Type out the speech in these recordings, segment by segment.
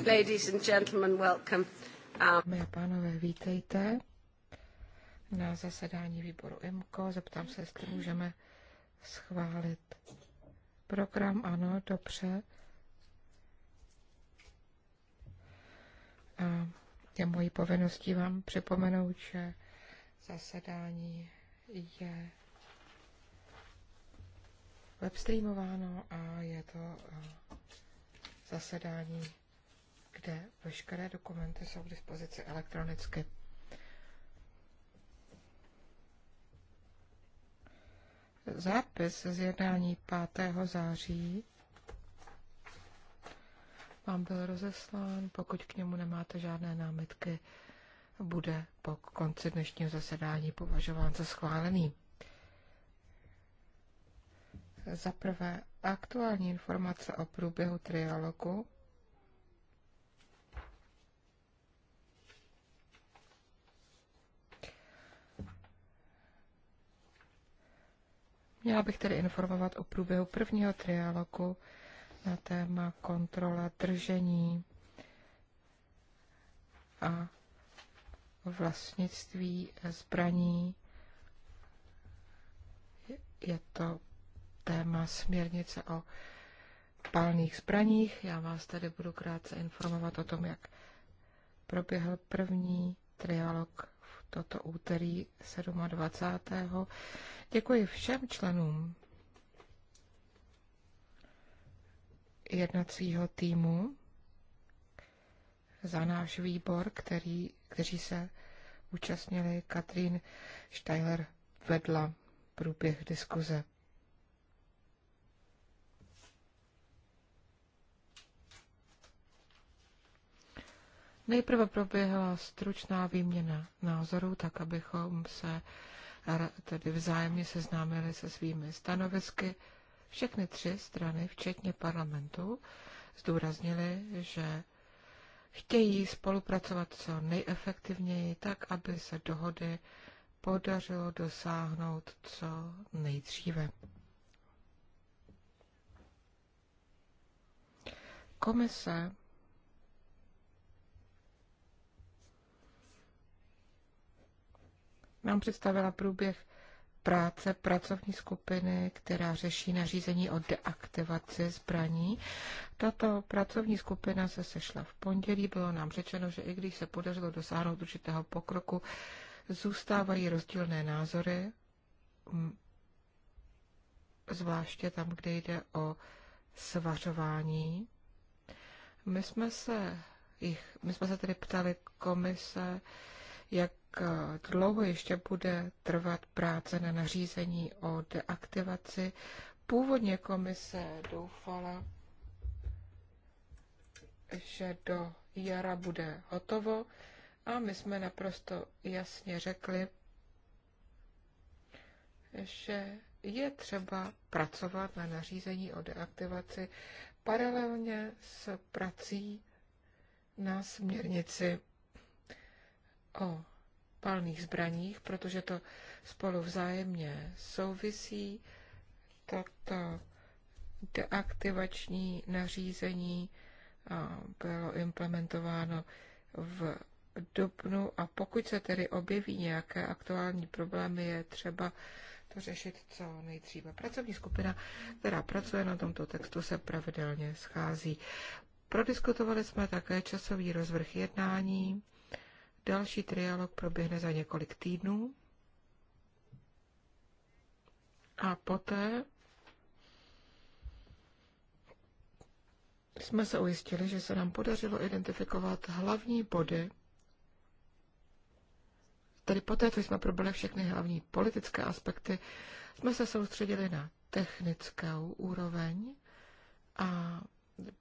Ladies and gentlemen, welcome. Um, Dámy a pánové, vítejte na zasedání výboru IMCO. Zeptám se, jestli můžeme schválit program. Ano, dobře. A je mojí povinností vám připomenout, že zasedání je webstreamováno a je to eh, zasedání kde veškeré dokumenty jsou k dispozici elektronicky. Zápis z jednání 5. září vám byl rozeslán. Pokud k němu nemáte žádné námitky, bude po konci dnešního zasedání považován za schválený. Za prvé, aktuální informace o průběhu trialogu Měla bych tedy informovat o průběhu prvního trialogu na téma kontrola držení a vlastnictví zbraní. Je to téma směrnice o palných zbraních. Já vás tedy budu krátce informovat o tom, jak proběhl první trialog toto úterý 27. Děkuji všem členům jednacího týmu za náš výbor, který, kteří se účastnili. Katrín Steiler vedla průběh diskuze. Nejprve proběhla stručná výměna názorů, tak abychom se tedy vzájemně seznámili se svými stanovisky. Všechny tři strany, včetně parlamentu, zdůraznili, že chtějí spolupracovat co nejefektivněji, tak aby se dohody podařilo dosáhnout co nejdříve. Komise nám představila průběh práce pracovní skupiny, která řeší nařízení o deaktivaci zbraní. Tato pracovní skupina se sešla v pondělí. Bylo nám řečeno, že i když se podařilo dosáhnout určitého pokroku, zůstávají rozdílné názory, zvláště tam, kde jde o svařování. My jsme se, jich, my jsme se tedy ptali komise, jak eh, dlouho ještě bude trvat práce na nařízení o deaktivaci. Původně komise doufala, že do jara bude hotovo a my jsme naprosto jasně řekli, že je třeba pracovat na nařízení o deaktivaci paralelně s prací na směrnici o palných zbraních, protože to spolu vzájemně souvisí. Toto deaktivační nařízení bylo implementováno v dubnu a pokud se tedy objeví nějaké aktuální problémy, je třeba to řešit co nejdříve. Pracovní skupina, která pracuje na tomto textu, se pravidelně schází. Prodiskutovali jsme také časový rozvrh jednání Další trialog proběhne za několik týdnů. A poté jsme se ujistili, že se nám podařilo identifikovat hlavní body, tedy poté, co jsme proběhli všechny hlavní politické aspekty, jsme se soustředili na technickou úroveň a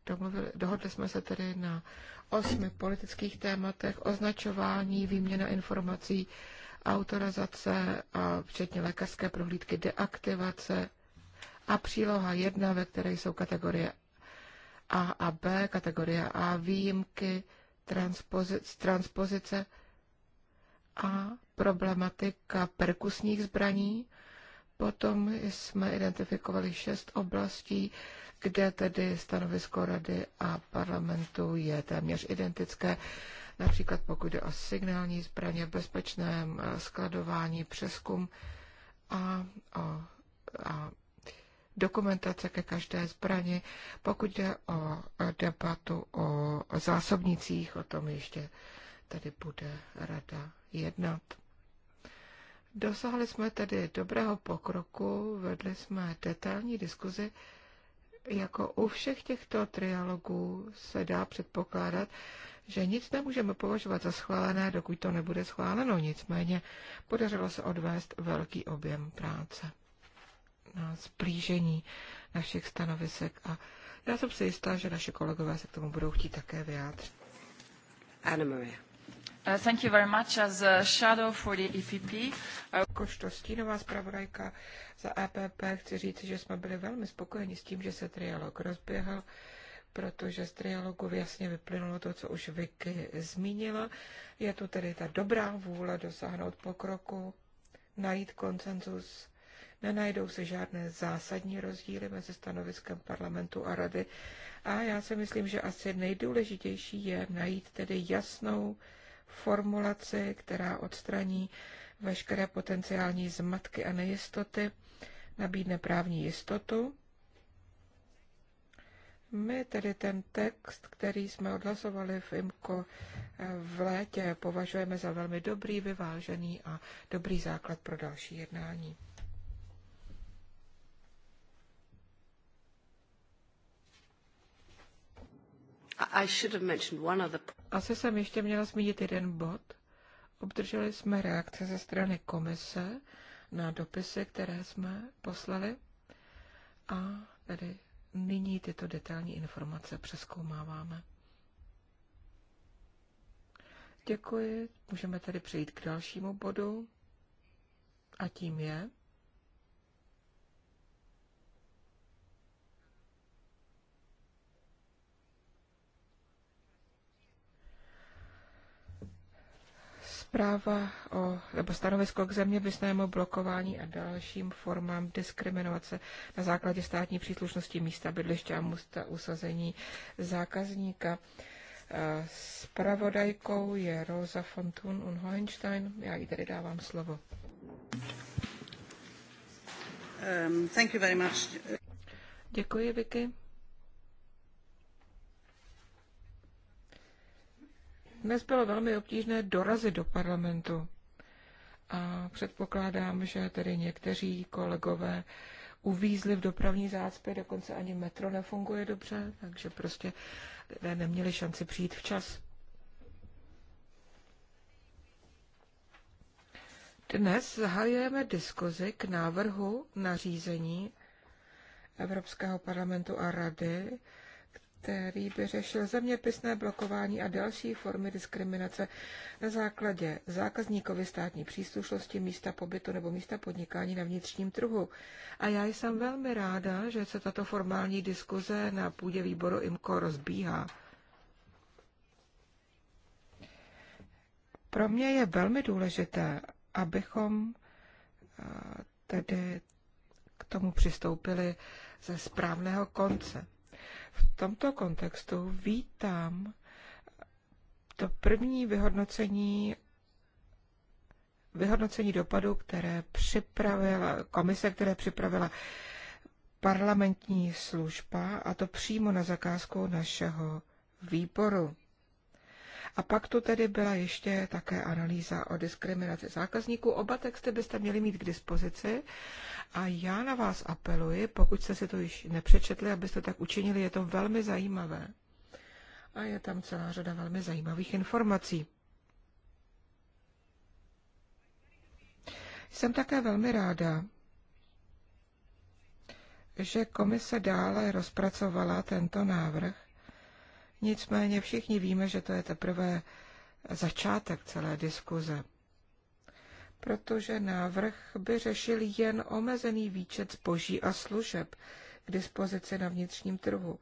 domluvili, dohodli jsme se tedy na osmi politických tématech, označování, výměna informací, autorizace, a včetně lékařské prohlídky, deaktivace a příloha jedna ve které jsou kategorie A a B, kategorie A výjimky, transpozic, transpozice a problematika perkusních zbraní Potom jsme identifikovali šest oblastí, kde tedy stanovisko rady a parlamentu je téměř identické. Například pokud jde o signální zbraně, bezpečném eh, skladování, přeskum a, a, a dokumentace ke každé zbrani. Pokud jde o eh, debatu o zásobnicích, o tom ještě tady bude rada jednat. Dosáhli jsme tedy dobrého pokroku, vedli jsme detailní diskuzi. Jako u všech těchto trialogů se dá předpokládat, že nic nemůžeme považovat za schválené, dokud to nebude schváleno. Nicméně podařilo se odvést velký objem práce na splížení našich stanovisek a já jsem si jistá, že naše kolegové se k tomu budou chtít také vyjádřit. Ano, Maria. Uh, thank you very much as a shadow for the EPP. Uh, Jakožto stínová zpravodajka za EPP chci říct, že jsme byli velmi spokojeni s tím, že se trialog rozběhl, protože z trialogu jasně vyplynulo to, co už Vicky zmínila. Je tu tedy ta dobrá vůle dosáhnout pokroku, najít konsenzus, nenajdou se žádné zásadní rozdíly mezi stanoviskem parlamentu a rady. A já si myslím, že asi nejdůležitější je najít tedy jasnou formulaci, která odstraní veškeré potenciální zmatky a nejistoty, nabídne právní jistotu. My tedy ten text, který jsme odhlasovali v IMCO eh, v létě, považujeme za velmi dobrý, vyvážený a dobrý základ pro další jednání. Asi jsem ještě měla zmínit jeden bod. Obdrželi jsme reakce ze strany komise na dopisy, které jsme poslali a tedy nyní tyto detailní informace přeskoumáváme. Děkuji. Můžeme tedy přejít k dalšímu bodu a tím je Zpráva o, nebo stanovisko k zeměpisnému blokování a dalším formám diskriminace na základě státní příslušnosti místa bydliště a musta usazení zákazníka. Spravodajkou e, je Rosa Fontun und Hohenstein. Já jí tady dávám slovo. Um, thank you very much. Děkuji, Vicky. Dnes bylo velmi obtížné dorazit do parlamentu a předpokládám, že tedy někteří kolegové uvízli v dopravní zácpě, dokonce ani metro nefunguje dobře, takže prostě lidé neměli šanci přijít včas. Dnes zahajujeme diskuzi k návrhu nařízení Evropského parlamentu a Rady který by řešil zeměpisné blokování a další formy diskriminace na základě zákazníkovi státní příslušnosti, místa pobytu nebo místa podnikání na vnitřním trhu. A já jsem velmi ráda, že se tato formální diskuze na půdě výboru IMCO rozbíhá. Pro mě je velmi důležité, abychom eh, tedy k tomu přistoupili ze správného konce. V tomto kontextu vítám to první vyhodnocení vyhodnocení dopadu, které připravila komise, které připravila parlamentní služba, a to přímo na zakázku našeho výboru. A pak tu tedy byla ještě také analýza o diskriminaci zákazníků. Oba texty byste měli mít k dispozici a já na vás apeluji, pokud jste si to již nepřečetli, abyste tak učinili, je to velmi zajímavé. A je tam celá řada velmi zajímavých informací. Jsem také velmi ráda, že komise dále rozpracovala tento návrh Nicméně všichni víme, že to je teprve začátek celé diskuze, protože návrh by řešil jen omezený výčet zboží a služeb k dispozici na vnitřním trhu.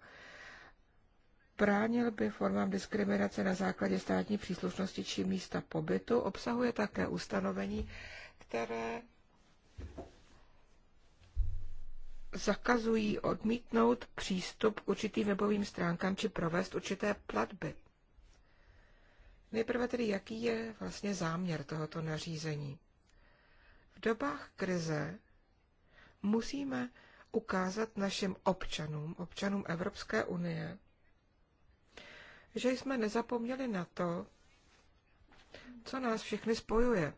Bránil by formám diskriminace na základě státní příslušnosti či místa pobytu, obsahuje také ustanovení, které zakazují odmítnout přístup k určitým webovým stránkám či provést určité platby. Nejprve tedy, jaký je vlastně záměr tohoto nařízení. V dobách krize musíme ukázat našim občanům, občanům Evropské unie, že jsme nezapomněli na to, co nás všechny spojuje.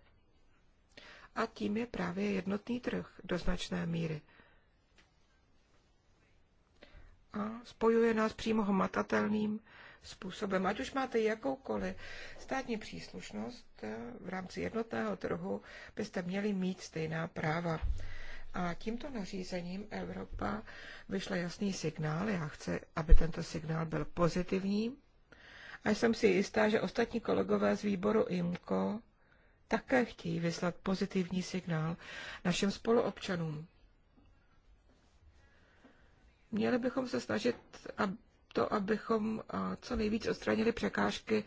A tím je právě jednotný trh do značné míry a spojuje nás přímo hmatatelným způsobem. Ať už máte jakoukoliv státní příslušnost eh, v rámci jednotného trhu, byste měli mít stejná práva. A tímto nařízením Evropa vyšla jasný signál. Já chci, aby tento signál byl pozitivní. A jsem si jistá, že ostatní kolegové z výboru IMCO také chtějí vyslat pozitivní signál našim spoluobčanům. Měli bychom se snažit to, abychom co nejvíc odstranili překážky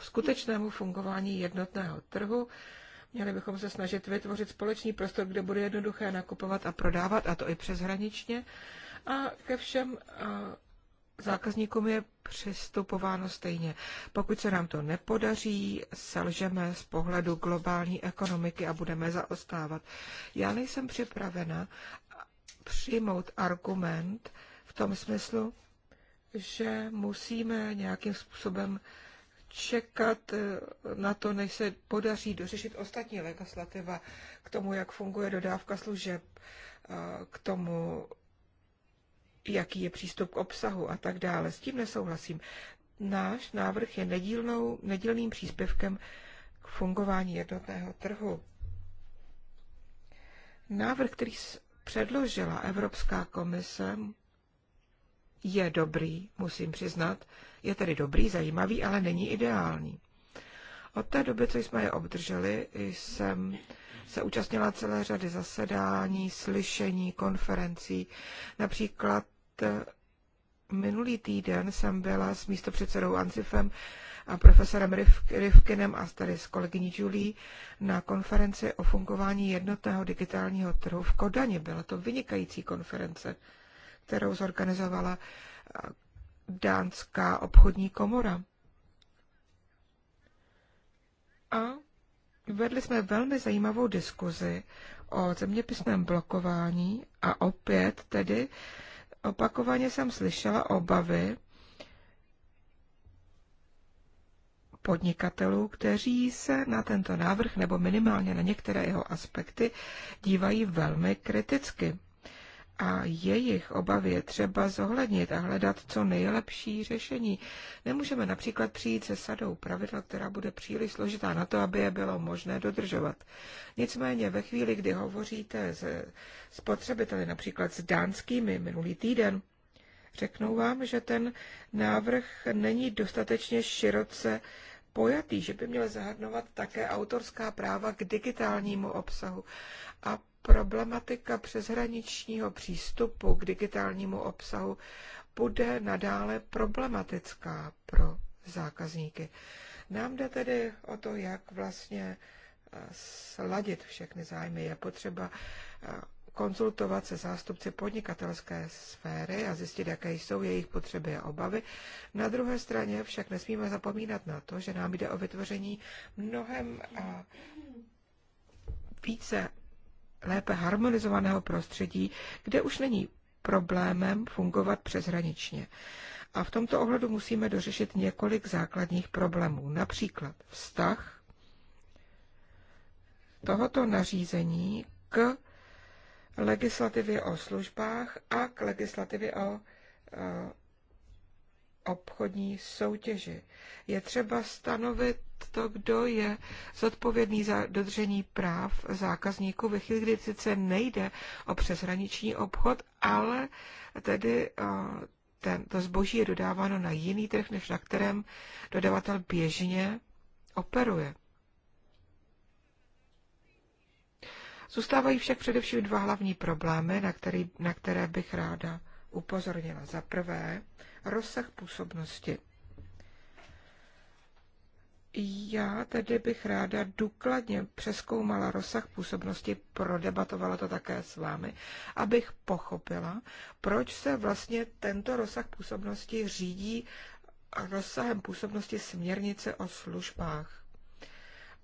skutečnému fungování jednotného trhu. Měli bychom se snažit vytvořit společný prostor, kde bude jednoduché nakupovat a prodávat, a to i přeshraničně. A ke všem zákazníkům je přistupováno stejně. Pokud se nám to nepodaří, selžeme z pohledu globální ekonomiky a budeme zaostávat. Já nejsem připravena, přijmout argument v tom smyslu, že musíme nějakým způsobem čekat eh, na to, než se podaří dořešit ostatní legislativa k tomu, jak funguje dodávka služeb, eh, k tomu, jaký je přístup k obsahu a tak dále. S tím nesouhlasím. Náš návrh je nedílnou, nedílným příspěvkem k fungování jednotného trhu. Návrh, který předložila Evropská komise, je dobrý, musím přiznat. Je tedy dobrý, zajímavý, ale není ideální. Od té doby, co jsme je obdrželi, jsem se účastnila celé řady zasedání, slyšení, konferencí. Například eh, minulý týden jsem byla s místopředsedou Ancifem a profesorem Rivkinem a tady s kolegyní Julie na konferenci o fungování jednotného digitálního trhu v Kodani. Byla to vynikající konference, kterou zorganizovala eh, Dánská obchodní komora. A vedli jsme velmi zajímavou diskuzi o zeměpisném blokování a opět tedy opakovaně jsem slyšela obavy podnikatelů, kteří se na tento návrh nebo minimálně na některé jeho aspekty dívají velmi kriticky. A jejich obavy je třeba zohlednit a hledat co nejlepší řešení. Nemůžeme například přijít se sadou pravidel, která bude příliš složitá na to, aby je bylo možné dodržovat. Nicméně ve chvíli, kdy hovoříte s spotřebiteli, například s dánskými minulý týden, řeknou vám, že ten návrh není dostatečně široce pojatý, že by měl zahrnovat také autorská práva k digitálnímu obsahu a problematika přeshraničního přístupu k digitálnímu obsahu bude nadále problematická pro zákazníky. Nám jde tedy o to, jak vlastně eh, sladit všechny zájmy. Je potřeba eh, konzultovat se zástupci podnikatelské sféry a zjistit, jaké jsou jejich potřeby a obavy. Na druhé straně však nesmíme zapomínat na to, že nám jde o vytvoření mnohem více lépe harmonizovaného prostředí, kde už není problémem fungovat přeshraničně. A v tomto ohledu musíme dořešit několik základních problémů, například vztah tohoto nařízení k legislativě o službách a k legislativě o eh, obchodní soutěži. Je třeba stanovit to, kdo je zodpovědný za dodržení práv zákazníků ve chvíli, kdy sice nejde o přeshraniční obchod, ale tedy eh, ten, to zboží je dodáváno na jiný trh, než na kterém dodavatel běžně operuje. Zůstávají však především dva hlavní problémy, na, který, na které bych ráda upozornila. Za prvé, rozsah působnosti. Já tedy bych ráda důkladně přeskoumala rozsah působnosti, prodebatovala to také s vámi, abych pochopila, proč se vlastně tento rozsah působnosti řídí rozsahem působnosti směrnice o službách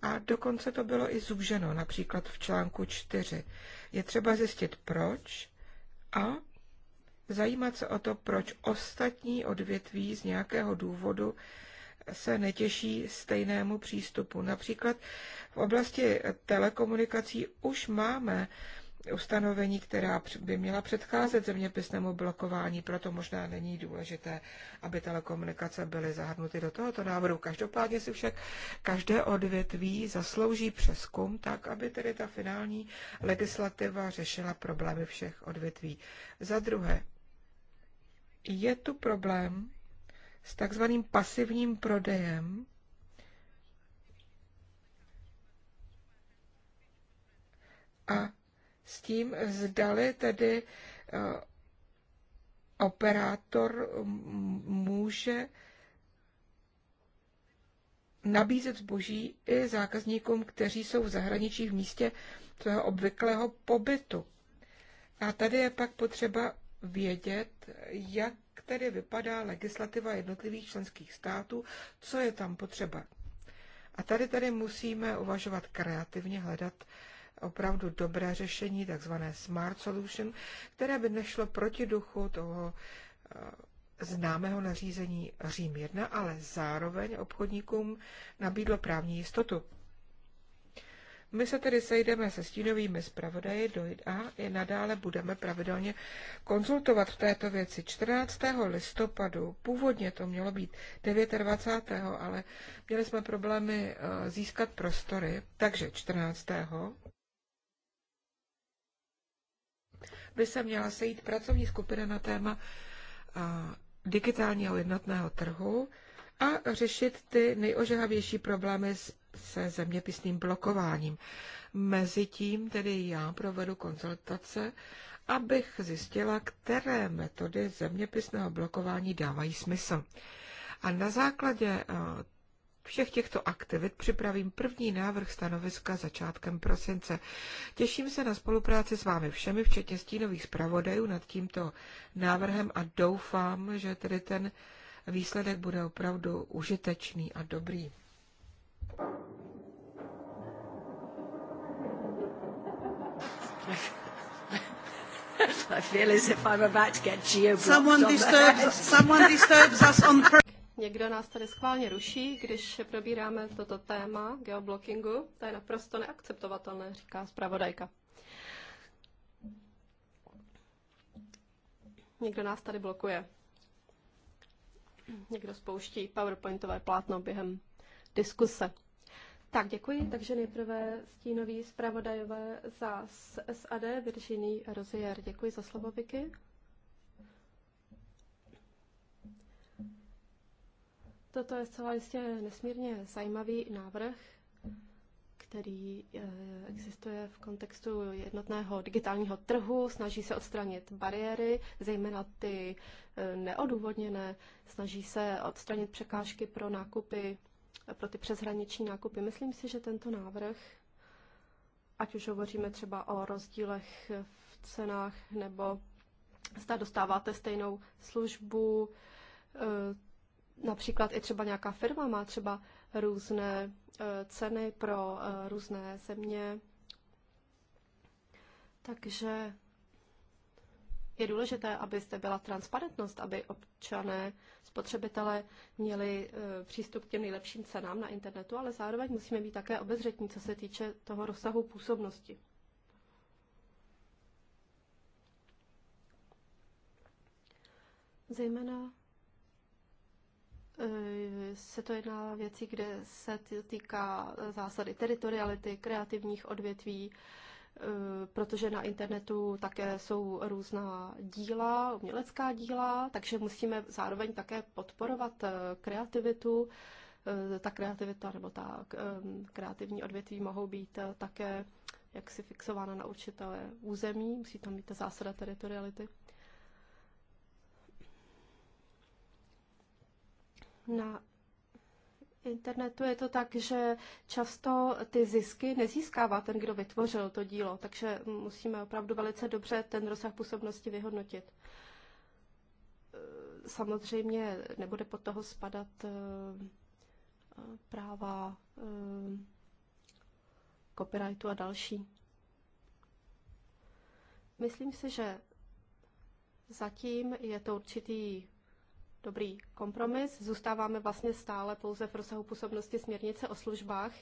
a dokonce to bylo i zúženo, například v článku 4. Je třeba zjistit proč a zajímat se o to, proč ostatní odvětví z nějakého důvodu se netěší stejnému přístupu. Například v oblasti telekomunikací už máme ustanovení, která by měla předcházet zeměpisnému blokování, proto možná není důležité, aby telekomunikace byly zahrnuty do tohoto návrhu. Každopádně si však každé odvětví zaslouží přeskum tak, aby tedy ta finální legislativa řešila problémy všech odvětví. Za druhé, je tu problém s takzvaným pasivním prodejem a s tím, zdali tedy eh, operátor může nabízet zboží i zákazníkům, kteří jsou v zahraničí v místě svého obvyklého pobytu. A tady je pak potřeba vědět, jak tedy vypadá legislativa jednotlivých členských států, co je tam potřeba. A tady tady musíme uvažovat kreativně, hledat opravdu dobré řešení, takzvané smart solution, které by nešlo proti duchu toho eh, známého nařízení Řím 1, ale zároveň obchodníkům nabídlo právní jistotu. My se tedy sejdeme se stínovými zpravodaji a i nadále budeme pravidelně konzultovat v této věci. 14. listopadu, původně to mělo být 29. ale měli jsme problémy eh, získat prostory, takže 14 by se měla sejít pracovní skupina na téma digitálního jednotného trhu a řešit ty nejožehavější problémy se zeměpisným blokováním. Mezitím tedy já provedu konzultace, abych zjistila, které metody zeměpisného blokování dávají smysl. A na základě všech těchto aktivit připravím první návrh stanoviska začátkem prosince. Těším se na spolupráci s vámi všemi, včetně stínových zpravodajů nad tímto návrhem a doufám, že tedy ten výsledek bude opravdu užitečný a dobrý. Someone disturbs, someone disturbs us on purpose. Někdo nás tady schválně ruší, když probíráme toto téma geoblockingu. To je naprosto neakceptovatelné, říká zpravodajka. Někdo nás tady blokuje. Někdo spouští PowerPointové plátno během diskuse. Tak, děkuji. Takže nejprve stínový zpravodajové za SAD Virginie Rozier. Děkuji za slovo, Vicky. Toto je celá jistě nesmírně zajímavý návrh, který eh, existuje v kontextu jednotného digitálního trhu, snaží se odstranit bariéry, zejména ty eh, neodůvodněné, snaží se odstranit překážky pro nákupy, pro ty přeshraniční nákupy. Myslím si, že tento návrh, ať už hovoříme třeba o rozdílech v cenách nebo zda dostáváte stejnou službu, eh, Například i třeba nějaká firma má třeba různé eh, ceny pro eh, různé země. Takže je důležité, aby zde byla transparentnost, aby občané, spotřebitelé měli eh, přístup k těm nejlepším cenám na internetu, ale zároveň musíme být také obezřetní, co se týče toho rozsahu působnosti. Zejména Eh, se to jedná věci, kde se týká eh, zásady teritoriality, kreativních odvětví, eh, protože na internetu také jsou různá díla, umělecká díla, takže musíme zároveň také podporovat kreativitu. Ta kreativita nebo ta kreativní odvětví mohou být také jaksi fixována na určité území, musí tam být ta zásada teritoriality. na internetu je to tak, že často ty zisky nezískává ten, kdo vytvořil to dílo, takže musíme opravdu velice dobře ten rozsah působnosti vyhodnotit. Samozřejmě nebude pod toho spadat eh, práva eh, copyrightu a další. Myslím si, že zatím je to určitý dobrý kompromis. Zůstáváme vlastně stále pouze v rozsahu působnosti směrnice o službách.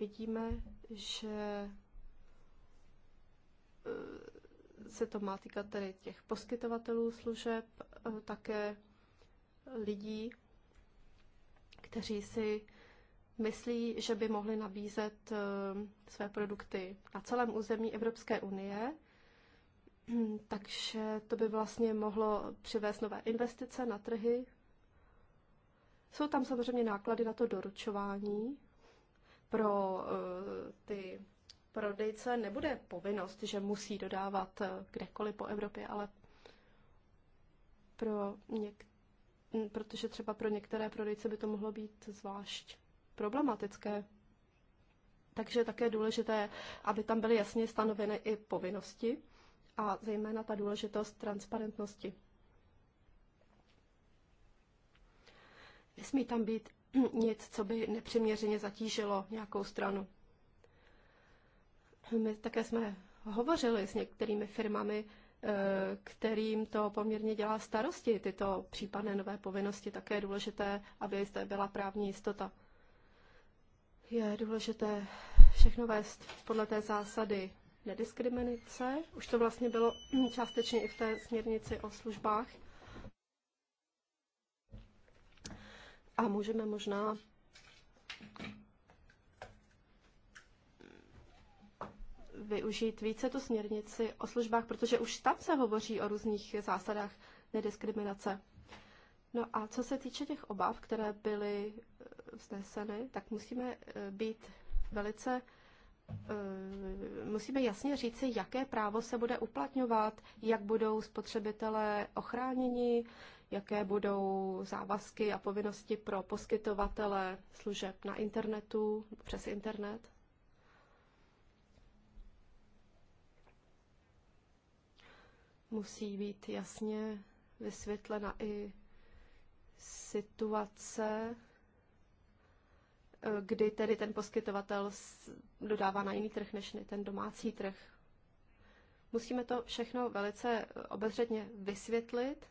Vidíme, že eh, se to má týkat tedy těch poskytovatelů služeb, eh, také lidí, kteří si myslí, že by mohli nabízet eh, své produkty na celém území Evropské unie Hm, takže to by vlastně mohlo přivést nové investice na trhy. Jsou tam samozřejmě náklady na to doručování. Pro eh, ty prodejce nebude povinnost, že musí dodávat eh, kdekoliv po Evropě, ale pro něk- hm, protože třeba pro některé prodejce by to mohlo být zvlášť problematické. Takže také je důležité, aby tam byly jasně stanoveny i povinnosti a zejména ta důležitost transparentnosti. Nesmí tam být nic, co by nepřiměřeně zatížilo nějakou stranu. My také jsme hovořili s některými firmami, eh, kterým to poměrně dělá starosti, tyto případné nové povinnosti, také je důležité, aby zde byla právní jistota. Je důležité všechno vést podle té zásady nediskriminace. Už to vlastně bylo částečně i v té směrnici o službách. A můžeme možná využít více tu směrnici o službách, protože už tam se hovoří o různých zásadách nediskriminace. No a co se týče těch obav, které byly vzneseny, tak musíme eh, být velice Eh, musíme jasně říci, jaké právo se bude uplatňovat, jak budou spotřebitelé ochráněni, jaké budou závazky a povinnosti pro poskytovatele služeb na internetu, přes internet. Musí být jasně vysvětlena i situace, kdy tedy ten poskytovatel dodává na jiný trh než ten domácí trh. Musíme to všechno velice eh, obezřetně vysvětlit.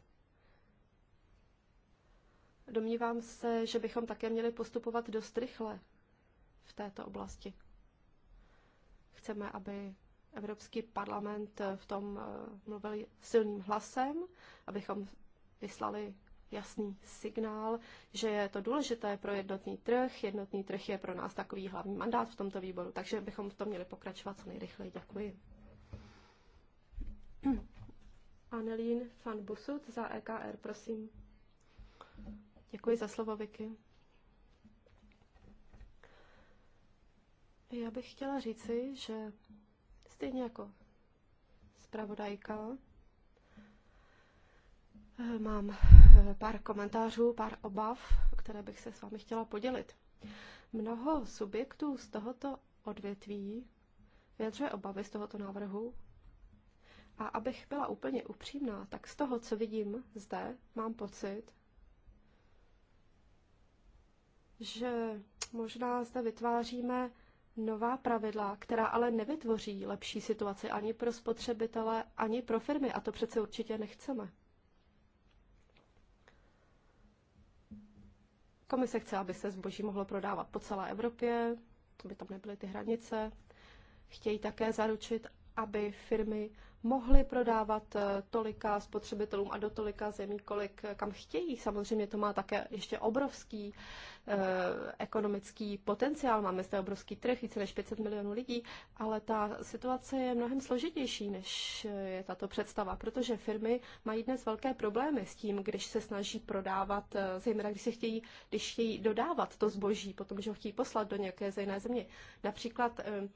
Domnívám se, že bychom také měli postupovat dost rychle v této oblasti. Chceme, aby Evropský parlament eh, v tom eh, mluvil silným hlasem, abychom vyslali jasný signál, že je to důležité pro jednotný trh. Jednotný trh je pro nás takový hlavní mandát v tomto výboru, takže bychom v tom měli pokračovat co nejrychleji. Děkuji. Anelín van Busut za EKR, prosím. Děkuji za slovo, Vicky. Já bych chtěla říci, že stejně jako zpravodajka, Eh, mám eh, pár komentářů, pár obav, které bych se s vámi chtěla podělit. Mnoho subjektů z tohoto odvětví vyjadřuje obavy z tohoto návrhu. A abych byla úplně upřímná, tak z toho, co vidím zde, mám pocit, že možná zde vytváříme nová pravidla, která ale nevytvoří lepší situaci ani pro spotřebitele, ani pro firmy. A to přece určitě nechceme. Komise chce, aby se zboží mohlo prodávat po celé Evropě, aby tam nebyly ty hranice. Chtějí také zaručit, aby firmy mohly prodávat eh, tolika spotřebitelům a do tolika zemí, kolik eh, kam chtějí. Samozřejmě to má také ještě obrovský Eh, ekonomický potenciál, máme zde obrovský trh, více než 500 milionů lidí, ale ta situace je mnohem složitější, než je tato představa, protože firmy mají dnes velké problémy s tím, když se snaží prodávat, eh, zejména když se chtějí, když chtějí dodávat to zboží, potom, že ho chtějí poslat do nějaké jiné země. Například eh,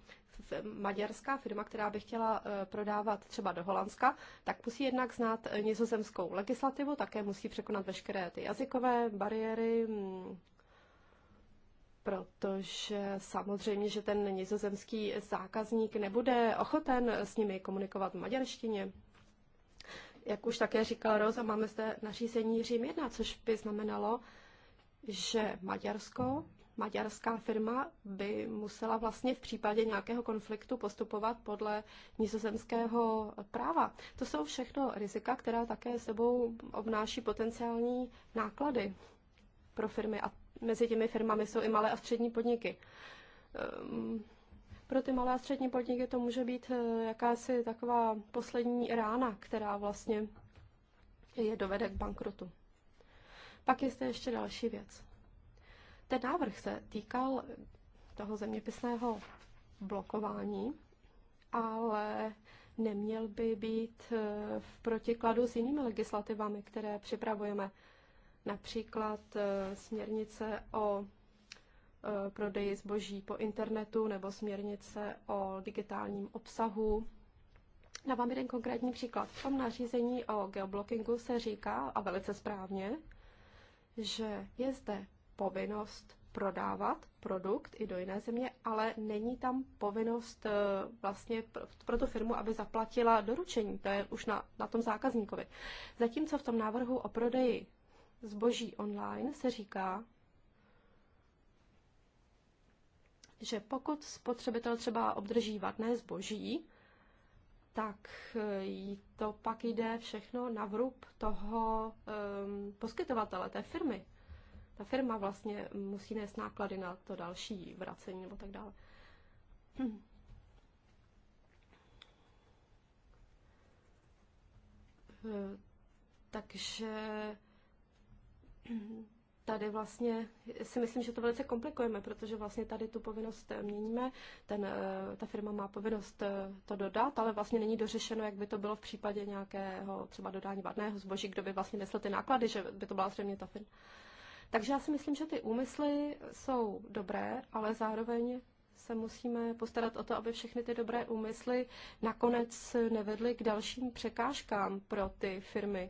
maďarská firma, která by chtěla prodávat třeba do Holandska, tak musí jednak znát nizozemskou legislativu, také musí překonat veškeré ty jazykové bariéry, mm, protože samozřejmě, že ten nizozemský zákazník nebude ochoten s nimi komunikovat v maďarštině. Jak už také říkal Rosa, máme zde nařízení Řím 1, což by znamenalo, že Maďarsko, maďarská firma by musela vlastně v případě nějakého konfliktu postupovat podle nizozemského práva. To jsou všechno rizika, která také sebou obnáší potenciální náklady pro firmy a mezi těmi firmami jsou i malé a střední podniky. Ehm, pro ty malé a střední podniky to může být eh, jakási taková poslední rána, která vlastně je dovede k bankrotu. Pak je zde ještě další věc. Ten návrh se týkal toho zeměpisného blokování, ale neměl by být eh, v protikladu s jinými legislativami, které připravujeme například eh, směrnice o eh, prodeji zboží po internetu nebo směrnice o digitálním obsahu. Na vám jeden konkrétní příklad. V tom nařízení o geoblockingu se říká, a velice správně, že je zde povinnost prodávat produkt i do jiné země, ale není tam povinnost eh, vlastně pro tu firmu, aby zaplatila doručení. To je už na, na tom zákazníkovi. Zatímco v tom návrhu o prodeji zboží online se říká, že pokud spotřebitel třeba obdrží vadné zboží, tak eh, jí to pak jde všechno na vrub toho um, poskytovatele, té firmy. Ta firma vlastně musí nést náklady na to další vracení nebo tak dále. Hm. Eh, takže tady vlastně si myslím, že to velice komplikujeme, protože vlastně tady tu povinnost měníme, ten, eh, ta firma má povinnost eh, to dodat, ale vlastně není dořešeno, jak by to bylo v případě nějakého třeba dodání vadného zboží, kdo by vlastně nesl ty náklady, že by to byla zřejmě ta firma. Takže já si myslím, že ty úmysly jsou dobré, ale zároveň se musíme postarat o to, aby všechny ty dobré úmysly nakonec nevedly k dalším překážkám pro ty firmy.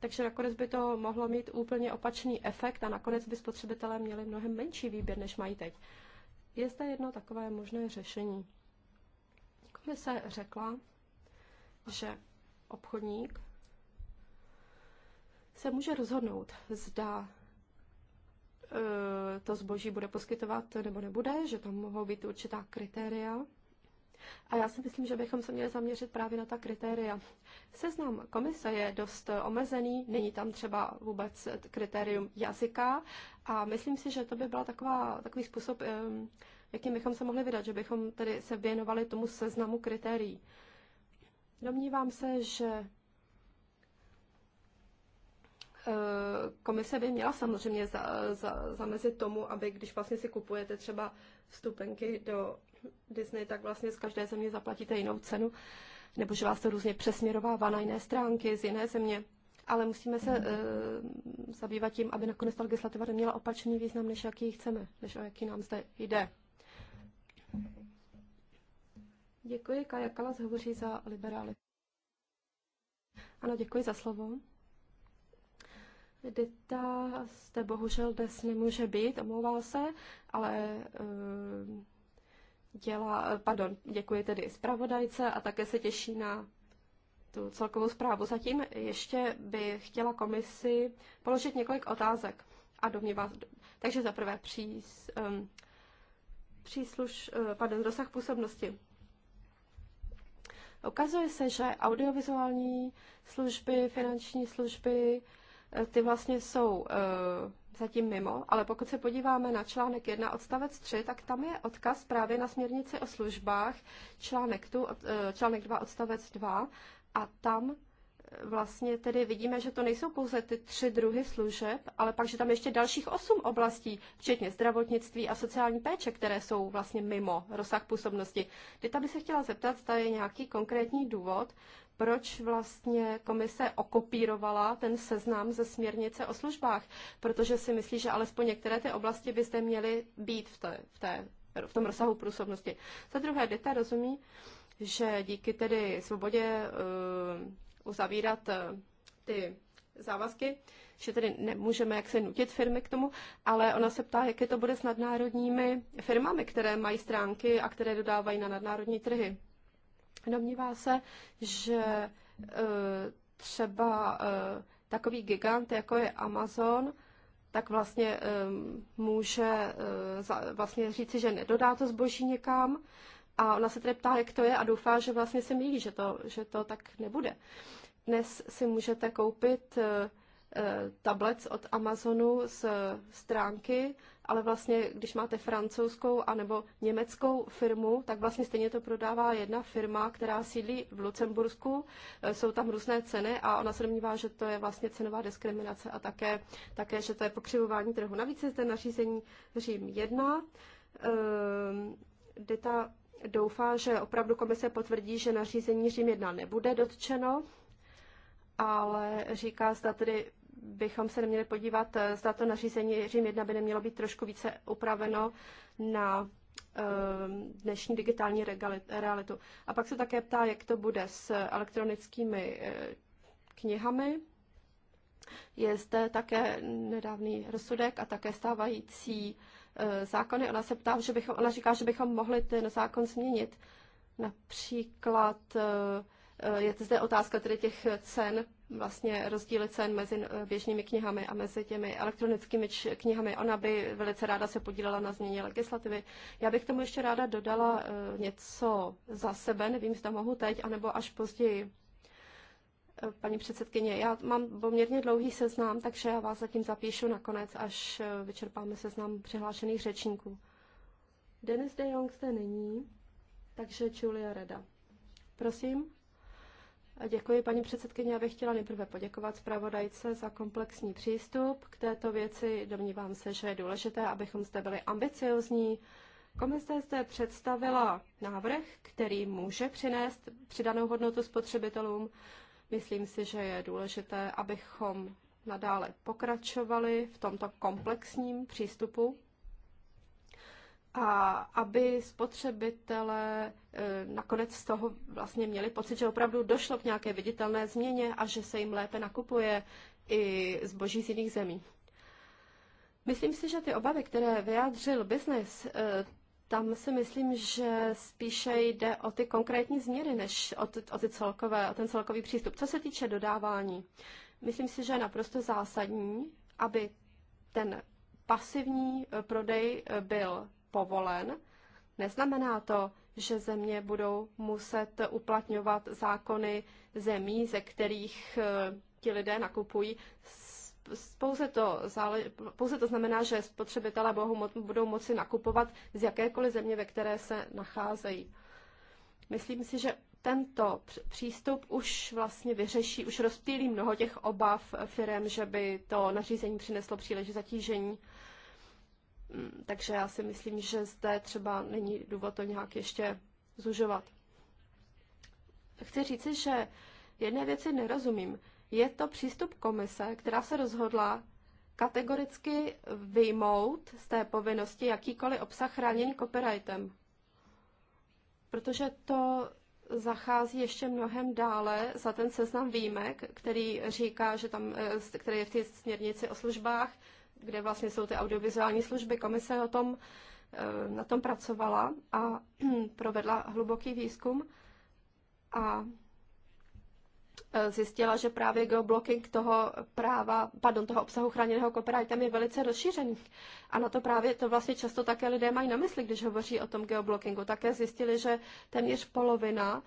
Takže nakonec by to mohlo mít úplně opačný efekt a nakonec by spotřebitelé měli mnohem menší výběr, než mají teď. Je zde jedno takové možné řešení. Komise řekla, že obchodník se může rozhodnout, zda eh, to zboží bude poskytovat nebo nebude, že tam mohou být určitá kritéria. A já si myslím, že bychom se měli zaměřit právě na ta kritéria. Seznam komise je dost omezený, není tam třeba vůbec kritérium jazyka a myslím si, že to by byla taková, takový způsob, jakým bychom se mohli vydat, že bychom tedy se věnovali tomu seznamu kritérií. Domnívám se, že e, komise by měla samozřejmě za, za, zamezit tomu, aby když vlastně si kupujete třeba vstupenky do Disney, tak vlastně z každé země zaplatíte jinou cenu, nebo že vás to různě přesměrovává na jiné stránky z jiné země. Ale musíme se uh, zabývat tím, aby nakonec ta legislativa neměla opačný význam, než jaký chceme, než o jaký nám zde jde. Děkuji, Kaja Kalas hovoří za liberály. Ano, děkuji za slovo. Dita zde bohužel dnes nemůže být, omlouvá se, ale uh, dělá, pardon, děkuji tedy zpravodajce a také se těší na tu celkovou zprávu. Zatím ještě by chtěla komisi položit několik otázek. A domnívá, takže za prvé přís, um, přísluš, uh, pardon, dosah působnosti. Ukazuje se, že audiovizuální služby, finanční služby, eh, ty vlastně jsou uh, zatím mimo, ale pokud se podíváme na článek 1 odstavec 3, tak tam je odkaz právě na směrnici o službách, článek, tu, eh, článek 2 odstavec 2 a tam eh, vlastně tedy vidíme, že to nejsou pouze ty tři druhy služeb, ale pak, že tam ještě dalších osm oblastí, včetně zdravotnictví a sociální péče, které jsou vlastně mimo rozsah působnosti. tam by se chtěla zeptat, zda je nějaký konkrétní důvod, proč vlastně komise okopírovala ten seznam ze směrnice o službách, protože si myslí, že alespoň některé ty oblasti byste měly být v, té, v, té, v tom rozsahu průsobnosti. Za druhé, DETA rozumí, že díky tedy svobodě uh, uzavírat uh, ty závazky, že tedy nemůžeme jaksi nutit firmy k tomu, ale ona se ptá, jak je to bude s nadnárodními firmami, které mají stránky a které dodávají na nadnárodní trhy. Domnívá se, že e, třeba e, takový gigant, jako je Amazon, tak vlastně e, může vlastně říci, že nedodá to zboží někam. A ona se tedy ptá, jak to je a doufá, že vlastně se mýlí, že to, že to tak nebude. Dnes si můžete koupit tablet od Amazonu z stránky ale vlastně, když máte francouzskou anebo německou firmu, tak vlastně stejně to prodává jedna firma, která sídlí v Lucembursku. E, jsou tam různé ceny a ona se domnívá, že to je vlastně cenová diskriminace a také, také že to je pokřivování trhu. Navíc je zde nařízení Řím 1, kde ta doufá, že opravdu komise potvrdí, že nařízení Řím 1 nebude dotčeno, ale říká, zda tedy bychom se neměli podívat, eh, zda to nařízení Řím 1 by nemělo být trošku více upraveno na ehm, dnešní digitální realitu. A pak se také ptá, jak to bude s elektronickými eh, knihami. Je zde také nedávný rozsudek a také stávající eh, zákony. Ona se ptá, že bychom, ona říká, že bychom mohli ten zákon změnit. Například je zde otázka tedy těch cen vlastně rozdíly cen mezi eh, běžnými knihami a mezi těmi elektronickými knihami. Ona by velice ráda se podílela na změně legislativy. Já bych tomu ještě ráda dodala eh, něco za sebe, nevím, zda mohu teď, anebo až později. Eh, paní předsedkyně, já mám poměrně dlouhý seznam, takže já vás zatím zapíšu nakonec, až vyčerpáme seznam přihlášených řečníků. Denis de Jong zde není, takže Julia Reda. Prosím. Děkuji, paní předsedkyně. Já bych chtěla nejprve poděkovat zpravodajce za komplexní přístup k této věci. Domnívám se, že je důležité, abychom zde byli ambiciozní. Komise zde představila návrh, který může přinést přidanou hodnotu spotřebitelům. Myslím si, že je důležité, abychom nadále pokračovali v tomto komplexním přístupu a aby spotřebitelé eh, nakonec z toho vlastně měli pocit, že opravdu došlo k nějaké viditelné změně a že se jim lépe nakupuje i zboží z jiných zemí. Myslím si, že ty obavy, které vyjádřil biznis, eh, tam si myslím, že spíše jde o ty konkrétní změny, než o, ty, o, ty celkové, o ten celkový přístup. Co se týče dodávání, myslím si, že je naprosto zásadní, aby ten pasivní eh, prodej byl povolen, neznamená to, že země budou muset uplatňovat zákony zemí, ze kterých eh, ti lidé nakupují. Pouze to, zále, pouze to znamená, že spotřebitelé budou moci nakupovat z jakékoliv země, ve které se nacházejí. Myslím si, že tento přístup už vlastně vyřeší, už rozptýlí mnoho těch obav firm, že by to nařízení přineslo příliš zatížení. Mm, takže já si myslím, že zde třeba není důvod to nějak ještě zužovat. Chci říci, že jedné věci nerozumím. Je to přístup komise, která se rozhodla kategoricky vyjmout z té povinnosti jakýkoliv obsah chráněný copyrightem. Protože to zachází ještě mnohem dále za ten seznam výjimek, který říká, že tam, eh, který je v té směrnici o službách, kde vlastně jsou ty audiovizuální služby. Komise o tom, eh, na tom pracovala a provedla hluboký výzkum a eh, zjistila, že právě geoblocking toho práva, pardon, toho obsahu chráněného copyrightem je velice rozšířený. A na to právě to vlastně často také lidé mají na mysli, když hovoří o tom geoblockingu. Také zjistili, že téměř polovina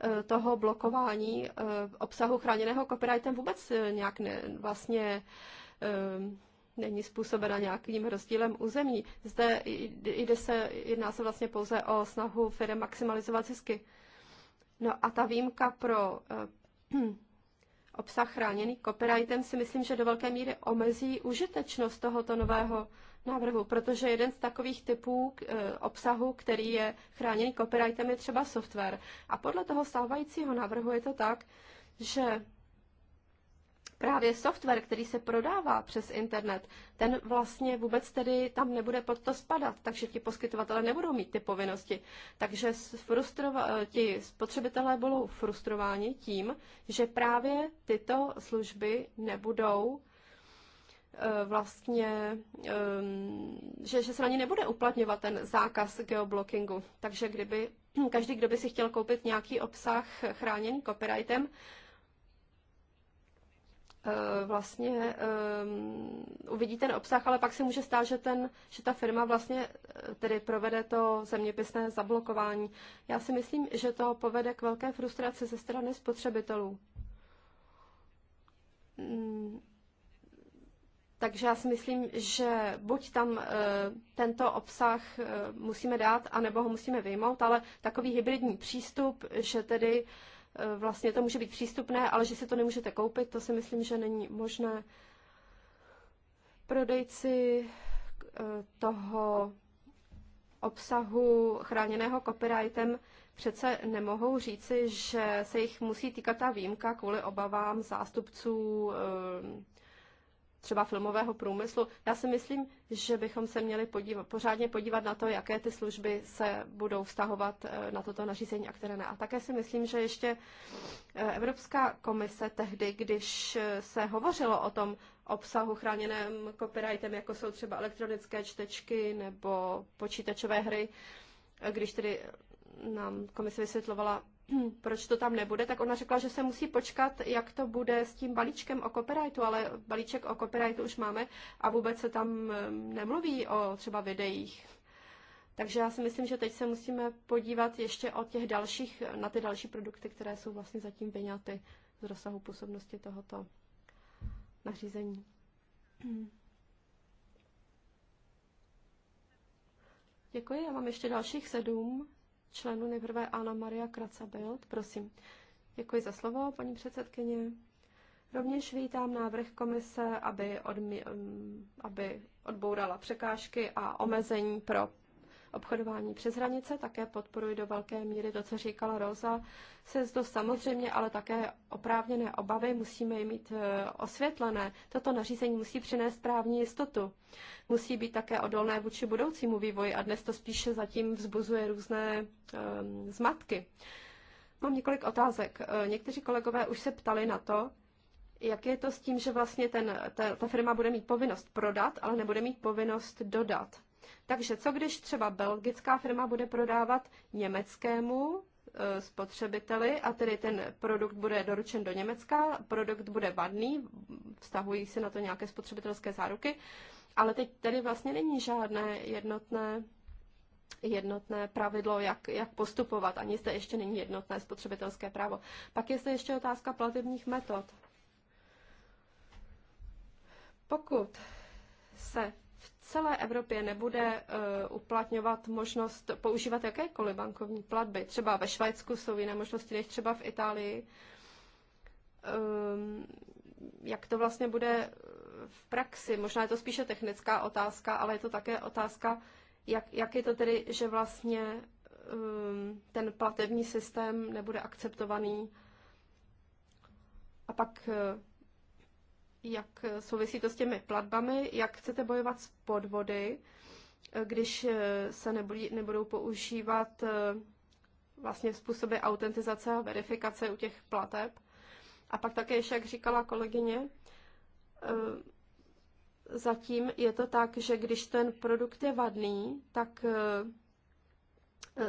eh, toho blokování obsahu chráněného copyrightem vůbec nějak ne, vlastně není způsobena nějakým rozdílem území. Zde jde se, jedná se vlastně pouze o snahu firm maximalizovat zisky. No a ta výjimka pro eh, obsah chráněný copyrightem si myslím, že do velké míry omezí užitečnost tohoto nového návrhu, protože jeden z takových typů eh, obsahu, který je chráněný copyrightem, je třeba software. A podle toho stávajícího návrhu je to tak, že právě software, který se prodává přes internet, ten vlastně vůbec tedy tam nebude pod to spadat, takže ti poskytovatele nebudou mít ty povinnosti. Takže eh, ti spotřebitelé budou frustrováni tím, že právě tyto služby nebudou eh, vlastně, ehm, že, že se na ně nebude uplatňovat ten zákaz geoblockingu. Takže kdyby každý, kdo by si chtěl koupit nějaký obsah chráněný copyrightem, Eh, vlastně um, uvidí ten obsah, ale pak se může stát, že, ten, že ta firma vlastně eh, tedy provede to zeměpisné zablokování. Já si myslím, že to povede k velké frustraci ze strany spotřebitelů. Mm. Takže já si myslím, že buď tam e, tento obsah e, musíme dát, anebo ho musíme vyjmout, ale takový hybridní přístup, že tedy e, E, vlastně to může být přístupné, ale že si to nemůžete koupit, to si myslím, že není možné. Prodejci e, toho obsahu chráněného copyrightem přece nemohou říci, že se jich musí týkat ta výjimka kvůli obavám zástupců e, třeba filmového průmyslu. Já si myslím, že bychom se měli podívat, pořádně podívat na to, jaké ty služby se budou vztahovat eh, na toto nařízení a které ne. A také si myslím, že ještě eh, Evropská komise tehdy, když eh, se hovořilo o tom obsahu chráněném copyrightem, jako jsou třeba elektronické čtečky nebo počítačové hry, když tedy nám komise vysvětlovala, proč to tam nebude, tak ona řekla, že se musí počkat, jak to bude s tím balíčkem o copyrightu, ale balíček o copyrightu už máme a vůbec se tam nemluví o třeba videích. Takže já si myslím, že teď se musíme podívat ještě o těch dalších, na ty další produkty, které jsou vlastně zatím vyňaty z rozsahu působnosti tohoto nařízení. Děkuji, já mám ještě dalších sedm členů. Nejprve Anna Maria Kracabild, prosím. Děkuji za slovo, paní předsedkyně. Rovněž vítám návrh komise, aby, odmi, mm, aby odbourala překážky a omezení pro obchodování přes hranice. Také podporuji do velké míry to, co říkala Rosa. Se zde samozřejmě, ale také oprávněné obavy musíme je mít e, osvětlené. Toto nařízení musí přinést právní jistotu. Musí být také odolné vůči budoucímu vývoji a dnes to spíše zatím vzbuzuje různé um, zmatky. Mám několik otázek. E, někteří kolegové už se ptali na to, jak je to s tím, že vlastně ten, ta, ta firma bude mít povinnost prodat, ale nebude mít povinnost dodat. Takže co když třeba belgická firma bude prodávat německému e, spotřebiteli a tedy ten produkt bude doručen do Německa, produkt bude vadný, vztahují se na to nějaké spotřebitelské záruky, ale teď tady vlastně není žádné jednotné jednotné pravidlo, jak, jak postupovat. Ani zde ještě není jednotné spotřebitelské právo. Pak je zde ještě otázka plativních metod. Pokud se celé Evropě nebude eh, uplatňovat možnost používat jakékoliv bankovní platby. Třeba ve Švédsku jsou jiné možnosti než třeba v Itálii. Ehm, jak to vlastně bude v praxi? Možná je to spíše technická otázka, ale je to také otázka, jak, jak je to tedy, že vlastně ehm, ten platební systém nebude akceptovaný. A pak eh, jak souvisí to s těmi platbami, jak chcete bojovat s podvody, když eh, se nebudou používat eh, vlastně způsoby autentizace a verifikace u těch plateb. A pak také, jak říkala kolegyně, eh, zatím je to tak, že když ten produkt je vadný, tak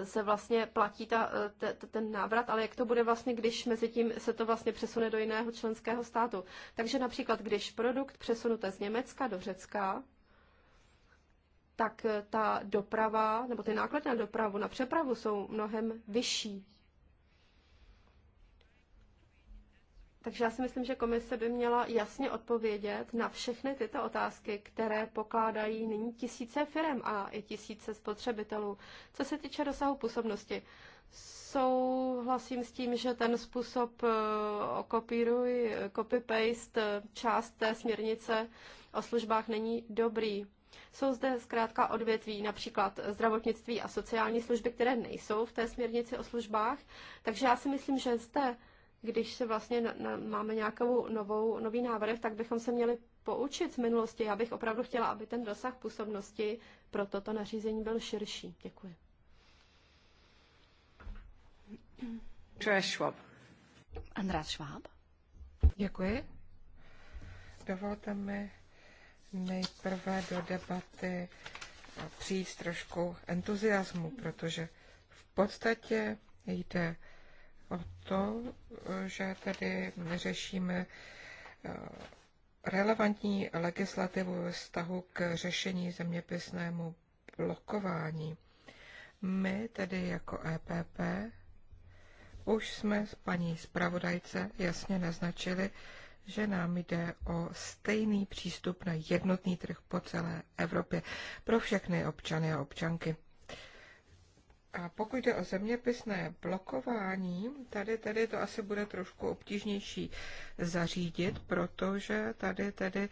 se vlastně platí ta, eh, te, ten návrat, ale jak to bude vlastně, když mezi tím se to vlastně přesune do jiného členského státu. Takže například, když produkt přesunuté z Německa do Řecka, tak eh, ta doprava, nebo ty náklady na dopravu, na přepravu jsou mnohem vyšší Takže já si myslím, že komise by měla jasně odpovědět na všechny tyto otázky, které pokládají nyní tisíce firm a i tisíce spotřebitelů. Co se týče dosahu působnosti, souhlasím s tím, že ten způsob kopíruj, eh, copy-paste eh, část té směrnice o službách není dobrý. Jsou zde zkrátka odvětví, například zdravotnictví a sociální služby, které nejsou v té směrnici o službách, takže já si myslím, že zde když se vlastně na, na, máme nějakou novou, nový návrh, tak bychom se měli poučit z minulosti. Já bych opravdu chtěla, aby ten dosah působnosti pro toto nařízení byl širší. Děkuji. András Schwab. András Schwab. Děkuji. Dovolte mi nejprve do debaty přijít trošku entuziasmu, protože v podstatě jde o to, že tedy řešíme eh, relevantní legislativu ve vztahu k řešení zeměpisnému blokování. My tedy jako EPP už jsme s paní zpravodajce jasně naznačili, že nám jde o stejný přístup na jednotný trh po celé Evropě pro všechny občany a občanky. A pokud jde o zeměpisné blokování, tady tedy to asi bude trošku obtížnější zařídit, protože tady tedy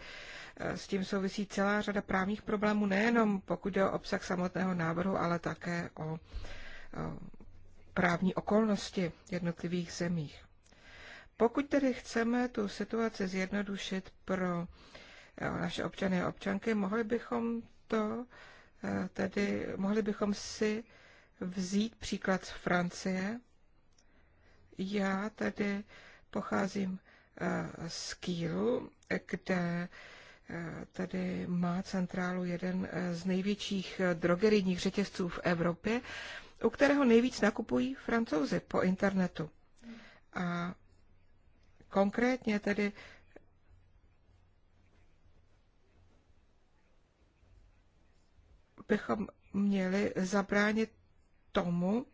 eh, s tím souvisí celá řada právních problémů, nejenom pokud jde o obsah samotného návrhu, ale také o eh, právní okolnosti jednotlivých zemích. Pokud tedy chceme tu situaci zjednodušit pro eh, naše občany a občanky, mohli bychom to tedy, mohli bychom si vzít příklad z Francie. Já tady pocházím eh, z Kýlu, kde eh, tady má centrálu jeden eh, z největších drogerijních řetězců v Evropě, u kterého nejvíc nakupují francouzi po internetu. A konkrétně tedy bychom měli zabránit tomu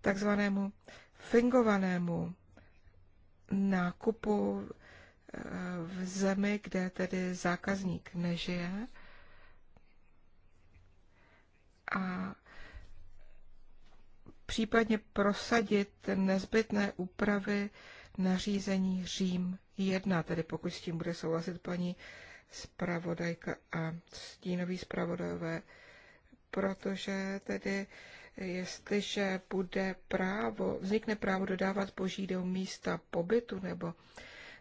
takzvanému fingovanému nákupu eh, v zemi, kde tedy zákazník nežije. A případně prosadit nezbytné úpravy nařízení Řím 1, tedy pokud s tím bude souhlasit paní zpravodajka a stínový zpravodajové, protože tedy jestliže bude právo, vznikne právo dodávat boží do místa pobytu nebo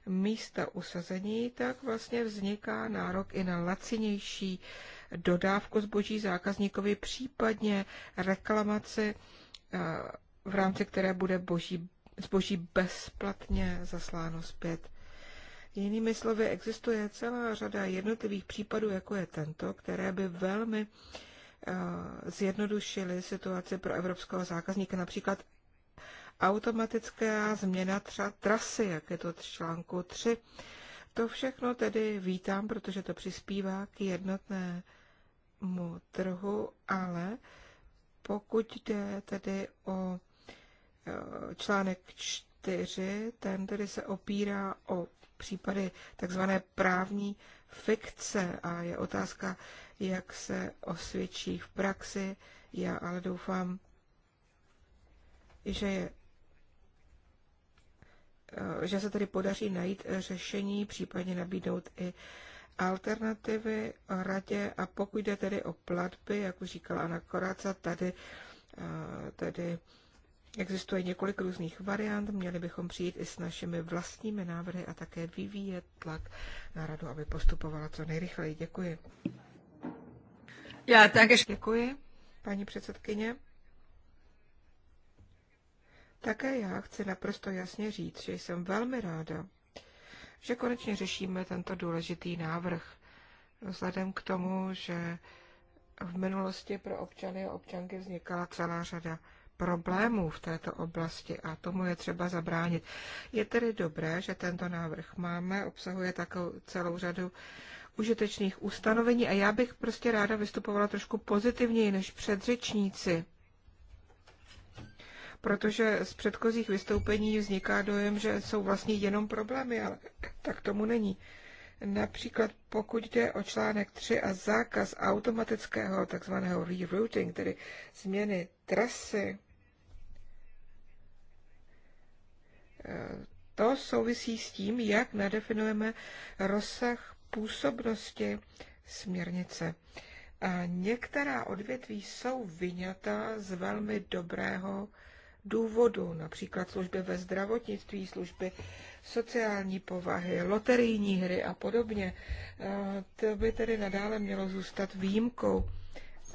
místa usazení, tak vlastně vzniká nárok i na lacinější dodávku zboží zákazníkovi, případně reklamaci, eh, v rámci které bude boží, zboží bezplatně zasláno zpět. Jinými slovy, existuje celá řada jednotlivých případů, jako je tento, které by velmi uh, Eh, zjednodušili situaci pro evropského zákazníka, například automatická změna tra- trasy, jak je to v článku 3. To všechno tedy vítám, protože to přispívá k jednotnému trhu, ale pokud jde tedy o eh, článek 4, ten tedy se opírá o případy takzvané právní fikce a je otázka, jak se osvědčí v praxi. Já ale doufám, že je eh, že se tedy podaří najít řešení, případně nabídnout i alternativy radě. A pokud jde tedy o platby, jak už říkala Anna Koraca, tady, eh, tady existuje několik různých variant. Měli bychom přijít i s našimi vlastními návrhy a také vyvíjet tlak na radu, aby postupovala co nejrychleji. Děkuji. Já také děkuji, paní předsedkyně. Také já chci naprosto jasně říct, že jsem velmi ráda, že konečně řešíme tento důležitý návrh. Vzhledem k tomu, že v minulosti pro občany a občanky vznikala celá řada problémů v této oblasti a tomu je třeba zabránit. Je tedy dobré, že tento návrh máme, obsahuje takovou celou řadu užitečných ustanovení a já bych prostě ráda vystupovala trošku pozitivněji než předřečníci. Protože z předchozích vystoupení vzniká dojem, že jsou vlastně jenom problémy, ale tak tomu není. Například pokud jde o článek 3 a zákaz automatického takzvaného rerouting, tedy změny trasy, eh, to souvisí s tím, jak nadefinujeme rozsah působnosti směrnice. A některá odvětví jsou vyňata z velmi dobrého důvodu, například služby ve zdravotnictví, služby sociální povahy, loterijní hry a podobně. To by tedy nadále mělo zůstat výjimkou.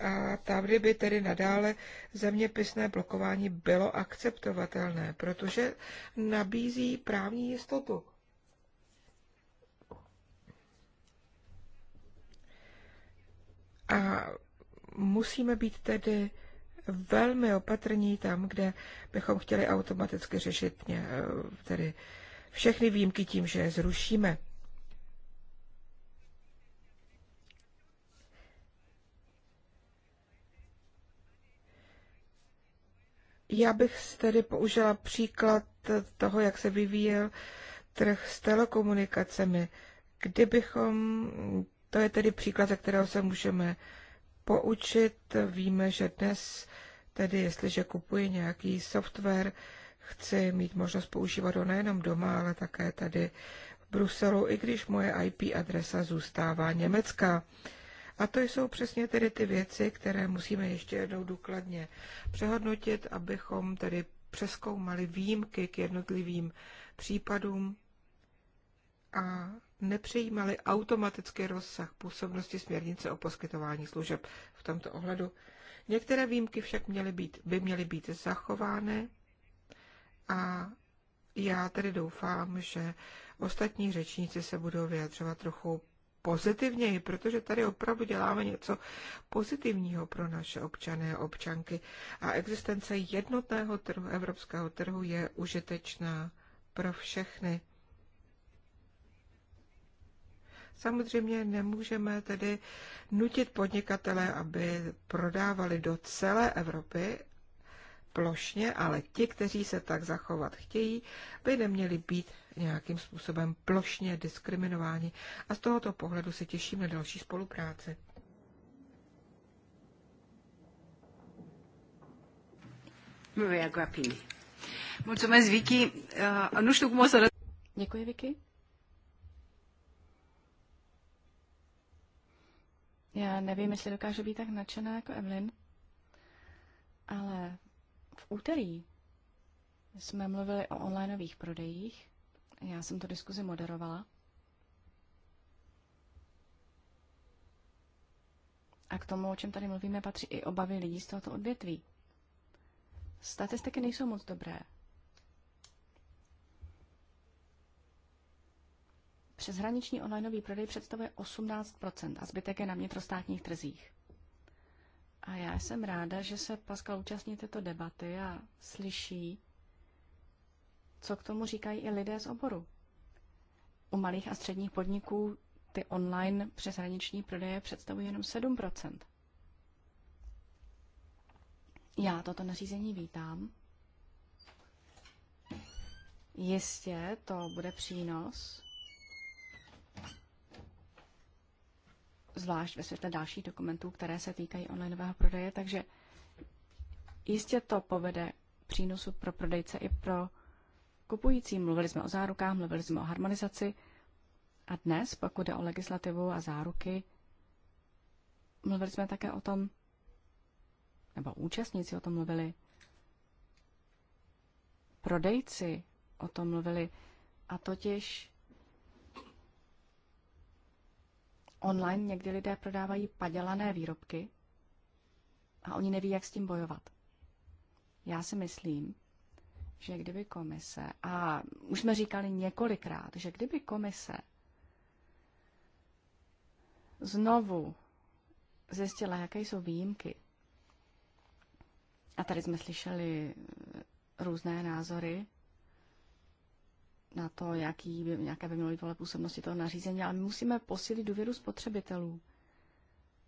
A tady by tedy nadále zeměpisné blokování bylo akceptovatelné, protože nabízí právní jistotu. A musíme být tedy velmi opatrní tam, kde bychom chtěli automaticky řešit e, tedy všechny výjimky tím, že je zrušíme. Já bych tedy použila příklad toho, jak se vyvíjel trh s telekomunikacemi. Kdybychom to je tedy příklad, ze kterého se můžeme poučit. Víme, že dnes, tedy jestliže kupuji nějaký software, chci mít možnost používat ho nejenom doma, ale také tady v Bruselu, i když moje IP adresa zůstává německá. A to jsou přesně tedy ty věci, které musíme ještě jednou důkladně přehodnotit, abychom tedy přeskoumali výjimky k jednotlivým případům a nepřejímaly automatický rozsah působnosti směrnice o poskytování služeb v tomto ohledu. Některé výjimky však měly být, by měly být zachovány a já tedy doufám, že ostatní řečníci se budou vyjadřovat trochu pozitivněji, protože tady opravdu děláme něco pozitivního pro naše občany a občanky a existence jednotného trhu, evropského trhu je užitečná pro všechny. Samozřejmě nemůžeme tedy nutit podnikatele, aby prodávali do celé Evropy plošně, ale ti, kteří se tak zachovat chtějí, by neměli být nějakým způsobem plošně diskriminováni. A z tohoto pohledu se těším na další spolupráci. Maria Grappini. Mulțumesc, Vicky. Uh, nu știu cum o să Děkuji, Vicky. Já nevím, jestli dokážu být tak nadšená jako Evelyn, ale v úterý jsme mluvili o onlineových prodejích. Já jsem tu diskuzi moderovala. A k tomu, o čem tady mluvíme, patří i obavy lidí z tohoto odvětví. Statistiky nejsou moc dobré. Přeshraniční onlineový prodej představuje 18 a zbytek je na vnitrostátních trzích. A já jsem ráda, že se Pascal účastní této debaty a slyší, co k tomu říkají i lidé z oboru. U malých a středních podniků ty online přeshraniční prodeje představují jenom 7 Já toto nařízení vítám. Jistě to bude přínos, zvlášť ve světle dalších dokumentů, které se týkají onlineového prodeje, takže jistě to povede přínosu pro prodejce i pro kupující. Mluvili jsme o zárukách, mluvili jsme o harmonizaci a dnes, pokud jde o legislativu a záruky, mluvili jsme také o tom, nebo účastníci o tom mluvili, prodejci o tom mluvili, a totiž Online někdy lidé prodávají padělané výrobky a oni neví, jak s tím bojovat. Já si myslím, že kdyby komise, a už jsme říkali několikrát, že kdyby komise znovu zjistila, jaké jsou výjimky, a tady jsme slyšeli různé názory, na to, jaký by, jaké by mělo být pole působnosti toho nařízení, ale my musíme posílit důvěru spotřebitelů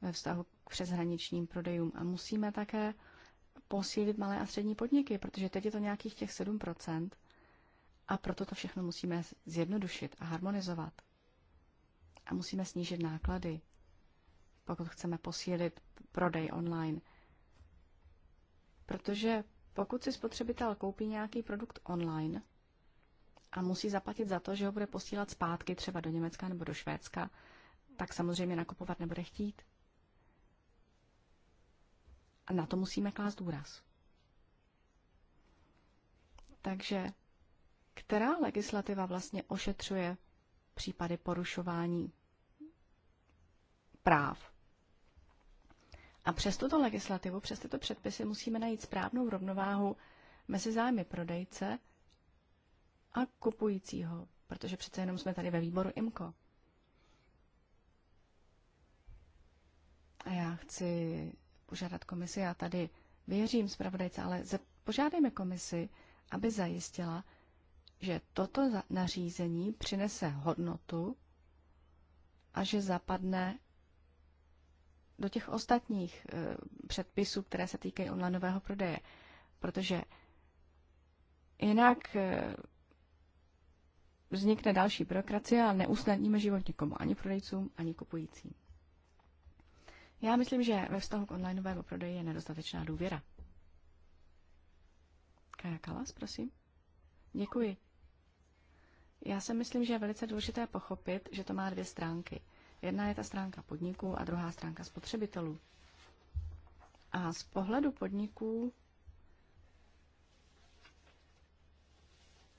ve vztahu k přeshraničním prodejům a musíme také posílit malé a střední podniky, protože teď je to nějakých těch 7% a proto to všechno musíme zjednodušit a harmonizovat. A musíme snížit náklady, pokud chceme posílit prodej online. Protože pokud si spotřebitel koupí nějaký produkt online, a musí zaplatit za to, že ho bude posílat zpátky třeba do Německa nebo do Švédska, tak samozřejmě nakupovat nebude chtít. A na to musíme klást důraz. Takže která legislativa vlastně ošetřuje případy porušování práv? A přes tuto legislativu, přes tyto předpisy musíme najít správnou rovnováhu mezi zájmy prodejce – a kupujícího, protože přece jenom jsme tady ve výboru IMKO. A já chci požádat komisi, já tady věřím zpravodajce, ale požádejme komisi, aby zajistila, že toto nařízení přinese hodnotu a že zapadne do těch ostatních eh, předpisů, které se týkají onlineového prodeje. Protože jinak eh, vznikne další byrokracie a neusnadníme život nikomu, ani prodejcům, ani kupujícím. Já myslím, že ve vztahu k onlineovému prodeji je nedostatečná důvěra. Kaja Kalas, prosím. Děkuji. Já si myslím, že je velice důležité pochopit, že to má dvě stránky. Jedna je ta stránka podniků a druhá stránka spotřebitelů. A z pohledu podniků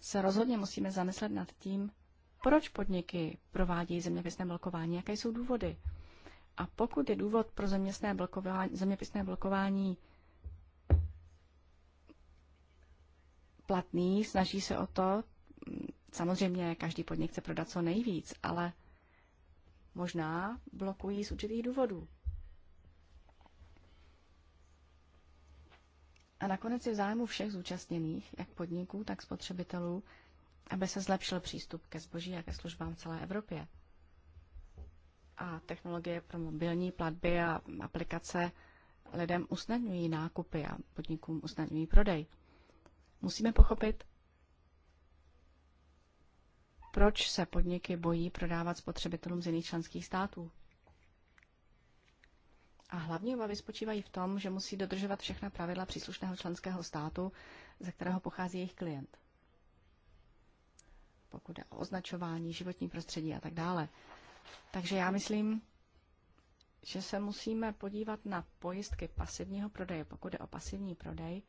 se rozhodně musíme zamyslet nad tím, proč podniky provádějí zeměpisné blokování, jaké jsou důvody. A pokud je důvod pro zeměpisné blokování, zeměpisné blokování platný, snaží se o to, samozřejmě každý podnik chce prodat co nejvíc, ale možná blokují z určitých důvodů. A nakonec je v zájmu všech zúčastněných, jak podniků, tak spotřebitelů, aby se zlepšil přístup ke zboží a ke službám v celé Evropě. A technologie pro mobilní platby a aplikace lidem usnadňují nákupy a podnikům usnadňují prodej. Musíme pochopit, proč se podniky bojí prodávat spotřebitelům z jiných členských států. A hlavní obavy spočívají v tom, že musí dodržovat všechna pravidla příslušného členského státu, ze kterého pochází jejich klient. Pokud je o označování, životní prostředí a tak dále. Takže já myslím, že se musíme podívat na pojistky pasivního prodeje. Pokud je o pasivní prodej,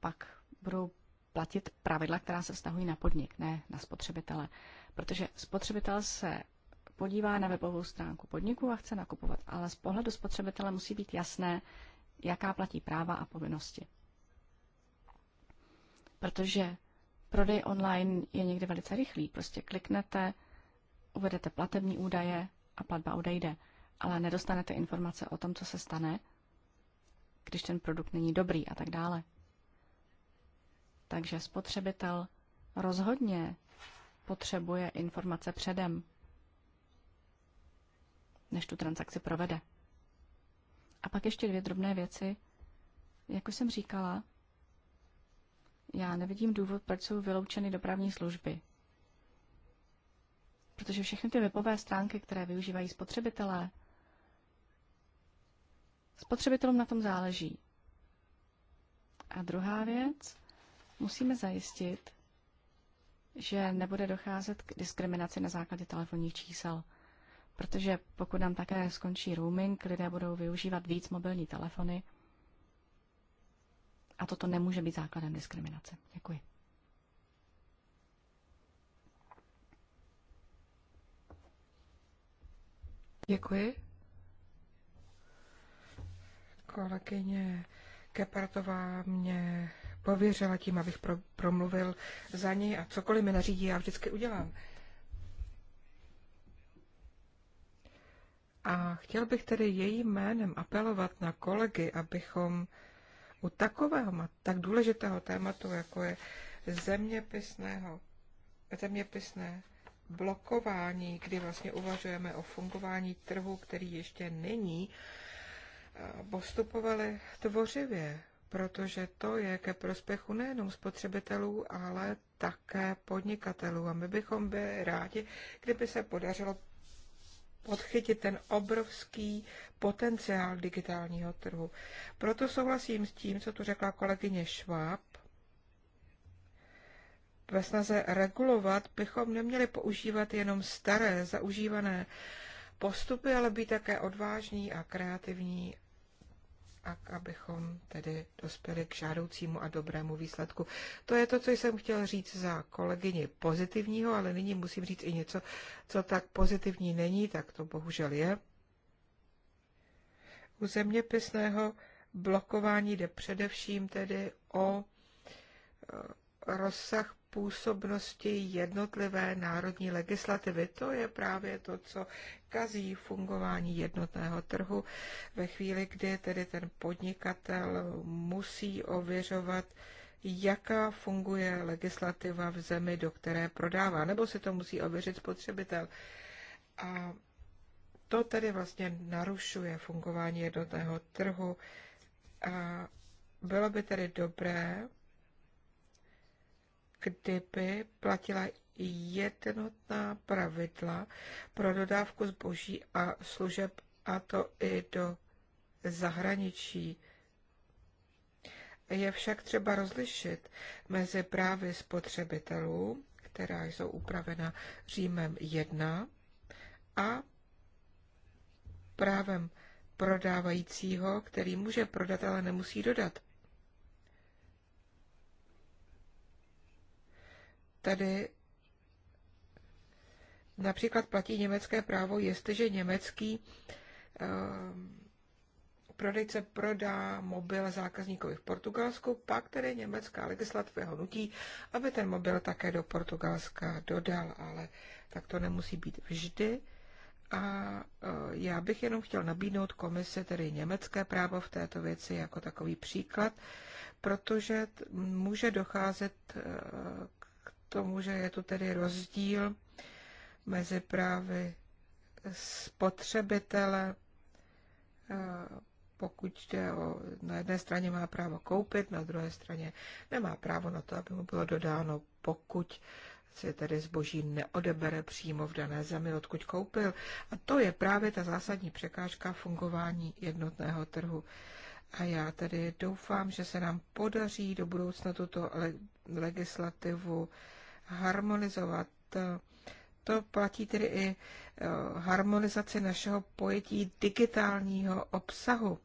pak budou platit pravidla, která se vztahují na podnik, ne na spotřebitele. Protože spotřebitel se podívá na webovou stránku podniku a chce nakupovat, ale z pohledu spotřebitele musí být jasné, jaká platí práva a povinnosti. Protože prodej online je někdy velice rychlý. Prostě kliknete, uvedete platební údaje a platba odejde, ale nedostanete informace o tom, co se stane, když ten produkt není dobrý a tak dále. Takže spotřebitel rozhodně potřebuje informace předem, než tu transakci provede. A pak ještě dvě drobné věci. Jako jsem říkala, já nevidím důvod, proč jsou vyloučeny dopravní služby. Protože všechny ty webové stránky, které využívají spotřebitelé, spotřebitelům na tom záleží. A druhá věc, musíme zajistit, že nebude docházet k diskriminaci na základě telefonních čísel protože pokud nám také skončí roaming, lidé budou využívat víc mobilní telefony a toto nemůže být základem diskriminace. Děkuji. Děkuji. Kolegyně Kepartová mě pověřila tím, abych pro, promluvil za ní a cokoliv mi nařídí, já vždycky udělám. A chtěl bych tedy jejím jménem apelovat na kolegy, abychom u takového tak důležitého tématu, jako je zeměpisného, zeměpisné blokování, kdy vlastně uvažujeme o fungování trhu, který ještě není, eh, postupovali tvořivě, protože to je ke prospěchu nejenom spotřebitelů, ale také podnikatelů. A my bychom byli rádi, kdyby se podařilo podchytit ten obrovský potenciál digitálního trhu. Proto souhlasím s tím, co tu řekla kolegyně Šváb. Ve snaze regulovat bychom neměli používat jenom staré, zaužívané postupy, ale být také odvážní a kreativní a abychom tedy dospěli k žádoucímu a dobrému výsledku. To je to, co jsem chtěl říct za kolegyni pozitivního, ale nyní musím říct i něco, co tak pozitivní není, tak to bohužel je. U zeměpisného blokování jde především tedy o e, rozsah působnosti jednotlivé národní legislativy. To je právě to, co kazí fungování jednotného trhu ve chvíli, kdy tedy ten podnikatel musí ověřovat, jaká funguje legislativa v zemi, do které prodává, nebo si to musí ověřit spotřebitel. A to tedy vlastně narušuje fungování jednotného trhu. A bylo by tedy dobré, kdyby platila jednotná pravidla pro dodávku zboží a služeb, a to i do zahraničí. Je však třeba rozlišit mezi právy spotřebitelů, která jsou upravena Římem 1, a právem prodávajícího, který může prodat, ale nemusí dodat. tady například platí německé právo, jestliže německý eh, prodejce prodá mobil zákazníkovi v Portugalsku, pak tedy německá legislativa ho nutí, aby ten mobil také do Portugalska dodal, ale tak to nemusí být vždy. A eh, já bych jenom chtěl nabídnout komise tedy německé právo v této věci jako takový příklad, protože může docházet eh, tomu, že je tu tedy rozdíl mezi právy spotřebitele, pokud jde o, na jedné straně má právo koupit, na druhé straně nemá právo na to, aby mu bylo dodáno, pokud si tedy zboží neodebere přímo v dané zemi, odkud koupil. A to je právě ta zásadní překážka fungování jednotného trhu. A já tedy doufám, že se nám podaří do budoucna tuto legislativu harmonizovat. To platí tedy i eh, harmonizaci našeho pojetí digitálního obsahu.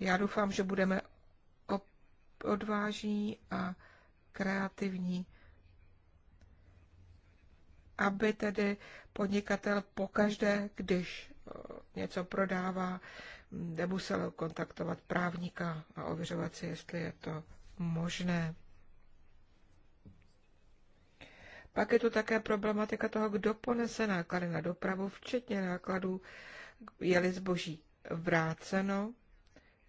Já doufám, že budeme odvážní a kreativní, aby tedy podnikatel pokaždé, když eh, něco prodává, nemusel kontaktovat právníka a ověřovat si, jestli je to možné. Pak je tu také problematika toho, kdo ponese náklady na dopravu, včetně nákladů, je-li zboží vráceno.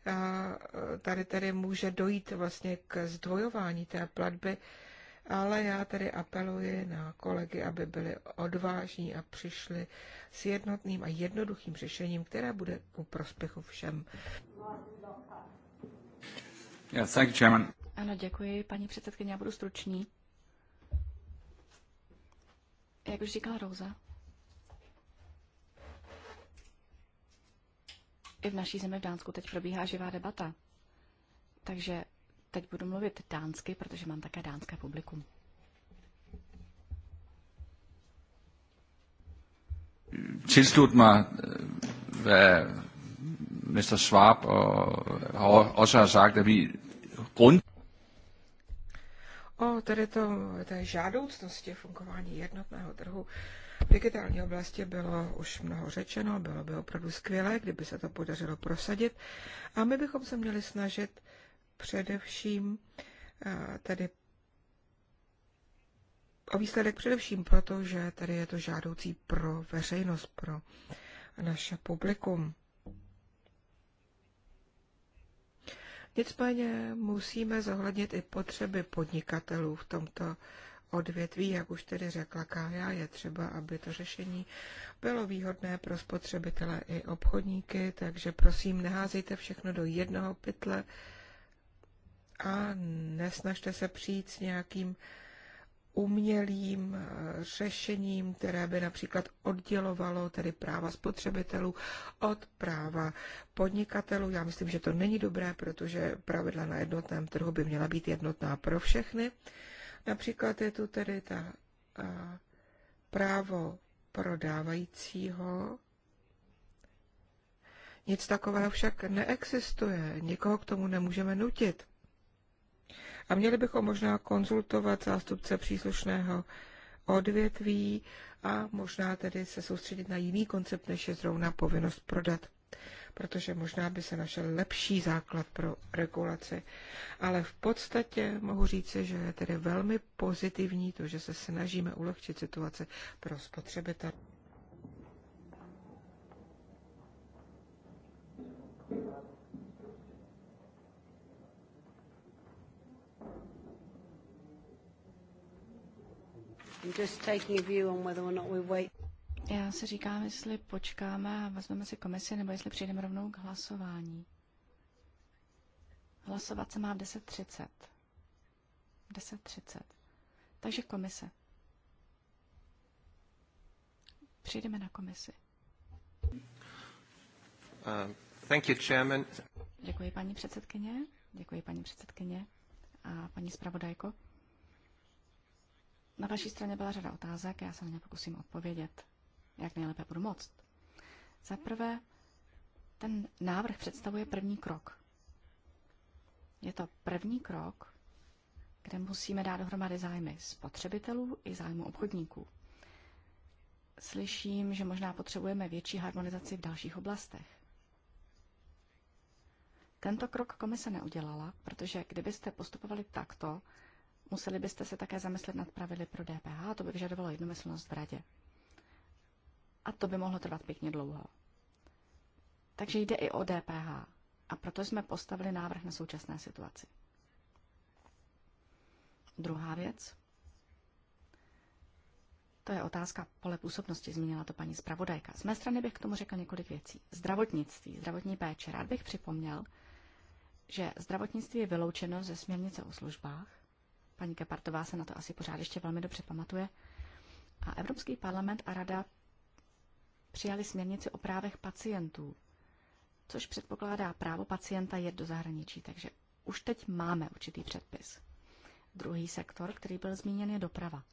A e, tady tedy může dojít vlastně k zdvojování té platby, ale já tedy apeluji na kolegy, aby byli odvážní a přišli s jednotným a jednoduchým řešením, které bude ku prospěchu všem. Yeah, thank you, chairman. Ano, děkuji, paní předsedkyně, já budu stručný. Jak už říkala Rouza, i v naší zemi v Dánsku teď probíhá živá debata. Takže teď budu mluvit dánsky, protože mám také dánské publikum. Tilslut mig, hvad Mr. Schwab og, og også har sagt, at vi grund o tedy to, té žádoucnosti fungování jednotného trhu v digitální oblasti bylo už mnoho řečeno, bylo by opravdu skvělé, kdyby se to podařilo prosadit. A my bychom se měli snažit především eh, tedy o výsledek především proto, že tady je to žádoucí pro veřejnost, pro naše publikum. Nicméně musíme zohlednit i potřeby podnikatelů v tomto odvětví, jak už tedy řekla Kája, je třeba, aby to řešení bylo výhodné pro spotřebitele i obchodníky, takže prosím, neházejte všechno do jednoho pytle a nesnažte se přijít s nějakým umělým eh, řešením, které by například oddělovalo tedy práva spotřebitelů od práva podnikatelů. Já myslím, že to není dobré, protože pravidla na jednotném trhu by měla být jednotná pro všechny. Například je tu tedy ta a, eh, právo prodávajícího. Nic takového však neexistuje, nikoho k tomu nemůžeme nutit. A měli bychom možná konzultovat zástupce příslušného odvětví a možná tedy se soustředit na jiný koncept, než je zrovna povinnost prodat protože možná by se našel lepší základ pro regulaci. Ale v podstatě mohu říci, že je tedy velmi pozitivní to, že se snažíme ulehčit situace pro spotřebitele. Já si říkám, jestli počkáme a vezmeme si komisi, nebo jestli přijdeme rovnou k hlasování. Hlasovat se má v 10.30. 10.30. Takže komise. Přijdeme na komisi. Uh, thank you, chairman. Děkuji, paní předsedkyně. Děkuji, paní předsedkyně a paní zpravodajko. Na vaší straně byla řada otázek, já se na ně pokusím odpovědět, jak nejlépe budu moct. Za prvé, ten návrh představuje první krok. Je to první krok, kde musíme dát dohromady zájmy spotřebitelů i zájmu obchodníků. Slyším, že možná potřebujeme větší harmonizaci v dalších oblastech. Tento krok komise neudělala, protože kdybyste postupovali takto, Museli byste se také zamyslet nad pravidly pro DPH, to by vyžadovalo jednomyslnost v radě. A to by mohlo trvat pěkně dlouho. Takže jde i o DPH. A proto jsme postavili návrh na současné situaci. Druhá věc. To je otázka pole působnosti, zmínila to paní zpravodajka. Z mé strany bych k tomu řekl několik věcí. Zdravotnictví, zdravotní péče. Rád bych připomněl, že zdravotnictví je vyloučeno ze směrnice o službách Paní Kepartová se na to asi pořád ještě velmi dobře pamatuje. A Evropský parlament a rada přijali směrnici o právech pacientů, což předpokládá právo pacienta jet do zahraničí, takže už teď máme určitý předpis. Druhý sektor, který byl zmíněn, je doprava.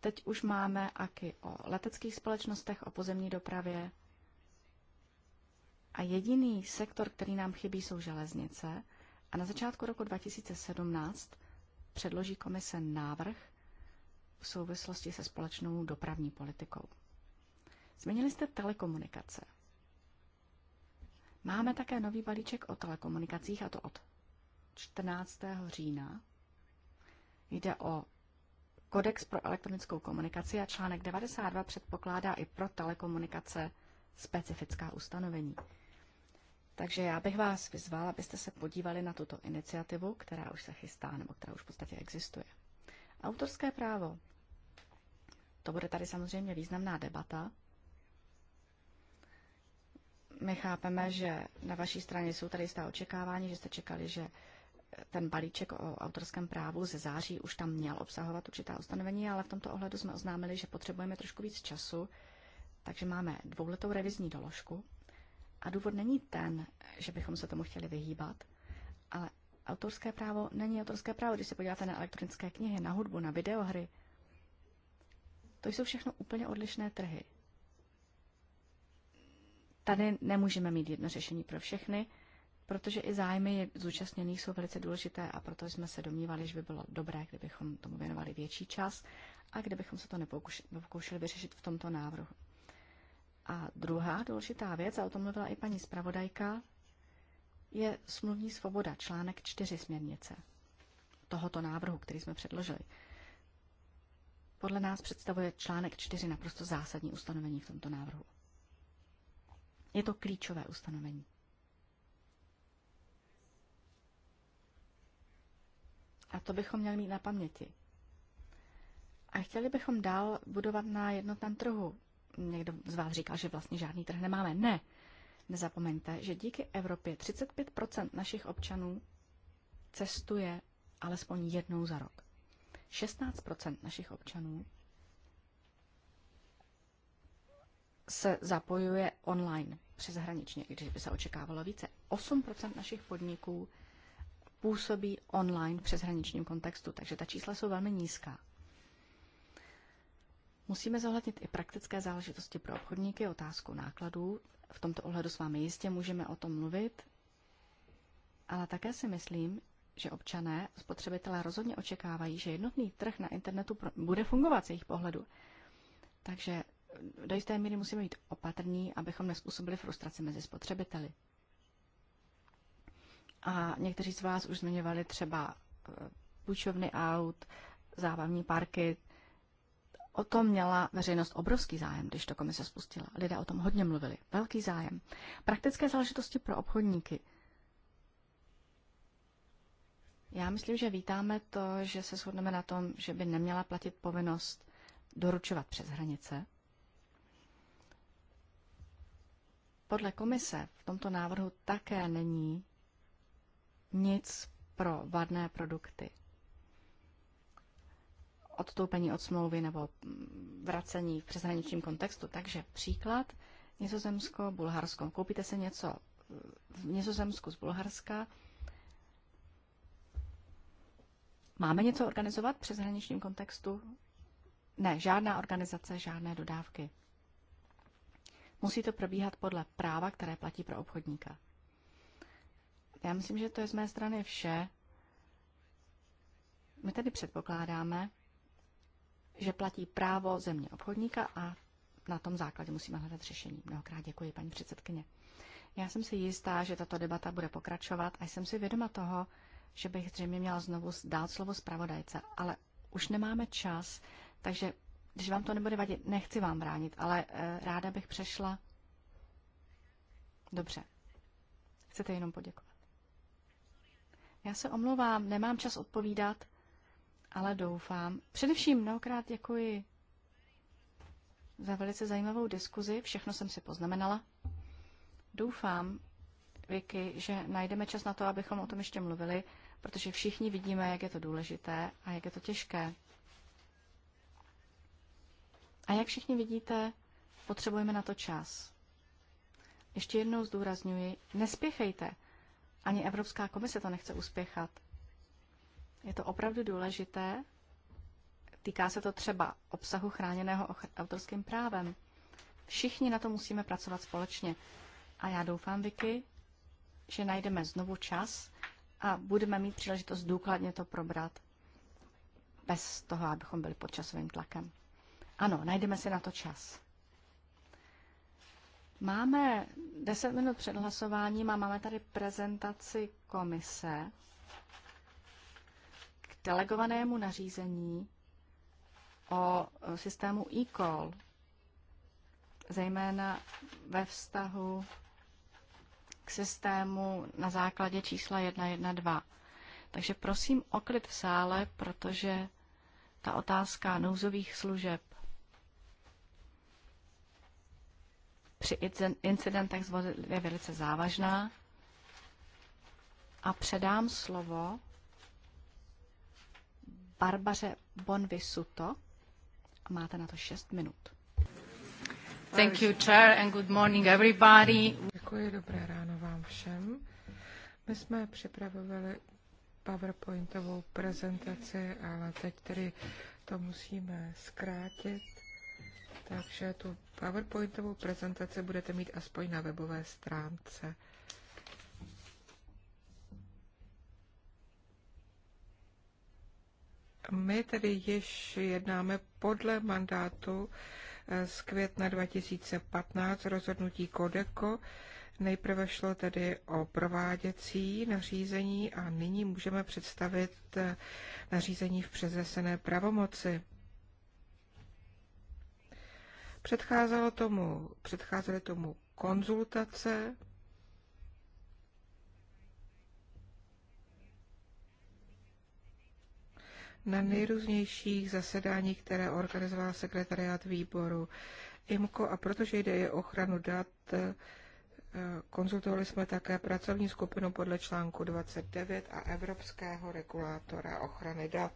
Teď už máme aky o leteckých společnostech, o pozemní dopravě. A jediný sektor, který nám chybí, jsou železnice. A na začátku roku 2017 předloží komise návrh v souvislosti se společnou dopravní politikou. Změnili jste telekomunikace. Máme také nový balíček o telekomunikacích, a to od 14. října. Jde o Kodex pro elektronickou komunikaci a článek 92 předpokládá i pro telekomunikace specifická ustanovení. Takže já bych vás vyzval, abyste se podívali na tuto iniciativu, která už se chystá nebo která už v podstatě existuje. Autorské právo. To bude tady samozřejmě významná debata. My chápeme, že na vaší straně jsou tady jistá očekávání, že jste čekali, že ten balíček o autorském právu ze září už tam měl obsahovat určitá ustanovení, ale v tomto ohledu jsme oznámili, že potřebujeme trošku víc času, takže máme dvouletou revizní doložku, a důvod není ten, že bychom se tomu chtěli vyhýbat, ale autorské právo není autorské právo. Když se podíváte na elektronické knihy, na hudbu, na videohry, to jsou všechno úplně odlišné trhy. Tady nemůžeme mít jedno řešení pro všechny, protože i zájmy zúčastněných jsou velice důležité a proto jsme se domnívali, že by bylo dobré, kdybychom tomu věnovali větší čas a kdybychom se to nepokoušeli vyřešit v tomto návrhu. A druhá důležitá věc, a o tom mluvila i paní zpravodajka, je smluvní svoboda, článek 4 směrnice tohoto návrhu, který jsme předložili. Podle nás představuje článek 4 naprosto zásadní ustanovení v tomto návrhu. Je to klíčové ustanovení. A to bychom měli mít na paměti. A chtěli bychom dál budovat na jednotném trhu někdo z vás říkal, že vlastně žádný trh nemáme. Ne, nezapomeňte, že díky Evropě 35 našich občanů cestuje alespoň jednou za rok. 16 našich občanů se zapojuje online přeshraničně, když by se očekávalo více. 8 našich podniků působí online v přeshraničním kontextu, takže ta čísla jsou velmi nízká. Musíme zohlednit i praktické záležitosti pro obchodníky, otázku nákladů. V tomto ohledu s vámi jistě můžeme o tom mluvit, ale také si myslím, že občané, spotřebitelé rozhodně očekávají, že jednotný trh na internetu bude fungovat z jejich pohledu. Takže do jisté míry musíme být opatrní, abychom nespůsobili frustraci mezi spotřebiteli. A někteří z vás už zmiňovali třeba eh, půjčovny aut, zábavní parky, O tom měla veřejnost obrovský zájem, když to komise spustila. Lidé o tom hodně mluvili. Velký zájem. Praktické záležitosti pro obchodníky. Já myslím, že vítáme to, že se shodneme na tom, že by neměla platit povinnost doručovat přes hranice. Podle komise v tomto návrhu také není nic pro vadné produkty odstoupení od smlouvy nebo vracení v přeshraničním kontextu. Takže příklad Nizozemsko, Bulharsko. Koupíte se něco v Nizozemsku z Bulharska. Máme něco organizovat v přeshraničním kontextu? Ne, žádná organizace, žádné dodávky. Musí to probíhat podle práva, které platí pro obchodníka. Já myslím, že to je z mé strany vše. My tedy předpokládáme, že platí právo země obchodníka a na tom základě musíme hledat řešení. Mnohokrát děkuji, paní předsedkyně. Já jsem si jistá, že tato debata bude pokračovat a jsem si vědoma toho, že bych zřejmě měla znovu dát slovo zpravodajce, ale už nemáme čas, takže když vám to nebude vadit, nechci vám bránit, ale e, ráda bych přešla. Dobře. Chcete jenom poděkovat. Já se omlouvám, nemám čas odpovídat ale doufám. Především mnohokrát děkuji za velice zajímavou diskuzi, všechno jsem si poznamenala. Doufám, Vicky, že najdeme čas na to, abychom o tom ještě mluvili, protože všichni vidíme, jak je to důležité a jak je to těžké. A jak všichni vidíte, potřebujeme na to čas. Ještě jednou zdůrazňuji, nespěchejte. Ani Evropská komise to nechce uspěchat. Je to opravdu důležité. Týká se to třeba obsahu chráněného autorským právem. Všichni na to musíme pracovat společně. A já doufám, Vicky, že najdeme znovu čas a budeme mít příležitost důkladně to probrat bez toho, abychom byli pod časovým tlakem. Ano, najdeme si na to čas. Máme 10 minut před hlasováním a máme tady prezentaci komise delegovanému nařízení o systému e-call, zejména ve vztahu k systému na základě čísla 112. Takže prosím o klid v sále, protože ta otázka nouzových služeb při incidentech je velice závažná. A předám slovo Barbaře Bonvisuto. Máte na to 6 minut. Thank you, Chair, and good morning, everybody. Děkuji, dobré ráno vám všem. My jsme připravovali PowerPointovou prezentaci, ale teď tedy to musíme zkrátit. Takže tu PowerPointovou prezentaci budete mít aspoň na webové stránce. My tedy již jednáme podle mandátu eh, z května 2015 rozhodnutí Kodeko. Nejprve šlo tedy o prováděcí nařízení a nyní můžeme představit eh, nařízení v přezesené pravomoci. Předcházelo tomu, předcházely tomu konzultace na nejrůznějších zasedáních, které organizoval sekretariát výboru IMCO a protože jde o ochranu dat, eh, konzultovali jsme také pracovní skupinu podle článku 29 a Evropského regulátora ochrany dat.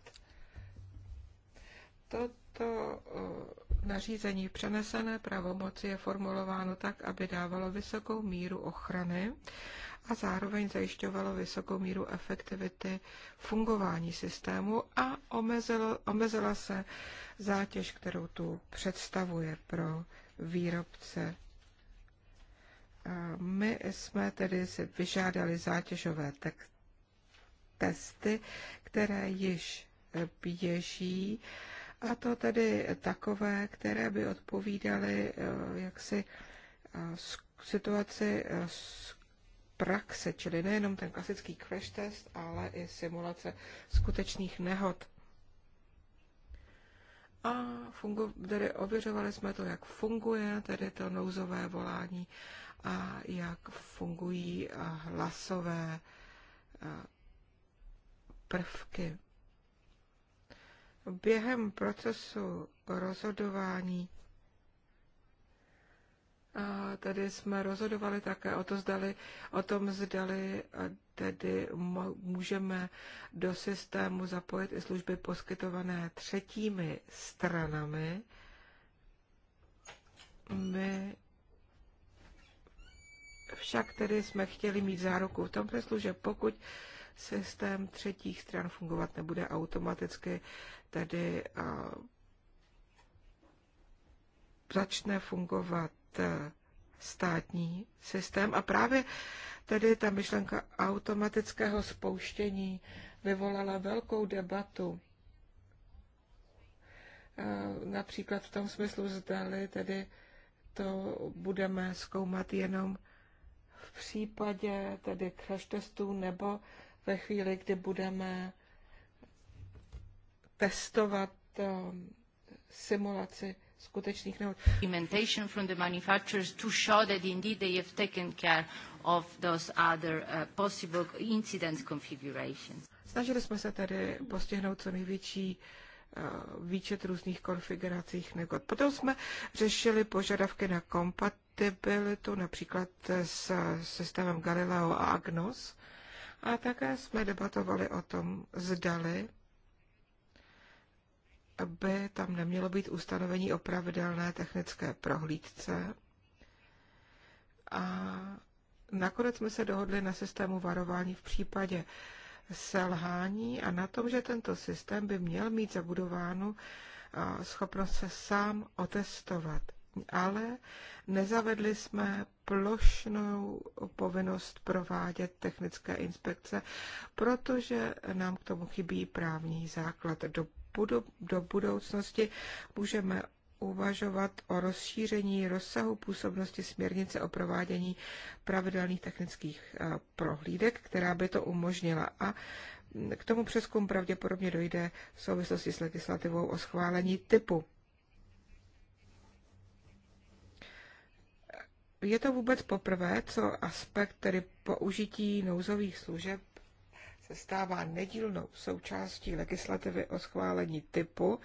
Toto eh, nařízení v přenesené pravomoci je formulováno tak, aby dávalo vysokou míru ochrany a zároveň zajišťovalo vysokou míru efektivity fungování systému a omezilo, omezila se zátěž, kterou tu představuje pro výrobce. A my jsme tedy si vyžádali zátěžové testy, které již běží a to tedy takové, které by odpovídaly eh, jaksi eh, situaci eh, z praxe, čili nejenom ten klasický crash test, ale i simulace skutečných nehod. A fungu, tedy ověřovali jsme to, jak funguje tedy to nouzové volání a jak fungují hlasové prvky během procesu rozhodování a tady jsme rozhodovali také o, to zdali, o tom, zdali tedy můžeme do systému zapojit i služby poskytované třetími stranami. My však tedy jsme chtěli mít záruku v tom smyslu, že pokud systém třetích stran fungovat nebude automaticky, tedy začne fungovat e, státní systém a právě tedy ta myšlenka automatického spouštění vyvolala velkou debatu. E, například v tom smyslu zdali tedy to budeme zkoumat jenom v případě tedy crash testů nebo ve chvíli, kdy budeme testovat um, simulaci skutečných nehod. Implementation from the manufacturers to show that indeed they have taken care of those other uh, possible incident configurations. Snažili jsme se tedy postihnout co největší uh, výčet různých konfiguracích nehod. Potom jsme řešili požadavky na kompatibilitu, například s systémem Galileo a Agnos. A také jsme debatovali o tom, zdali by tam nemělo být ustanovení o pravidelné technické prohlídce. A nakonec jsme se dohodli na systému varování v případě selhání a na tom, že tento systém by měl mít zabudovánu schopnost se sám otestovat. Ale nezavedli jsme plošnou povinnost provádět technické inspekce, protože nám k tomu chybí právní základ. Do budu, do budoucnosti můžeme uvažovat o rozšíření rozsahu působnosti směrnice o provádění pravidelných technických eh, prohlídek, která by to umožnila. A k tomu přeskum pravděpodobně dojde v souvislosti s legislativou o schválení typu. Je to vůbec poprvé, co aspekt tedy použití nouzových služeb se stává nedílnou součástí legislativy o schválení typu.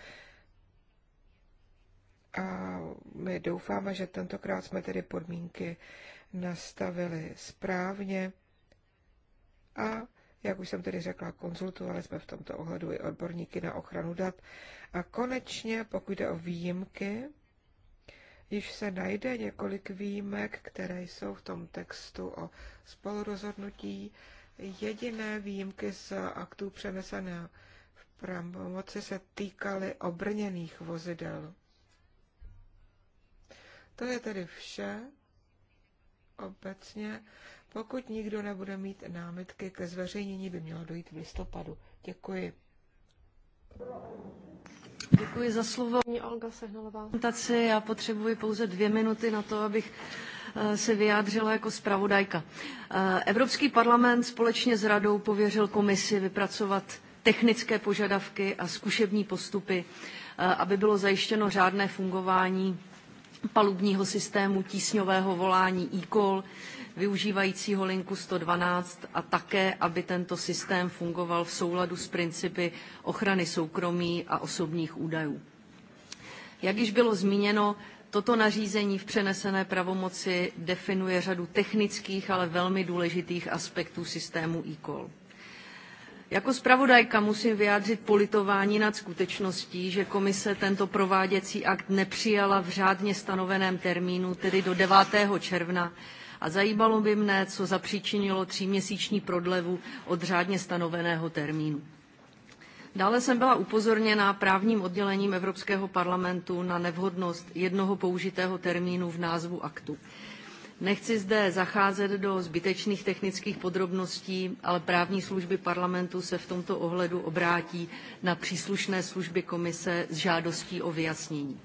A my doufáme, že tentokrát jsme tedy podmínky nastavili správně a jak už jsem tedy řekla, konzultovali jsme v tomto ohledu i odborníky na ochranu dat. A konečně, pokud jde o výjimky, již se najde několik výjimek, které jsou v tom textu o spolurozhodnutí Jediné výjimky z aktů přenesené v pravomoci se týkaly obrněných vozidel. To je tedy vše obecně. Pokud nikdo nebude mít námitky ke zveřejnění, by mělo dojít v listopadu. Děkuji. Děkuji za slovo. Olga Sehnalová. Já potřebuji pouze dvě minuty na to, abych Eh, se vyjádřila jako zpravodajka. Eh, Evropský parlament společně s radou pověřil komisi vypracovat technické požadavky a zkušební postupy, eh, aby bylo zajištěno řádné fungování palubního systému tísňového volání e-call, využívajícího linku 112 a také, aby tento systém fungoval v souladu s principy ochrany soukromí a osobních údajů. Jak již bylo zmíněno, Toto nařízení v přenesené pravomoci definuje řadu technických, ale velmi důležitých aspektů systému eCall. Jako zpravodajka musím vyjádřit politování nad skutečností, že komise tento prováděcí akt nepřijala v řádně stanoveném termínu, tedy do 9. června, a zajímalo by mne, co zapříčinilo tříměsíční prodlevu od řádně stanoveného termínu. Dále jsem byla upozorněna právním oddělením Evropského parlamentu na nevhodnost jednoho použitého termínu v názvu aktu. Nechci zde zacházet do zbytečných technických podrobností, ale právní služby parlamentu se v tomto ohledu obrátí na příslušné služby komise s žádostí o vyjasnění.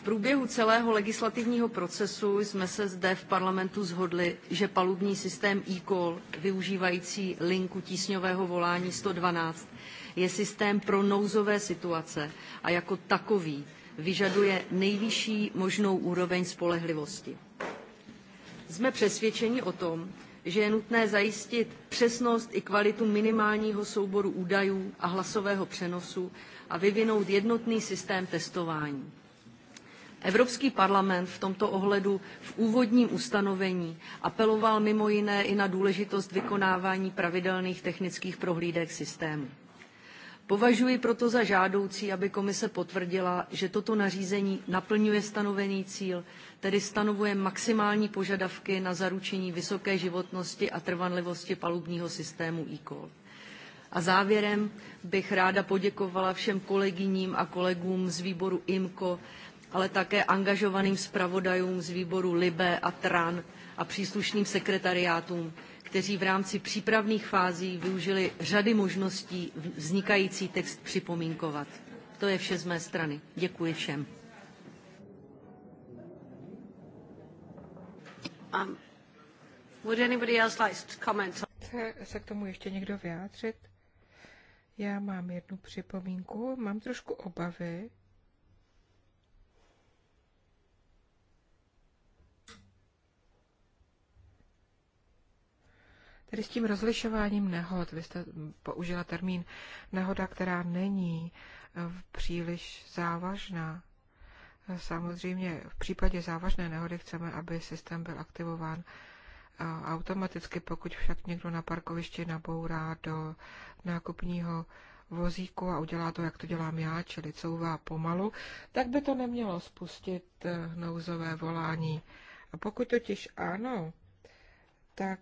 V průběhu celého legislativního procesu jsme se zde v parlamentu zhodli, že palubní systém e-call, využívající linku tísňového volání 112, je systém pro nouzové situace a jako takový vyžaduje nejvyšší možnou úroveň spolehlivosti. Jsme přesvědčeni o tom, že je nutné zajistit přesnost i kvalitu minimálního souboru údajů a hlasového přenosu a vyvinout jednotný systém testování. Evropský parlament v tomto ohledu v úvodním ustanovení apeloval mimo jiné i na důležitost vykonávání pravidelných technických prohlídek systému. Považuji proto za žádoucí, aby komise potvrdila, že toto nařízení naplňuje stanovený cíl, tedy stanovuje maximální požadavky na zaručení vysoké životnosti a trvanlivosti palubního systému e A závěrem bych ráda poděkovala všem kolegyním a kolegům z výboru IMCO ale také angažovaným zpravodajům z výboru LIBE a TRAN a příslušným sekretariátům, kteří v rámci přípravných fází využili řady možností vznikající text připomínkovat. To je vše z mé strany. Děkuji všem. Um, would anybody else like to comment? Chce se k tomu ještě někdo vyjádřit? Já mám jednu připomínku. Mám trošku obavy, Tedy s tím rozlišováním nehod, vy jste použila termín nehoda, která není eh, příliš závažná. Eh, samozřejmě v případě závažné nehody chceme, aby systém byl aktivován eh, automaticky, pokud však někdo na parkovišti nabourá do nákupního vozíku a udělá to, jak to dělám já, čili couvá pomalu, tak by to nemělo spustit nouzové volání. A pokud totiž ano, tak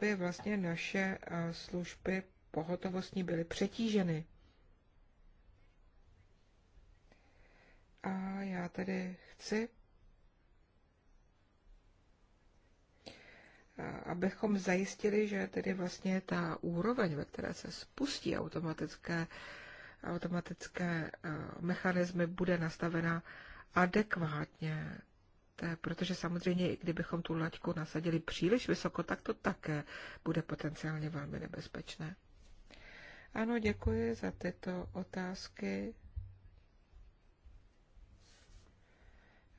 by vlastně naše eh, služby pohotovostní byly přetíženy. A já tedy chci, eh, abychom zajistili, že tedy vlastně ta úroveň, ve které se spustí automatické, automatické eh, mechanismy, bude nastavena adekvátně Eh, protože samozřejmě i kdybychom tu laťku nasadili příliš vysoko, tak to také bude potenciálně velmi nebezpečné. Ano, děkuji za tyto otázky.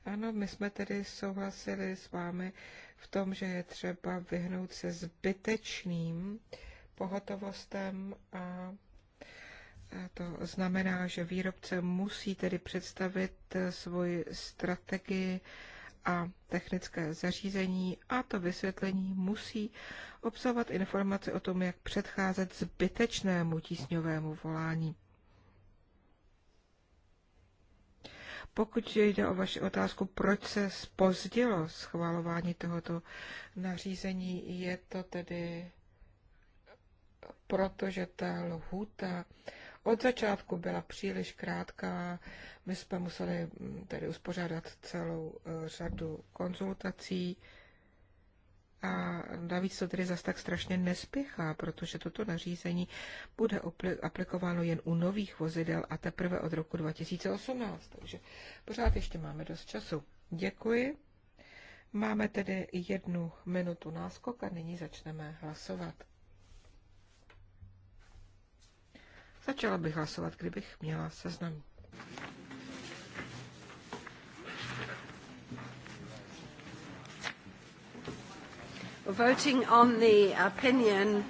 Ano, my jsme tedy souhlasili s vámi v tom, že je třeba vyhnout se zbytečným pohotovostem a to znamená, že výrobce musí tedy představit eh, svoji strategii a technické zařízení a to vysvětlení musí obsahovat informace o tom, jak předcházet zbytečnému tísňovému volání. Pokud jde o vaši otázku, proč se spozdilo schvalování tohoto nařízení, je to tedy proto, že ta lhůta od začátku byla příliš krátká. My jsme museli mm, tedy uspořádat celou eh, řadu konzultací a navíc to tedy zas tak strašně nespěchá, protože toto nařízení bude aplikováno jen u nových vozidel a teprve od roku 2018, takže pořád ještě máme dost času. Děkuji. Máme tedy jednu minutu náskok a nyní začneme hlasovat. Začala bych hlasovat, kdybych měla seznam. Voting on the opinion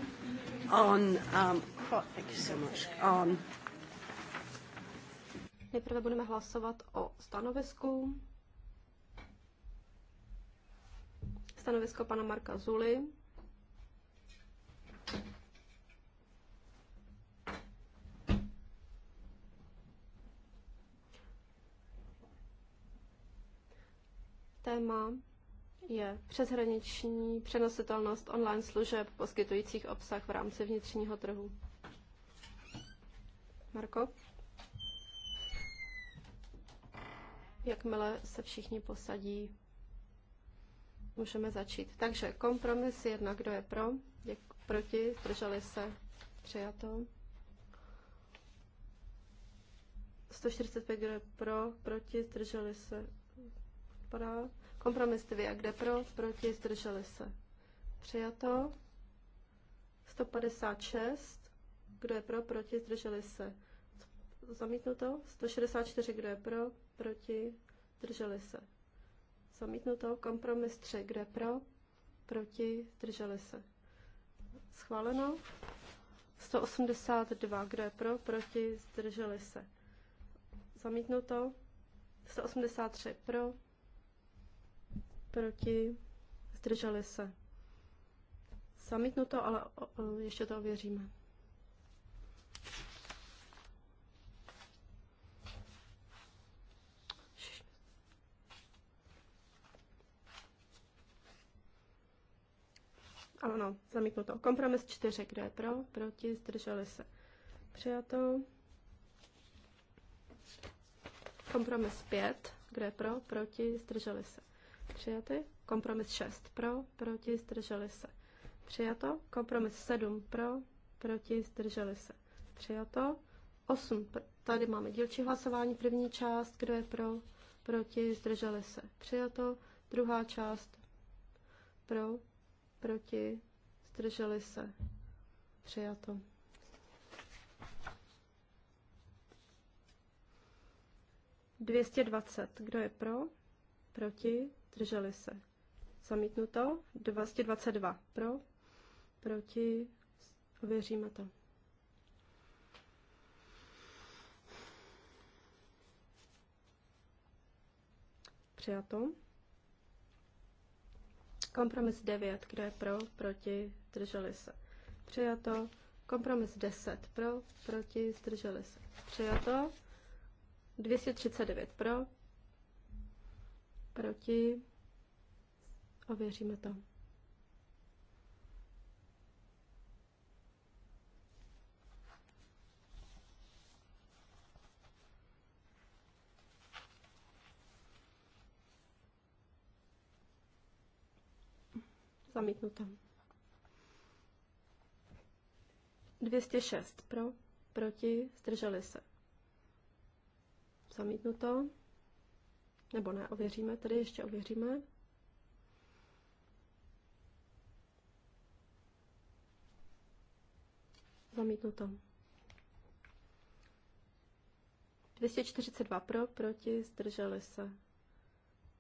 on um, oh, thank you so much on. Nejprve budeme hlasovat o stanovisku. Stanovisko pana Marka Zuly. téma je přeshraniční přenositelnost online služeb poskytujících obsah v rámci vnitřního trhu. Marko? Jakmile se všichni posadí, můžeme začít. Takže kompromis jedna, kdo je pro, jak proti, drželi se, přijato. 145, kdo je pro, proti, drželi se, pro. Kompromis A kde pro, proti, zdrželi se. Přijato. 156, kdo je pro, proti, zdrželi se. Zamítnuto. 164, kdo je pro, proti, zdrželi se. Zamítnuto. Kompromis 3, kdo je pro, proti, zdrželi se. Schváleno. 182, kdo je pro, proti, zdrželi se. Zamítnuto. 183 pro, proti, zdrželi se. Zamítnuto, ale ještě to ověříme. Ano, zamítnuto. Kompromis 4, kdo je pro, proti, zdrželi se. Přijato. Kompromis 5, kdo je pro, proti, zdrželi se. Přijaty. Kompromis 6 pro, proti, zdrželi se. Přijato. Kompromis 7 pro, proti, zdrželi se. Přijato. 8. Tady máme dílčí hlasování. První část, kdo je pro, proti, zdrželi se. Přijato. Druhá část, pro, proti, zdrželi se. Přijato. Dvěstě dvacet. Kdo je pro? Proti? Drželi se. Zamítnuto. 222 pro. Proti. Ověříme to. Přijato. Kompromis 9. Kdo je pro? Proti. Drželi se. Přijato. Kompromis 10. Pro. Proti. Zdrželi se. Přijato. 239 pro proti, a věříme to. Zamítnuto. 206 pro, proti, zdrželi se. Zamítnuto. Nebo ne, ověříme, tedy ještě ověříme. Zamítnuto. 242 pro, proti, zdrželi se.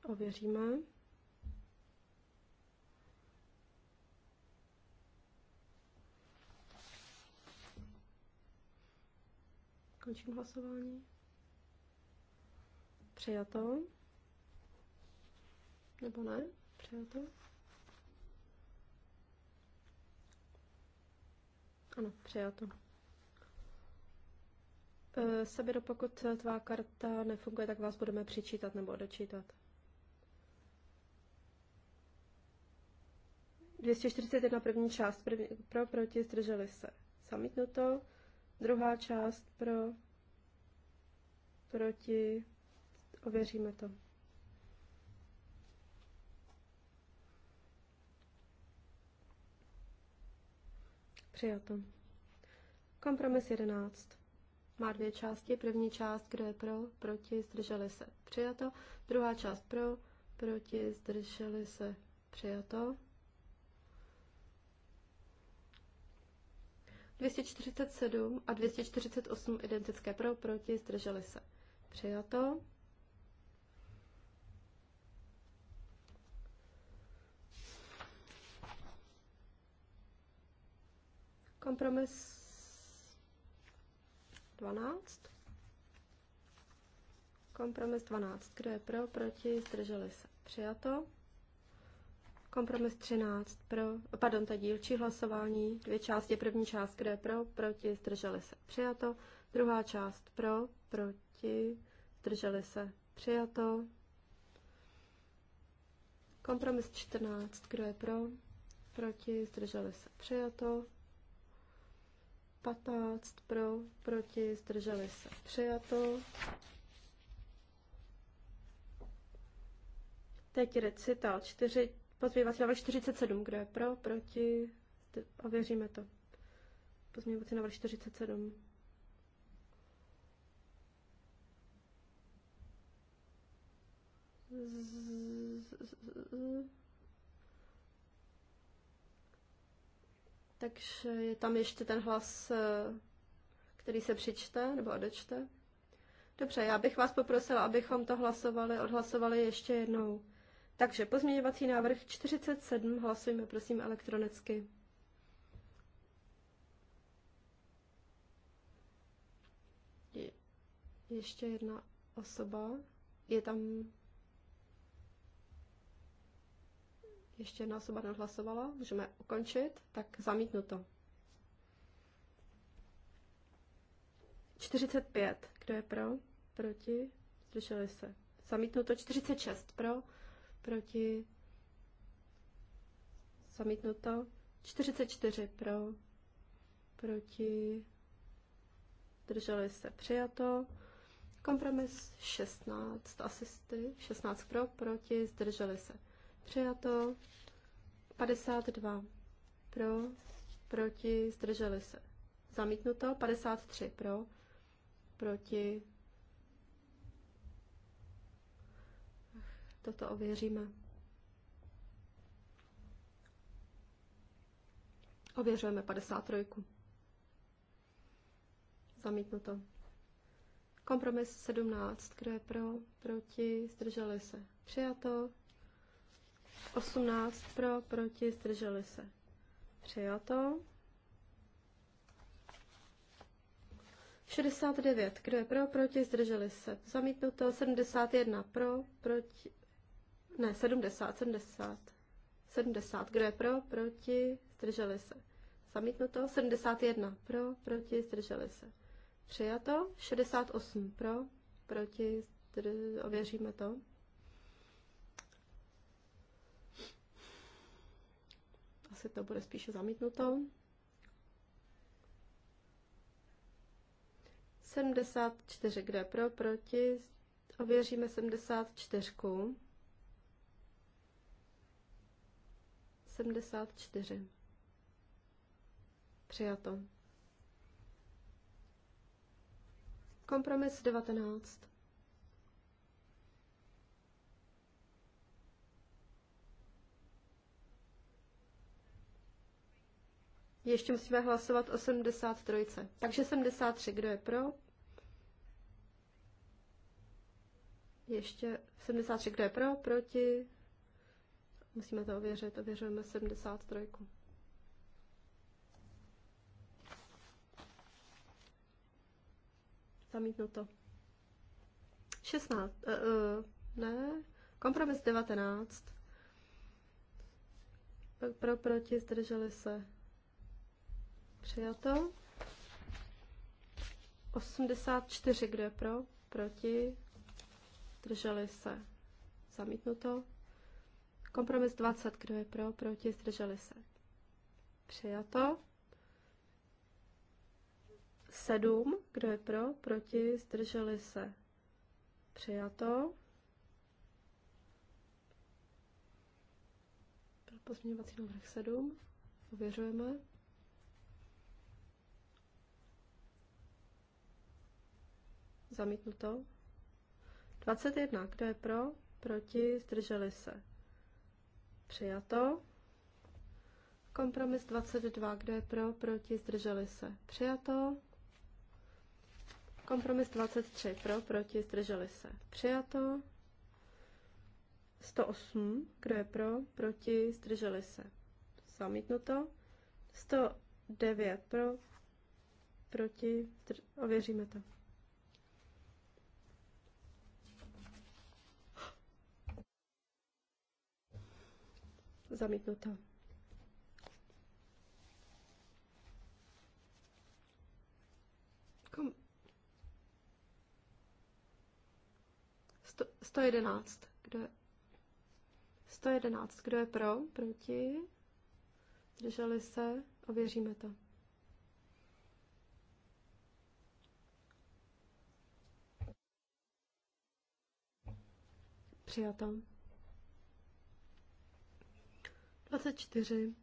Ověříme. Končím hlasování. Přijato. Nebo ne? to? Ano, to. E, Sabiro, pokud tvá karta nefunguje, tak vás budeme přičítat nebo odečítat. 241 první část první, pro, proti, zdrželi se. Zamítnuto. Druhá část pro, proti, ověříme to. Přijato. Kompromis 11. Má dvě části. První část, kdo je pro, proti, zdrželi se. Přijato. Druhá část pro, proti, zdrželi se. Přijato. 247 a 248 identické pro, proti, zdrželi se. Přijato. Kompromis 12. Kompromis 12. Kdo je pro, proti, zdrželi se. Přijato. Kompromis 13. Pro, pardon, ta dílčí hlasování. Dvě části. První část, kde je pro, proti, zdrželi se. Přijato. Druhá část pro, proti, zdrželi se. Přijato. Kompromis 14. Kdo je pro, proti, zdrželi se. Přijato. 15 pro, proti, zdrželi se přijato. Teď recital 4, pozměňovací návrh 47, kdo je pro, proti, a věříme to. Pozměňovací návrh 47. Z, z, z, z, z. Takže je tam ještě ten hlas, eh, který se přičte nebo odečte. Dobře, já bych vás poprosila, abychom to hlasovali, odhlasovali ještě jednou. Takže pozměňovací návrh 47 hlasujeme prosím elektronicky. Je, ještě jedna osoba. Je tam Ještě jedna osoba nehlasovala. Můžeme ukončit. Tak zamítnuto. 45. Kdo je pro? Proti? Zdrželi se. Zamítnuto 46. Pro? Proti? Zamítnuto 44. Pro? Proti? Zdrželi se. Přijato. Kompromis 16. Asisty 16 pro, proti, zdrželi se Přijato. 52 pro, proti, zdrželi se. Zamítnuto. 53 pro, proti. Toto ověříme. Ověřujeme 53. Zamítnuto. Kompromis 17. Kdo je pro? Proti? Zdrželi se. Přijato. 18 pro, proti, zdrželi se. Přijato. 69, kdo je pro, proti, zdrželi se. Zamítnuto. 71 pro, proti, ne, 70, 70. 70, kdo je pro, proti, zdrželi se. Zamítnuto. 71 pro, proti, zdrželi se. Přijato. 68 pro, proti, zdrž. ověříme to. asi to bude spíše zamítnuto. 74, kde pro, proti, ověříme 74. 74. Přijato. Kompromis 19. Ještě musíme hlasovat o 73. Takže 73, kdo je pro? Ještě 73, kdo je pro? Proti? Musíme to ověřit, ověřujeme 73. Zamítnuto. 16, uh, uh, ne, kompromis 19. Pro, proti, zdrželi se Přijato. 84, kdo je pro? Proti? Zdrželi se. Zamítnuto. Kompromis 20, kdo je pro? Proti? Zdrželi se. Přijato. 7, kdo je pro? Proti? Zdrželi se. Přijato. Pozměňovací návrh 7. Ověřujeme. Zamítnuto. 21. Kdo je pro? Proti? Zdrželi se. Přijato. Kompromis 22. Kdo je pro? Proti? Zdrželi se. Přijato. Kompromis 23. Pro? Proti? Zdrželi se. Přijato. 108. Kdo je pro? Proti? Zdrželi se. Zamítnuto. 109. Pro? Proti? Zdr- ověříme to. zamítnuto. Kom? 111. Kdo je? 111. Kdo je pro? Proti? Drželi se? Ověříme to. Přijatom. 24.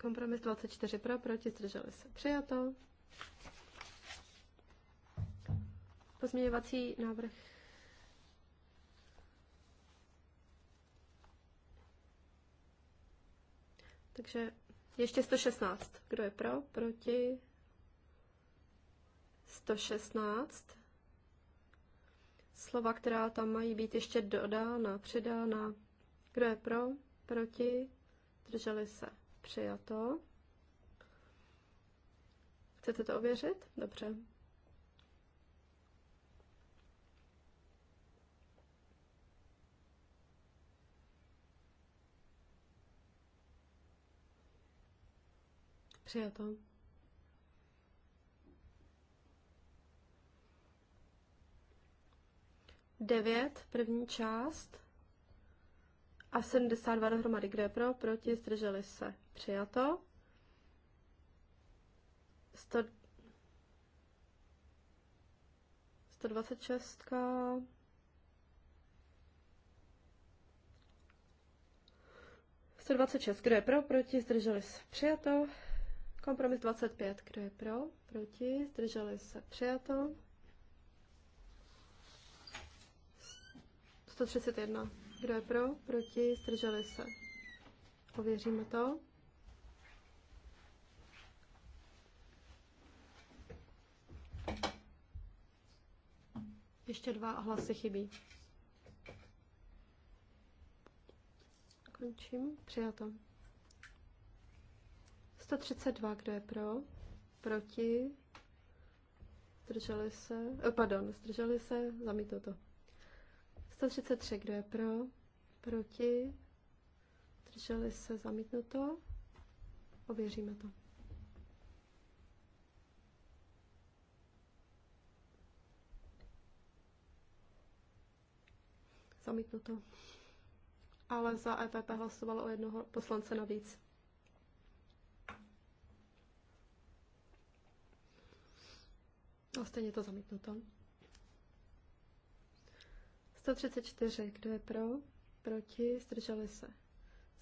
Kompromis 24 pro, proti, zdrželi se. Přijato. Pozměňovací návrh Takže ještě 116. Kdo je pro? Proti? 116. Slova, která tam mají být ještě dodána, přidána. Kdo je pro? proti, drželi se, přijato. Chcete to ověřit? Dobře. Přijato. Devět, první část a 72 dohromady. Kdo je pro? Proti? Zdrželi se. Přijato. 100, 126. Sto kdo je pro, proti, zdrželi se, přijato. Kompromis 25, kdo je pro, proti, zdrželi se, přijato. 131. Kdo je pro? Proti? Zdrželi se. Ověříme to. Ještě dva hlasy chybí. Končím. Přijato. 132, kdo je pro? Proti? Zdrželi se? Eh, pardon, zdrželi se? Zamítlo to. 133, kdo je pro? Proti? Drželi se zamítnuto? Ověříme to. Zamítnuto. Ale za EPP hlasovalo o jednoho poslance navíc. A stejně to zamítnuto. 134, kdo je pro? Proti? Zdrželi se.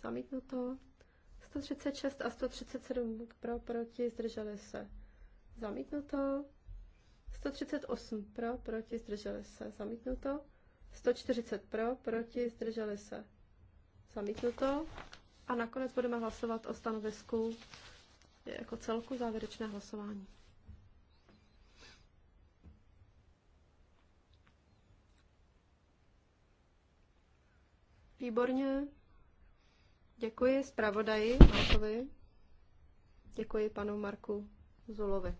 Zamítnuto. 136 a 137 pro, proti, zdrželi se. Zamítnuto. 138 pro, proti, zdrželi se. Zamítnuto. 140 pro, proti, zdrželi se. Zamítnuto. A nakonec budeme hlasovat o stanovisku jako celku závěrečné hlasování. Výborně. Děkuji zpravodaji Markovi. Děkuji panu Marku Zulovi.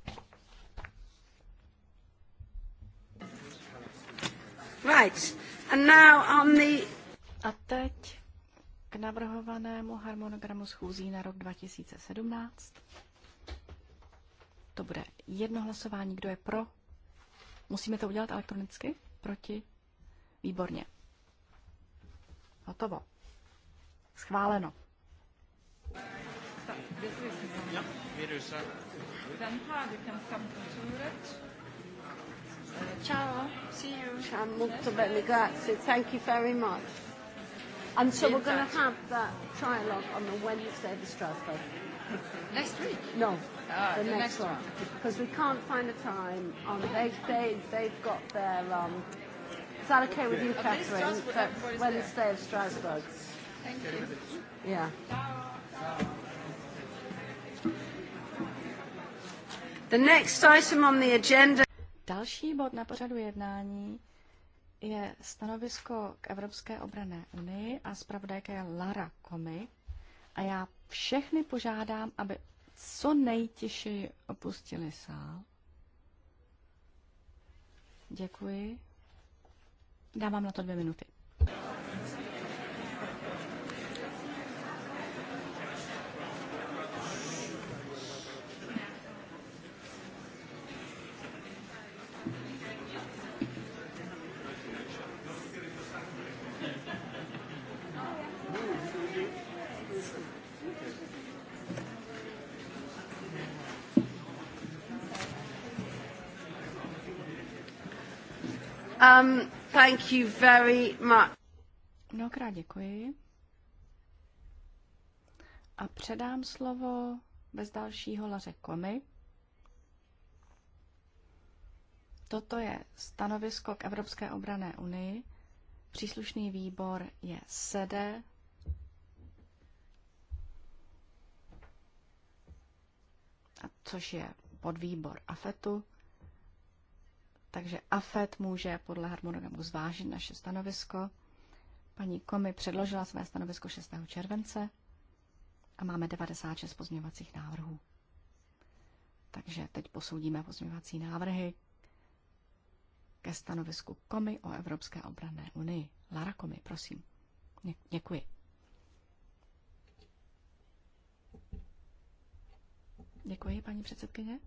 Right. And now on the... A teď k navrhovanému harmonogramu schůzí na rok 2017. To bude jedno hlasování, kdo je pro. Musíme to udělat elektronicky? Proti? Výborně. Hotovo. Schváleno. Ciao, see you. Ciao, molto bene, grazie. Thank you very much. And so we're going to have that trialogue on the Wednesday of the Strasbourg. Next week? No, ah, the, the next, next one. Because we can't find a time. On um, they, they, they've got their um, Is that okay with you, Catherine? That's Wednesday of Strasbourg. Thank you. Yeah. The next item on the agenda. Další bod na pořadu jednání je stanovisko k Evropské obrané unii a zpravodajka je Lara Komi. A já všechny požádám, aby co nejtěžší opustili sál. Děkuji. Dávám na to dvě minuty. Um, Thank you very much. Mnohokrát děkuji. A předám slovo bez dalšího Laře Komy. Toto je stanovisko k Evropské obrané unii. Příslušný výbor je SEDE. A což je podvýbor AFETu. Takže AFET může podle harmonogramu zvážit naše stanovisko. Paní Komi předložila své stanovisko 6. července a máme 96 pozměňovacích návrhů. Takže teď posoudíme pozměňovací návrhy ke stanovisku Komi o Evropské obranné unii. Lara Komi, prosím. Děkuji. Děkuji, paní předsedkyně.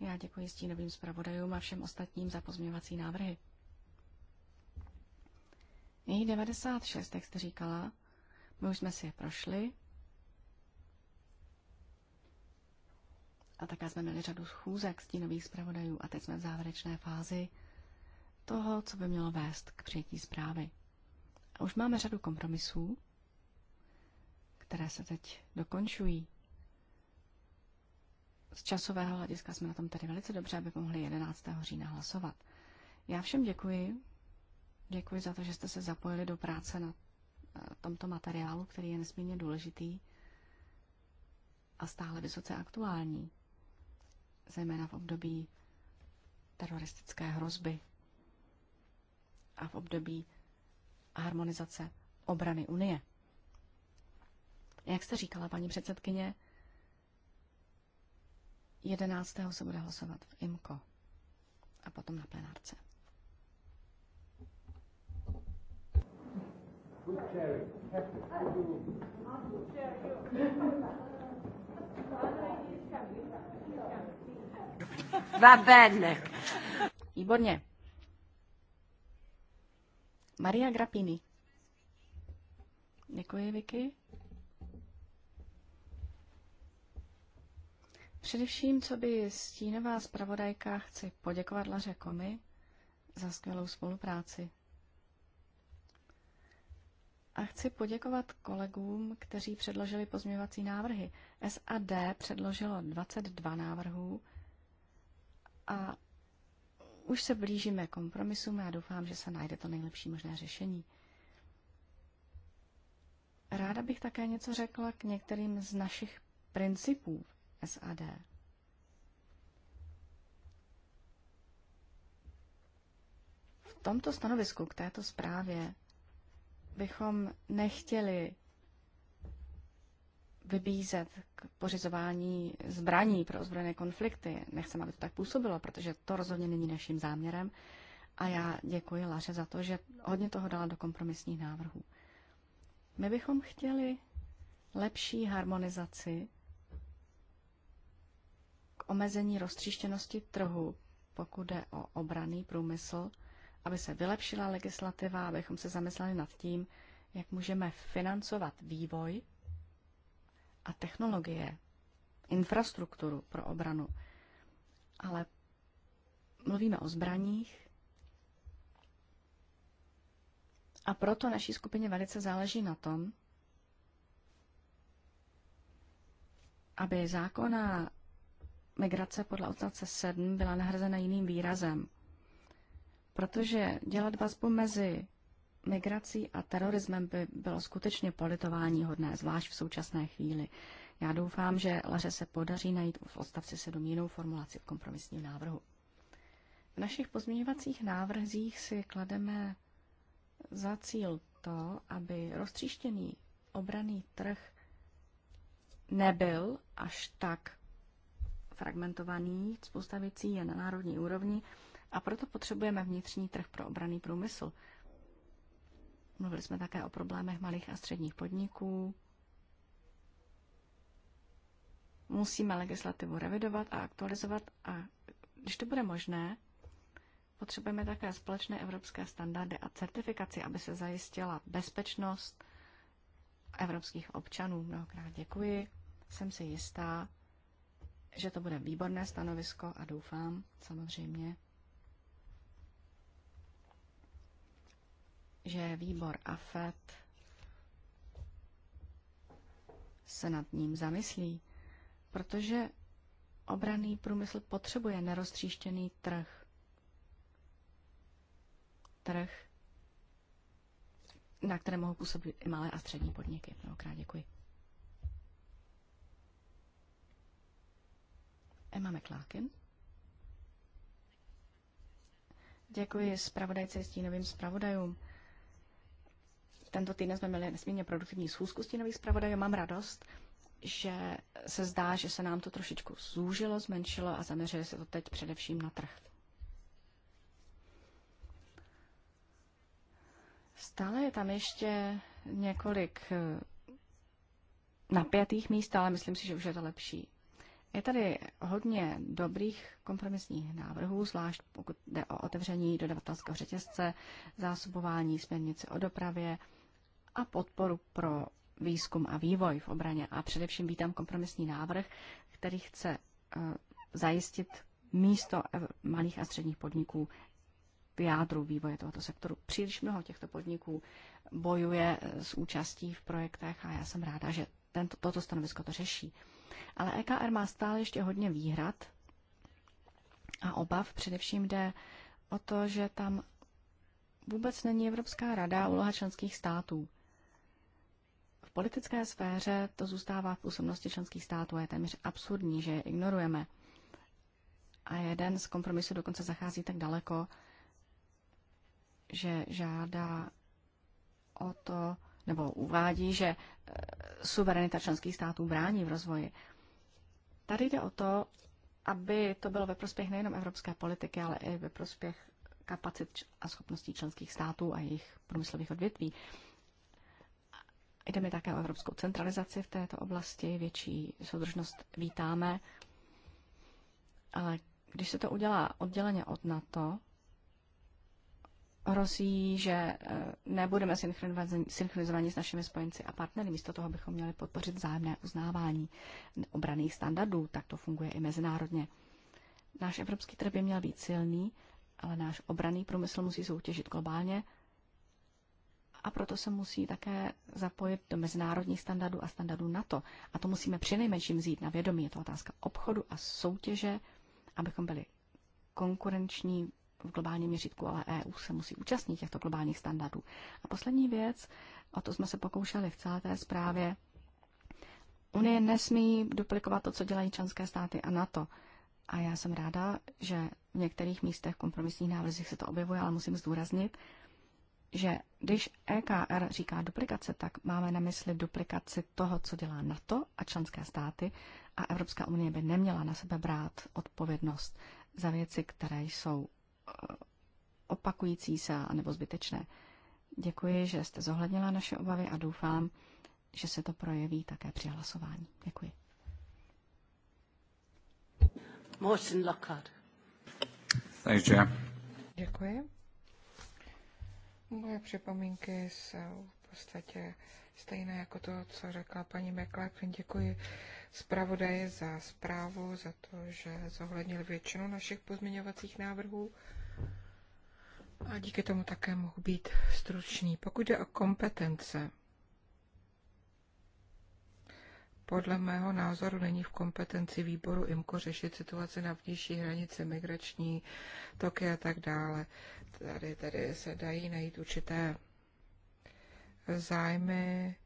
Já děkuji stínovým zpravodajům a všem ostatním za pozměňovací návrhy. Její 96, jak jste říkala, my už jsme si je prošli. A také jsme měli řadu schůzek stínových zpravodajů a teď jsme v závěrečné fázi toho, co by mělo vést k přijetí zprávy. A už máme řadu kompromisů, které se teď dokončují z časového hlediska jsme na tom tady velice dobře, aby mohli 11. října hlasovat. Já všem děkuji. Děkuji za to, že jste se zapojili do práce na eh, tomto materiálu, který je nesmírně důležitý a stále vysoce aktuální, zejména v období teroristické hrozby a v období harmonizace obrany Unie. Jak jste říkala, paní předsedkyně, 11. se bude hlasovat v IMKO a potom na plenárce. Va bene. Výborně. Maria Grapini. Děkuji, Vicky. Především, co by stínová zpravodajka, chci poděkovat Laře Komi za skvělou spolupráci. A chci poděkovat kolegům, kteří předložili pozměňovací návrhy. SAD předložilo 22 návrhů a už se blížíme kompromisům a doufám, že se najde to nejlepší možné řešení. Ráda bych také něco řekla k některým z našich principů SAD. V tomto stanovisku k této zprávě bychom nechtěli vybízet k pořizování zbraní pro ozbrojené konflikty. Nechceme, aby to tak působilo, protože to rozhodně není naším záměrem. A já děkuji Laře za to, že hodně toho dala do kompromisních návrhů. My bychom chtěli lepší harmonizaci omezení roztříštěnosti trhu, pokud jde o obraný průmysl, aby se vylepšila legislativa, abychom se zamysleli nad tím, jak můžeme financovat vývoj a technologie, infrastrukturu pro obranu. Ale mluvíme o zbraních a proto naší skupině velice záleží na tom, aby zákonná migrace podle odstavce 7 byla nahrazena jiným výrazem. Protože dělat vazbu mezi migrací a terorismem by bylo skutečně politování hodné, zvlášť v současné chvíli. Já doufám, že Laře se podaří najít v odstavci 7 jinou formulaci v kompromisním návrhu. V našich pozměňovacích návrzích si klademe za cíl to, aby roztříštěný obraný trh nebyl až tak fragmentovaný, spousta věcí je na národní úrovni a proto potřebujeme vnitřní trh pro obraný průmysl. Mluvili jsme také o problémech malých a středních podniků. Musíme legislativu revidovat a aktualizovat a když to bude možné, potřebujeme také společné evropské standardy a certifikaci, aby se zajistila bezpečnost evropských občanů. Mnohokrát děkuji. Jsem si jistá, že to bude výborné stanovisko a doufám samozřejmě, že výbor AFET se nad ním zamyslí, protože obraný průmysl potřebuje neroztříštěný trh. Trh, na které mohou působit i malé a střední podniky. Mnohokrát děkuji. Emma McLaughlin. Děkuji zpravodajce stínovým zpravodajům. Tento týden jsme měli nesmírně produktivní schůzku stínových zpravodajů. Mám radost, že se zdá, že se nám to trošičku zúžilo, zmenšilo a zaměřuje se to teď především na trh. Stále je tam ještě několik napjatých míst, ale myslím si, že už je to lepší. Je tady hodně dobrých kompromisních návrhů, zvlášť pokud jde o otevření dodavatelského řetězce, zásobování směrnice o dopravě a podporu pro výzkum a vývoj v obraně. A především vítám kompromisní návrh, který chce eh, zajistit místo malých a středních podniků v jádru vývoje tohoto sektoru. Příliš mnoho těchto podniků bojuje eh, s účastí v projektech a já jsem ráda, že tento, toto stanovisko to řeší. Ale EKR má stále ještě hodně výhrad a obav. Především jde o to, že tam vůbec není Evropská rada a úloha členských států. V politické sféře to zůstává v působnosti členských států a je téměř absurdní, že je ignorujeme. A jeden z kompromisů dokonce zachází tak daleko, že žádá o to, nebo uvádí, že eh, suverenita členských států brání v rozvoji. Tady jde o to, aby to bylo ve prospěch nejenom evropské politiky, ale i ve prospěch kapacit a schopností členských států a jejich průmyslových odvětví. Jde mi také o evropskou centralizaci v této oblasti, větší soudržnost vítáme, ale když se to udělá odděleně od NATO, hrozí, že eh, nebudeme synchronizovaní s našimi spojenci a partnery. Místo toho bychom měli podpořit vzájemné uznávání obraných standardů. Tak to funguje i mezinárodně. Náš evropský trh by měl být silný, ale náš obraný průmysl musí soutěžit globálně a proto se musí také zapojit do mezinárodních standardů a standardů NATO. A to musíme přinejmenším vzít na vědomí. Je to otázka obchodu a soutěže, abychom byli konkurenční v globálním měřítku, ale EU se musí účastnit těchto globálních standardů. A poslední věc, o to jsme se pokoušeli v celé té zprávě, Unie nesmí duplikovat to, co dělají členské státy a NATO. A já jsem ráda, že v některých místech kompromisních návrzích se to objevuje, ale musím zdůraznit, že když EKR říká duplikace, tak máme na mysli duplikaci toho, co dělá NATO a členské státy a Evropská unie by neměla na sebe brát odpovědnost za věci, které jsou opakující se nebo zbytečné. Děkuji, že jste zohlednila naše obavy a doufám, že se to projeví také při hlasování. Děkuji. Morten Lockhart. Thanks, Jim. Děkuji. Moje připomínky jsou v podstatě stejné jako to, co řekla paní McLaughlin. Děkuji zpravodaji za zprávu, za to, že zohlednil většinu našich pozměňovacích návrhů. A díky tomu také mohu být stručný. Pokud jde o kompetence, podle mého názoru není v kompetenci výboru IMKO řešit situaci na vnější hranici, migrační toky a tak dále. Tady, tady se dají najít určité zájmy.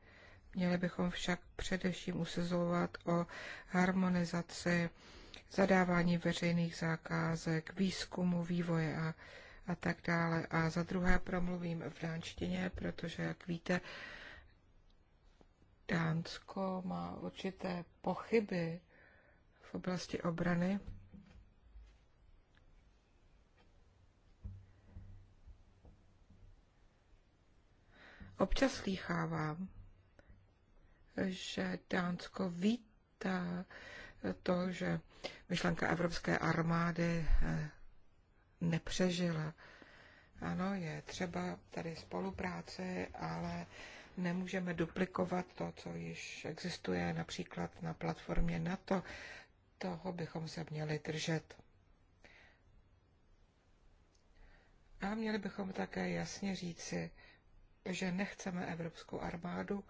Měli bychom však především usazovat o harmonizaci zadávání veřejných zakázek, výzkumu, vývoje a a tak dále. A za druhé promluvím v dánštině, protože, jak víte, Dánsko má určité pochyby v oblasti obrany. Občas slýchávám, že Dánsko vítá to, že myšlenka evropské armády eh, nepřežila. Ano, je třeba tady spolupráce, ale nemůžeme duplikovat to, co již existuje například na platformě NATO. Toho bychom se měli držet. A měli bychom také jasně říci, že nechceme evropskou armádu,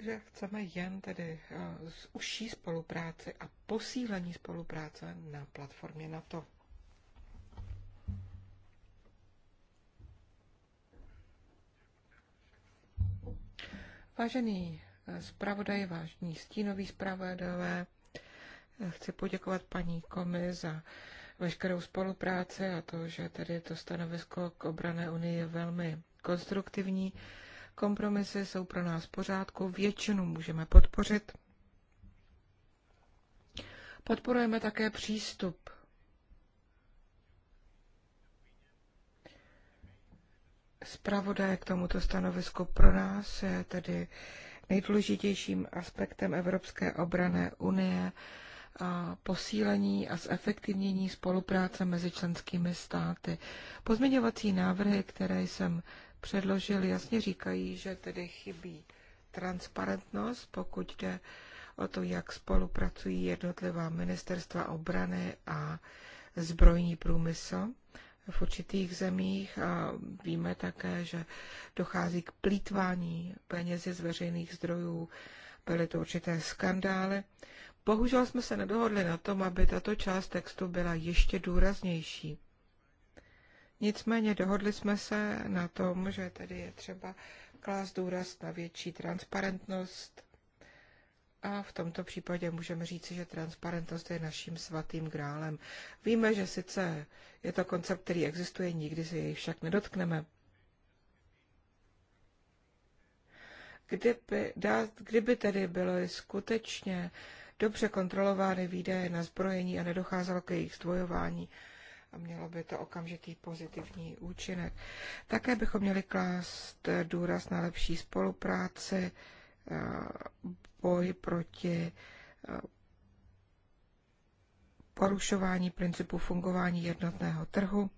že chceme jen tedy eh, z užší spolupráci a posílení spolupráce na platformě NATO. Vážený eh, zpravodaj, vážný stínový zpravodajové, eh, chci poděkovat paní Komi za veškerou spolupráci a to, že tedy to stanovisko k obrané unii je velmi konstruktivní. Kompromisy jsou pro nás v pořádku, většinu můžeme podpořit. Podporujeme také přístup Zpravodaj k tomuto stanovisku pro nás je tedy nejdůležitějším aspektem Evropské obrané unie a posílení a zefektivnění spolupráce mezi členskými státy. Pozměňovací návrhy, které jsem předložil, jasně říkají, že tedy chybí transparentnost, pokud jde o to, jak spolupracují jednotlivá ministerstva obrany a zbrojní průmysl v určitých zemích. A víme také, že dochází k plítvání penězi z veřejných zdrojů. Byly to určité skandály. Bohužel jsme se nedohodli na tom, aby tato část textu byla ještě důraznější. Nicméně dohodli jsme se na tom, že tady je třeba klást důraz na větší transparentnost a v tomto případě můžeme říci, že transparentnost je naším svatým grálem. Víme, že sice je to koncept, který existuje, nikdy se jej však nedotkneme. Kdyby, dát, kdyby tedy byly skutečně dobře kontrolovány výdaje na zbrojení a nedocházelo ke jejich zdvojování, a mělo by to okamžitý pozitivní účinek. Také bychom měli klást důraz na lepší spolupráci, eh, boj proti eh, porušování principu fungování jednotného trhu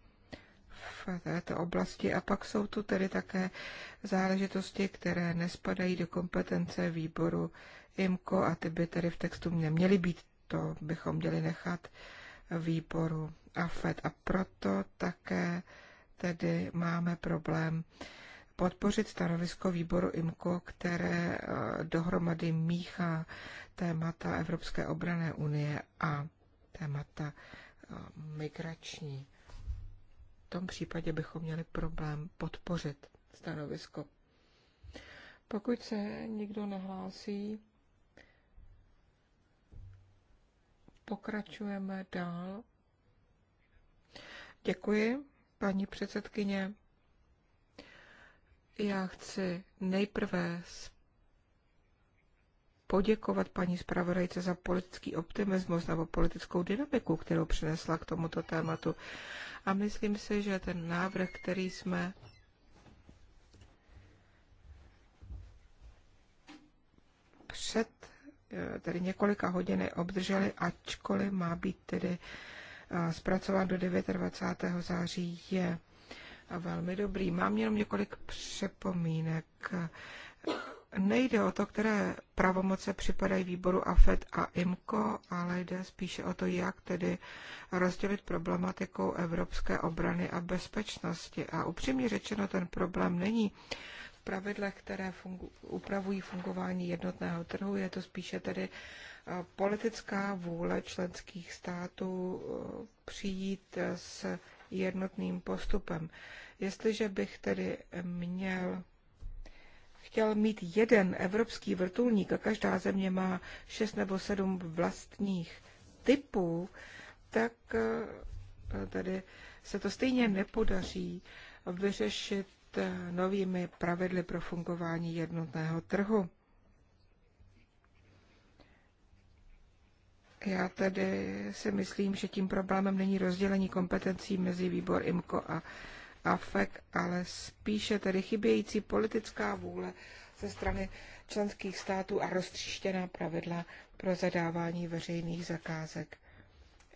v této oblasti. A pak jsou tu tedy také záležitosti, které nespadají do kompetence výboru IMCO a ty by tedy v textu neměly být. To bychom měli nechat uh, výboru AFED. A proto také tedy máme problém podpořit stanovisko výboru IMCO, které eh, dohromady míchá témata Evropské obrané unie a témata eh, migrační. V tom případě bychom měli problém podpořit stanovisko. Pokud se nikdo nehlásí, Pokračujeme dál. Děkuji, paní předsedkyně. Já chci nejprve poděkovat paní zpravodajce za politický optimismus nebo politickou dynamiku, kterou přinesla k tomuto tématu. A myslím si, že ten návrh, který jsme před E, tedy několika hodiny obdrželi, ačkoliv má být tedy e, zpracován do 29. září, je velmi dobrý. Mám jenom několik připomínek. Nejde o to, které pravomoce připadají výboru AFED a IMCO, ale jde spíše o to, jak tedy rozdělit problematikou evropské obrany a bezpečnosti. A upřímně řečeno, ten problém není pravidlech, které fungu, upravují fungování jednotného trhu. Je to spíše tedy eh, politická vůle členských států eh, přijít eh, s jednotným postupem. Jestliže bych tedy měl chtěl mít jeden evropský vrtulník a každá země má šest nebo sedm vlastních typů, tak tedy se to stejně nepodaří vyřešit Eh, novými pravidly pro fungování jednotného trhu. Já tedy si myslím, že tím problémem není rozdělení kompetencí mezi výbor IMCO a AFEC, ale spíše tedy chybějící politická vůle ze strany členských států a roztříštěná pravidla pro zadávání veřejných zakázek.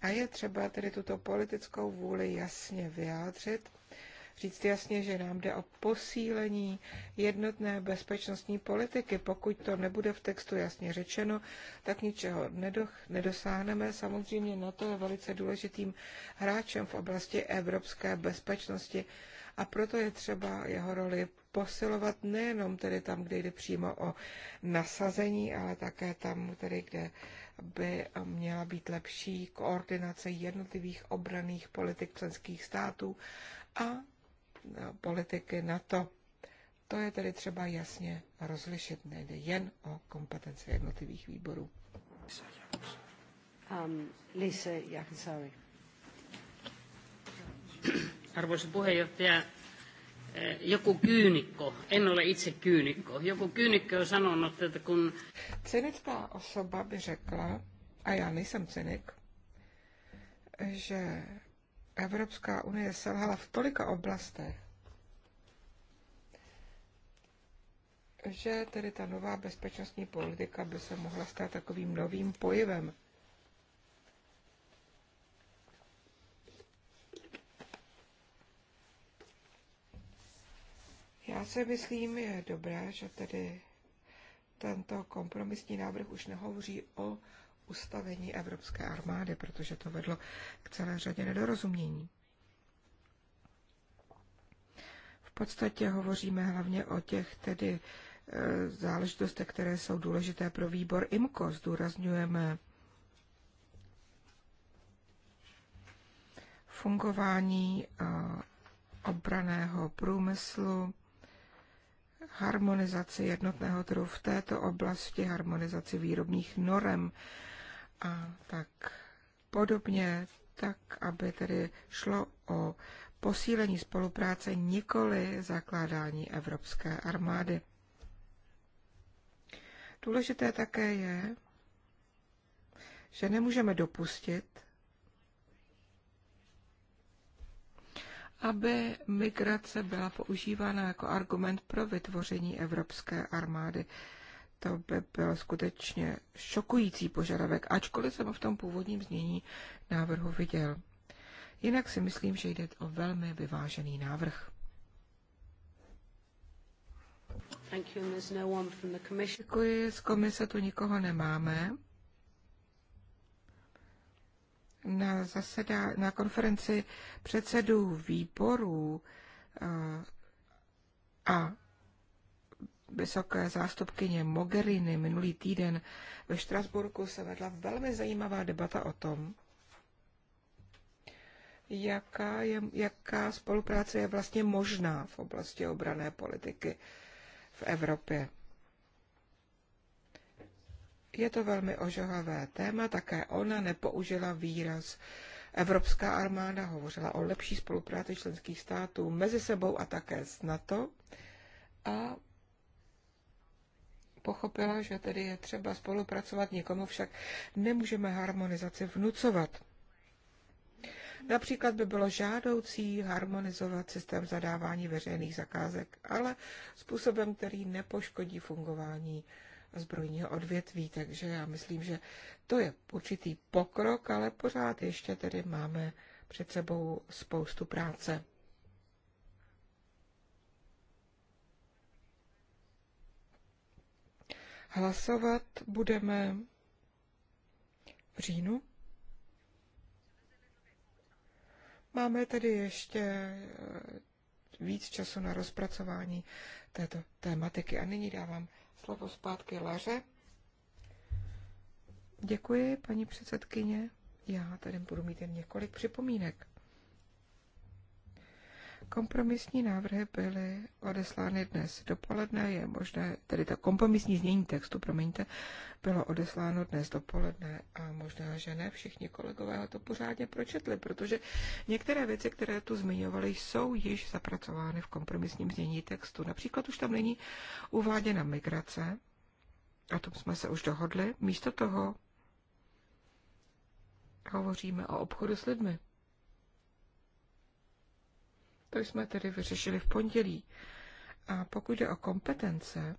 A je třeba tedy tuto politickou vůli jasně vyjádřit říct jasně, že nám jde o posílení jednotné bezpečnostní politiky. Pokud to nebude v textu jasně řečeno, tak ničeho nedosáhneme. Samozřejmě na to je velice důležitým hráčem v oblasti evropské bezpečnosti a proto je třeba jeho roli posilovat nejenom tedy tam, kde jde přímo o nasazení, ale také tam, tedy, kde by měla být lepší koordinace jednotlivých obraných politik členských států a politiky NATO. To je tedy třeba jasně rozlišit, nejde jen o kompetence jednotlivých výborů. Um, Lisa Jakonsari. Arvoisa puheenjohtaja, eh, joku kyynikko, en ole itse kyynikko, joku kyynikko on sanonut, että kun... Cynická osoba by řekla, a já nejsem cynik, že Evropská unie selhala v tolika oblastech, že tedy ta nová bezpečnostní politika by se mohla stát takovým novým pojivem. Já si myslím, je dobré, že tedy tento kompromisní návrh už nehovoří o ustavení evropské armády, protože to vedlo k celé řadě nedorozumění. V podstatě hovoříme hlavně o těch tedy e, záležitostech, které jsou důležité pro výbor IMCO. Zdůrazňujeme fungování e, obraného průmyslu, harmonizaci jednotného trhu v této oblasti, harmonizaci výrobních norem a tak podobně, tak aby tedy šlo o posílení spolupráce nikoli zakládání evropské armády. Důležité také je, že nemůžeme dopustit, aby migrace byla používána jako argument pro vytvoření evropské armády. To by byl skutečně šokující požadavek, ačkoliv jsem ho v tom původním znění návrhu viděl. Jinak si myslím, že jde o velmi vyvážený návrh. No Děkuji, z komise tu nikoho nemáme. Na, zaseda, na konferenci předsedů výborů eh, a vysoké zástupkyně Mogherini minulý týden ve Štrasburku se vedla velmi zajímavá debata o tom, jaká, je, jaká spolupráce je vlastně možná v oblasti obrané politiky v Evropě. Je to velmi ožohavé téma, také ona nepoužila výraz Evropská armáda, hovořila o lepší spolupráci členských států mezi sebou a také s NATO a pochopila, že tedy je třeba spolupracovat, nikomu však nemůžeme harmonizaci vnucovat. Například by bylo žádoucí harmonizovat systém zadávání veřejných zakázek, ale způsobem, který nepoškodí fungování zbrojního odvětví. Takže já myslím, že to je určitý pokrok, ale pořád ještě tedy máme před sebou spoustu práce. Hlasovat budeme v říjnu. Máme tedy ještě eh, víc času na rozpracování této tématiky. A nyní dávám slovo zpátky Laře. Děkuji, paní předsedkyně. Já tady budu mít jen několik připomínek. Kompromisní návrhy byly odeslány dnes dopoledne, je možné, tedy to kompromisní znění textu, promiňte, bylo odesláno dnes dopoledne a možná, že ne všichni kolegové to pořádně pročetli, protože některé věci, které tu zmiňovali, jsou již zapracovány v kompromisním znění textu. Například už tam není uváděna migrace, o tom jsme se už dohodli, místo toho hovoříme o obchodu s lidmi. To jsme tedy vyřešili v pondělí. A pokud jde o kompetence,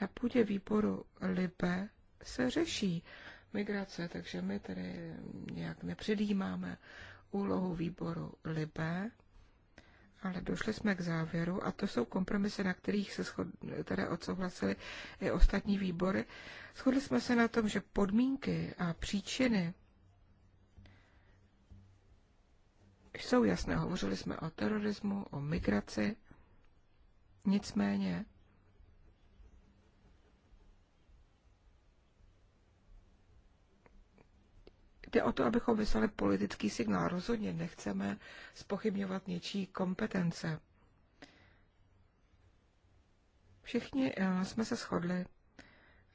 na půdě výboru LIBE se řeší migrace, takže my tedy nějak nepředjímáme úlohu výboru LIBE, ale došli jsme k závěru, a to jsou kompromisy, na kterých se schod, teda odsouhlasili i ostatní výbory. Shodli jsme se na tom, že podmínky a příčiny jsou jasné. Hovořili jsme o terorismu, o migraci, nicméně Jde o to, abychom vyslali politický signál. Rozhodně nechceme spochybňovat něčí kompetence. Všichni eh, jsme se shodli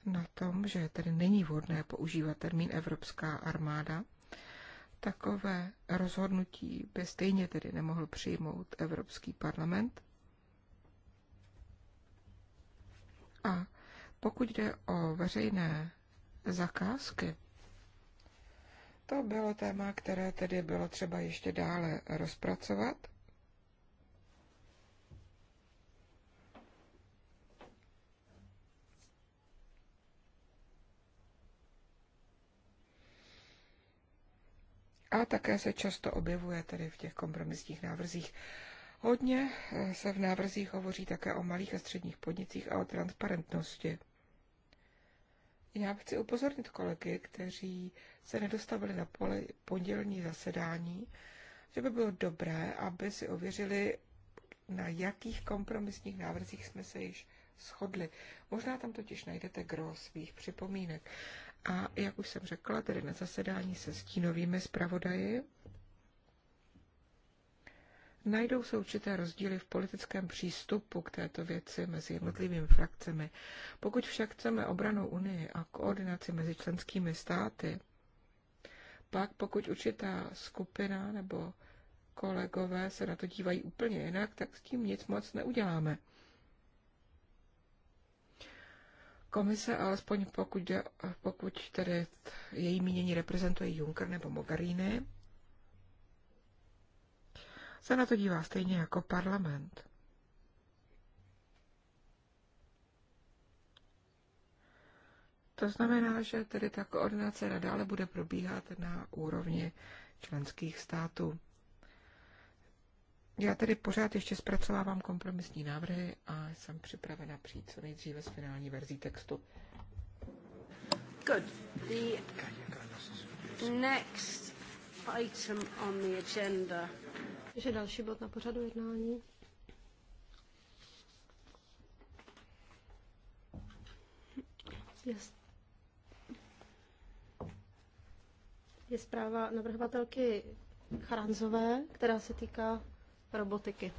na tom, že tedy není vhodné používat termín Evropská armáda. Takové rozhodnutí by stejně tedy nemohl přijmout Evropský parlament. A pokud jde o veřejné zakázky, to bylo téma, které tedy bylo třeba ještě dále rozpracovat. A také se často objevuje tedy v těch kompromisních návrzích. Hodně eh, se v návrzích hovoří také o malých a středních podnicích a o transparentnosti. Já chci upozornit kolegy, kteří se nedostavili na pole, pondělní zasedání, že by bylo dobré, aby si ověřili, na jakých kompromisních návrzích jsme se již shodli. Možná tam totiž najdete gro svých připomínek. A jak už jsem řekla, tedy na zasedání se stínovými zpravodaji, Najdou se určité rozdíly v politickém přístupu k této věci mezi jednotlivými frakcemi. Pokud však chceme obranou unii a koordinaci mezi členskými státy, pak, pokud určitá skupina nebo kolegové se na to dívají úplně jinak, tak s tím nic moc neuděláme. Komise, alespoň pokud, pokud tedy její mínění reprezentuje Juncker nebo Mogherini, se na to dívá stejně jako parlament. To znamená, že tedy ta koordinace nadále bude probíhat na úrovni členských států. Já tedy pořád ještě zpracovávám kompromisní návrhy a jsem připravena přijít co nejdříve s finální verzí textu. Good. The next item on the agenda. Ještě další bod na pořadu jednání. Yes. je zpráva navrhovatelky Charanzové, která se týká robotiky.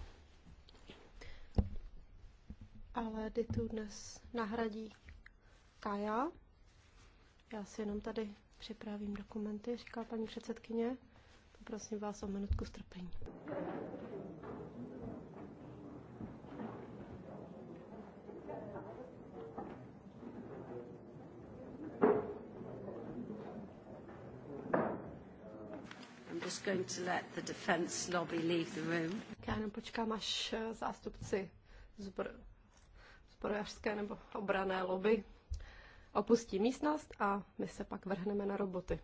Ale Ditu dnes nahradí Kaja. Já si jenom tady připravím dokumenty, říká paní předsedkyně. Poprosím vás o minutku strpení. just going to let the defense lobby leave the room. Já jenom počkám, až eh, zástupci zbr- zbrojařské nebo obrané lobby opustí místnost a my se pak vrhneme na roboty.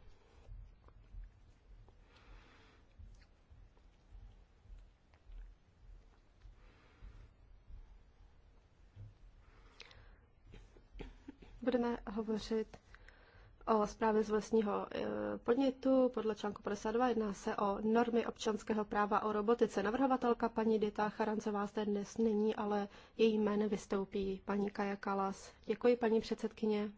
Budeme hovořit o zprávě z vlastního e, podnětu. Podle článku 52 jedná se o normy občanského práva o robotice. Navrhovatelka paní Dita Charancová zde dnes není, ale její jméno vystoupí paní Kaja Kalas. Děkuji, paní předsedkyně.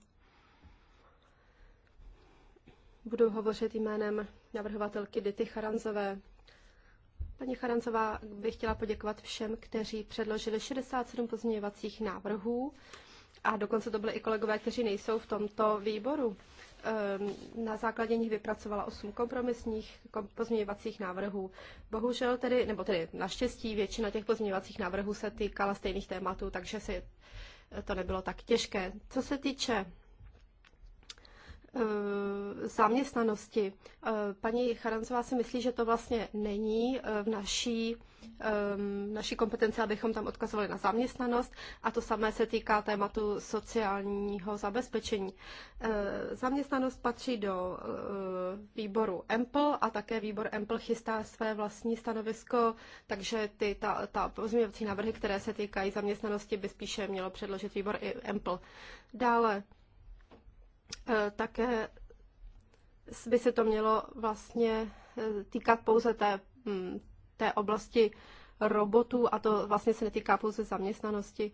Budu hovořit jménem navrhovatelky Dity Charancové. Paní Charancová bych chtěla poděkovat všem, kteří předložili 67 pozměňovacích návrhů a dokonce to byly i kolegové, kteří nejsou v tomto výboru. Ehm, na základě nich vypracovala osm kompromisních pozměňovacích návrhů. Bohužel tedy, nebo tedy naštěstí, většina těch pozměňovacích návrhů se týkala stejných tématů, takže si to nebylo tak těžké. Co se týče Eh, zaměstnanosti. Eh, paní Charancová si myslí, že to vlastně není eh, v naší, v naší kompetenci, abychom tam odkazovali na zaměstnanost a to samé se týká tématu sociálního zabezpečení. Zaměstnanost patří do výboru EMPL a také výbor EMPL chystá své vlastní stanovisko, takže ty, ta, ta pozměňovací návrhy, které se týkají zaměstnanosti, by spíše mělo předložit výbor EMPL. Dále Eh, také by se to mělo vlastně eh, týkat pouze té, hm, té oblasti robotů a to vlastně se netýká pouze zaměstnanosti.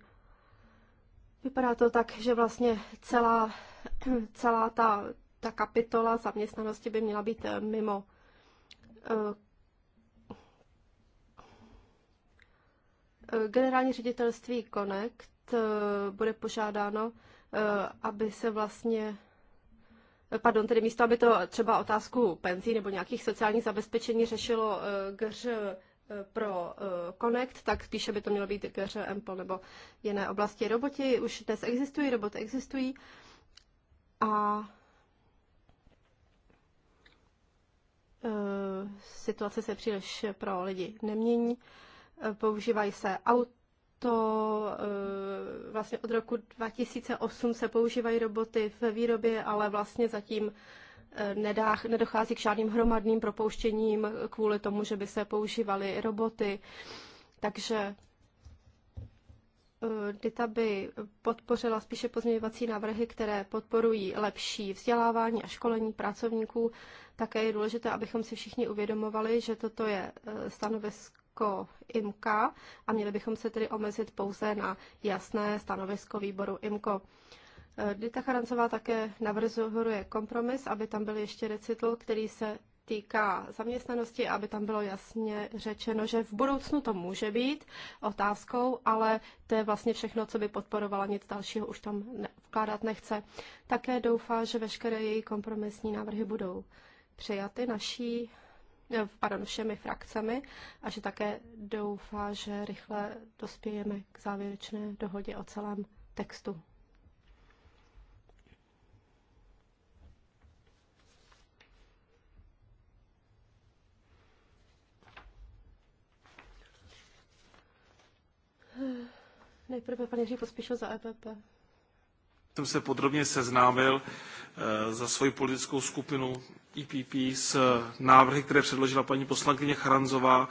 Vypadá to tak, že vlastně celá, celá ta, ta kapitola zaměstnanosti by měla být eh, mimo. Generální ředitelství Connect bude požádáno, aby se vlastně pardon, tedy místo, aby to třeba otázku penzí nebo nějakých sociálních zabezpečení řešilo eh, GŘ eh, pro eh, Connect, tak spíše by to mělo být GŘ Empl nebo jiné oblasti. Roboti už dnes existují, roboty existují a situace se příliš pro lidi nemění. Používají se aut, to eh, vlastně od roku 2008 se používají roboty v výrobě, ale vlastně zatím eh, nedách, nedochází k žádným hromadným propouštěním kvůli tomu, že by se používaly roboty. Takže eh, Dita by podpořila spíše pozměňovací návrhy, které podporují lepší vzdělávání a školení pracovníků. Také je důležité, abychom si všichni uvědomovali, že toto je stanovisko jako IMKA a měli bychom se tedy omezit pouze na jasné stanovisko výboru IMKO. Dita Charancová také navrhuje kompromis, aby tam byl ještě recitl, který se týká zaměstnanosti, aby tam bylo jasně řečeno, že v budoucnu to může být otázkou, ale to je vlastně všechno, co by podporovala, nic dalšího už tam vkládat nechce. Také doufá, že veškeré její kompromisní návrhy budou přijaty naší Eh, pardon, všemi frakcemi a že také doufá, že rychle dospějeme k závěrečné dohodě o celém textu. Eh, Nejprve pan Jiří Pospíšil za EPP jsem se podrobně seznámil eh, za svoji politickou skupinu EPP s eh, návrhy, které předložila paní poslankyně Charanzová.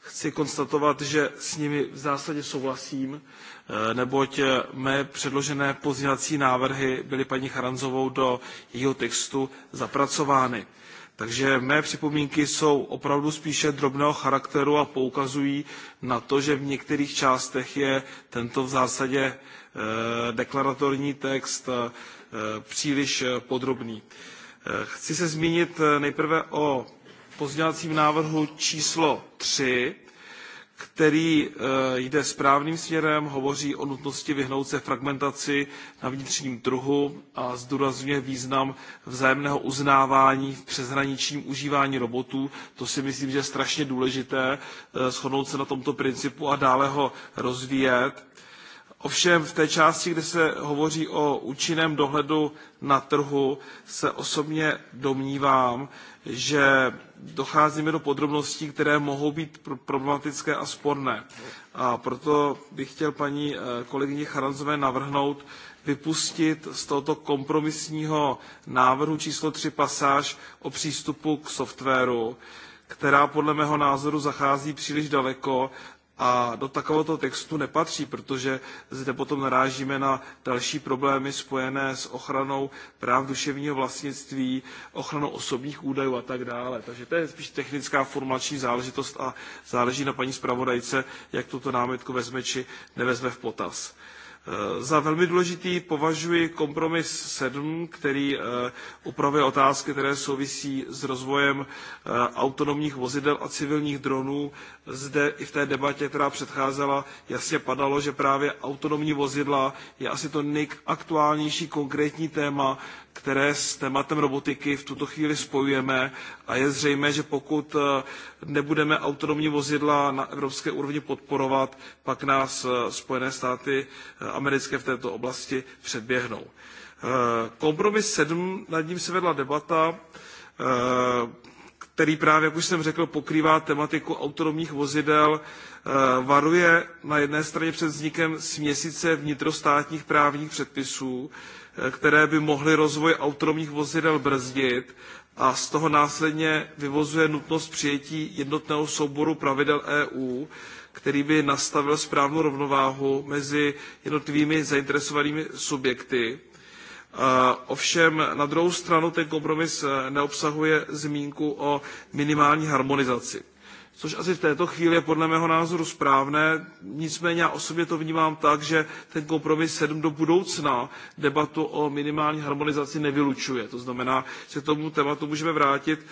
Chci konstatovat, že s nimi v zásadě souhlasím, eh, neboť mé předložené pozněvací návrhy byly paní Charanzovou do jejího textu zapracovány. Takže mé připomínky jsou opravdu spíše drobného charakteru a poukazují na to, že v některých částech je tento v zásadě eh, deklaratorní text eh, příliš eh, podrobný. Chci se zmínit nejprve o pozdělacím návrhu číslo 3, který eh, jde správným směrem, hovoří o nutnosti vyhnout se fragmentaci na vnitřním trhu a zdůrazňuje význam vzájemného uznávání v přeshraničním užívání robotů. To si myslím, že je strašně důležité eh, shodnout se na tomto principu a dále ho rozvíjet Ovšem v té části, kde se hovoří o účinném dohledu na trhu, se osobně domnívám, že docházíme do podrobností, které mohou být problematické a sporné. A proto bych chtěl paní eh, kolegyni Charanzové navrhnout vypustit z tohoto kompromisního návrhu číslo 3 pasáž o přístupu k softwaru která podle mého názoru zachází příliš daleko a do takovéhoto textu nepatří, protože zde potom narážíme na další problémy spojené s ochranou práv duševního vlastnictví, ochranou osobních údajů a tak dále. Takže to je spíš technická formulační záležitost a záleží na paní zpravodajce, jak tuto námitku vezme či nevezme v potaz. Eh, za velmi důležitý považuji kompromis 7, který eh, upravuje otázky, které souvisí s rozvojem eh, autonomních vozidel a civilních dronů. Zde i v té debatě, která předcházela, jasně padalo, že právě autonomní vozidla je asi to nejaktuálnější konkrétní téma, které s tématem robotiky v tuto chvíli spojujeme a je zřejmé, že pokud eh, nebudeme autonomní vozidla na evropské úrovni podporovat, pak nás eh, Spojené státy eh, americké v této oblasti předběhnou. Kompromis 7, nad ním se vedla debata, který právě, jak už jsem řekl, pokrývá tematiku autonomních vozidel, varuje na jedné straně před vznikem směsice vnitrostátních právních předpisů, které by mohly rozvoj autonomních vozidel brzdit a z toho následně vyvozuje nutnost přijetí jednotného souboru pravidel EU, který by nastavil správnou rovnováhu mezi jednotlivými zainteresovanými subjekty. E, ovšem na druhou stranu ten kompromis e, neobsahuje zmínku o minimální harmonizaci což asi v této chvíli je podle mého názoru správné. Nicméně já osobně to vnímám tak, že ten kompromis 7 do budoucna debatu o minimální harmonizaci nevylučuje. To znamená, že tomu tématu můžeme vrátit.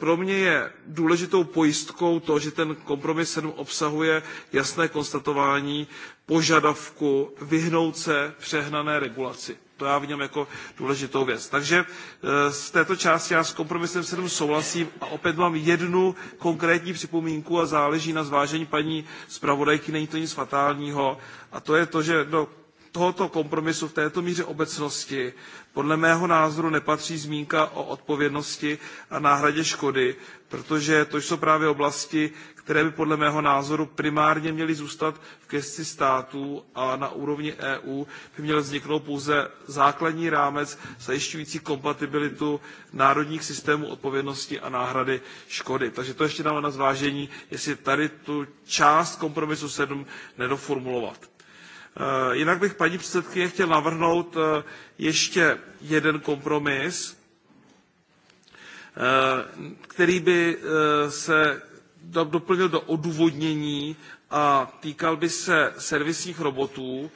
Pro mě je důležitou pojistkou to, že ten kompromis 7 obsahuje jasné konstatování požadavku vyhnout se přehnané regulaci to já vnímám jako důležitou věc. Takže eh, z této části já s kompromisem 7 souhlasím a opět mám jednu konkrétní připomínku a záleží na zvážení paní zpravodajky, není to nic fatálního, a to je to, že do tohoto kompromisu v této míře obecnosti podle mého názoru nepatří zmínka o odpovědnosti a náhradě škody protože to jsou právě oblasti které by podle mého názoru primárně měly zůstat v gesci států a na úrovni eu by měl vzniknout pouze základní rámec zajišťující kompatibilitu národních systémů odpovědnosti a náhrady škody. takže to ještě dám na zvážení jestli tady tu část kompromisu seven nedoformulovat. Eh, jinak bych paní předsedkyně chtěl navrhnout eh, ještě jeden kompromis, eh, který by se doplnil do odůvodnění a týkal by se servisních robotů.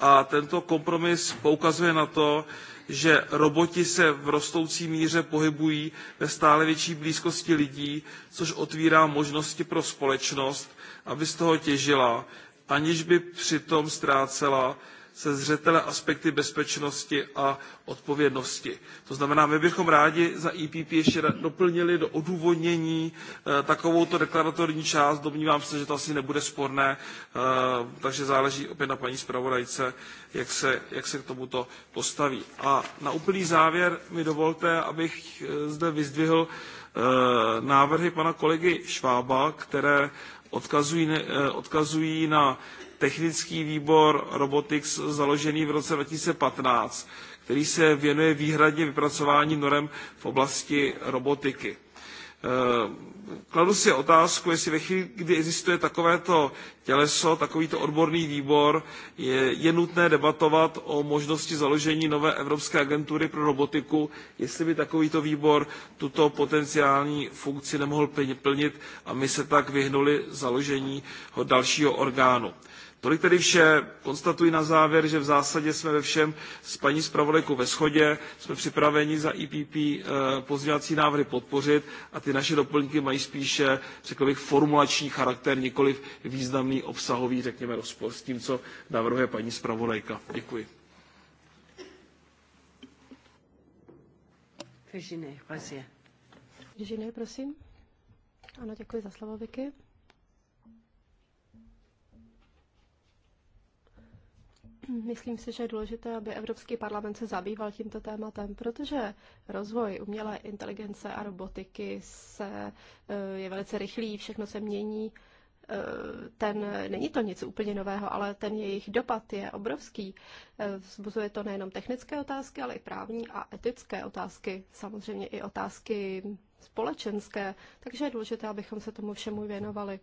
A tento kompromis poukazuje na to, že roboti se v rostoucí míře pohybují ve stále větší blízkosti lidí, což otvírá možnosti pro společnost, aby z toho těžila aniž by přitom ztrácela ze zřetele aspekty bezpečnosti a odpovědnosti. To znamená, my bychom rádi za EPP ještě doplnili do odůvodnění eh, takovouto deklaratorní část. Domnívám se, že to asi nebude sporné, eh, takže záleží opět na paní zpravodajce, jak se, jak se k tomuto postaví. A na úplný závěr mi dovolte, abych eh, zde vyzdvihl návrhy pana kolegy Švába, které Eh, odkazují, na technický výbor Robotics založený v roce fifteen který se věnuje výhradně vypracování norem v oblasti robotiky. Eh, kladu si otázku, jestli ve chvíli, kdy existuje takovéto těleso, takovýto odborný výbor, je, nutné debatovat o možnosti založení nové Evropské agentury pro robotiku, jestli by takovýto výbor tuto potenciální funkci nemohl plnit a my se tak vyhnuli založení dalšího orgánu. Tolik tedy vše. Konstatuji na závěr, že v zásadě jsme ve všem s paní zpravodajkou ve shodě. Jsme připraveni za ppe eh, pozměňovací návrhy podpořit a ty naše doplňky mají spíše, řekl bych, formulační charakter, nikoliv významný obsahový, řekněme, rozpor s tím, co navrhuje paní zpravodajka. Děkuji. Virginie, prosím. Ano, děkuji za slovo, Vicky. Myslím si, že je důležité, aby Evropský parlament se zabýval tímto tématem, protože rozvoj umělé inteligence a robotiky se, eh, je velice rychlý, všechno se mění. Eh, ten, není to nic úplně nového, ale ten jejich dopad je obrovský. Eh, vzbuzuje to nejenom technické otázky, ale i právní a etické otázky, samozřejmě i otázky společenské, takže je důležité, abychom se tomu všemu věnovali.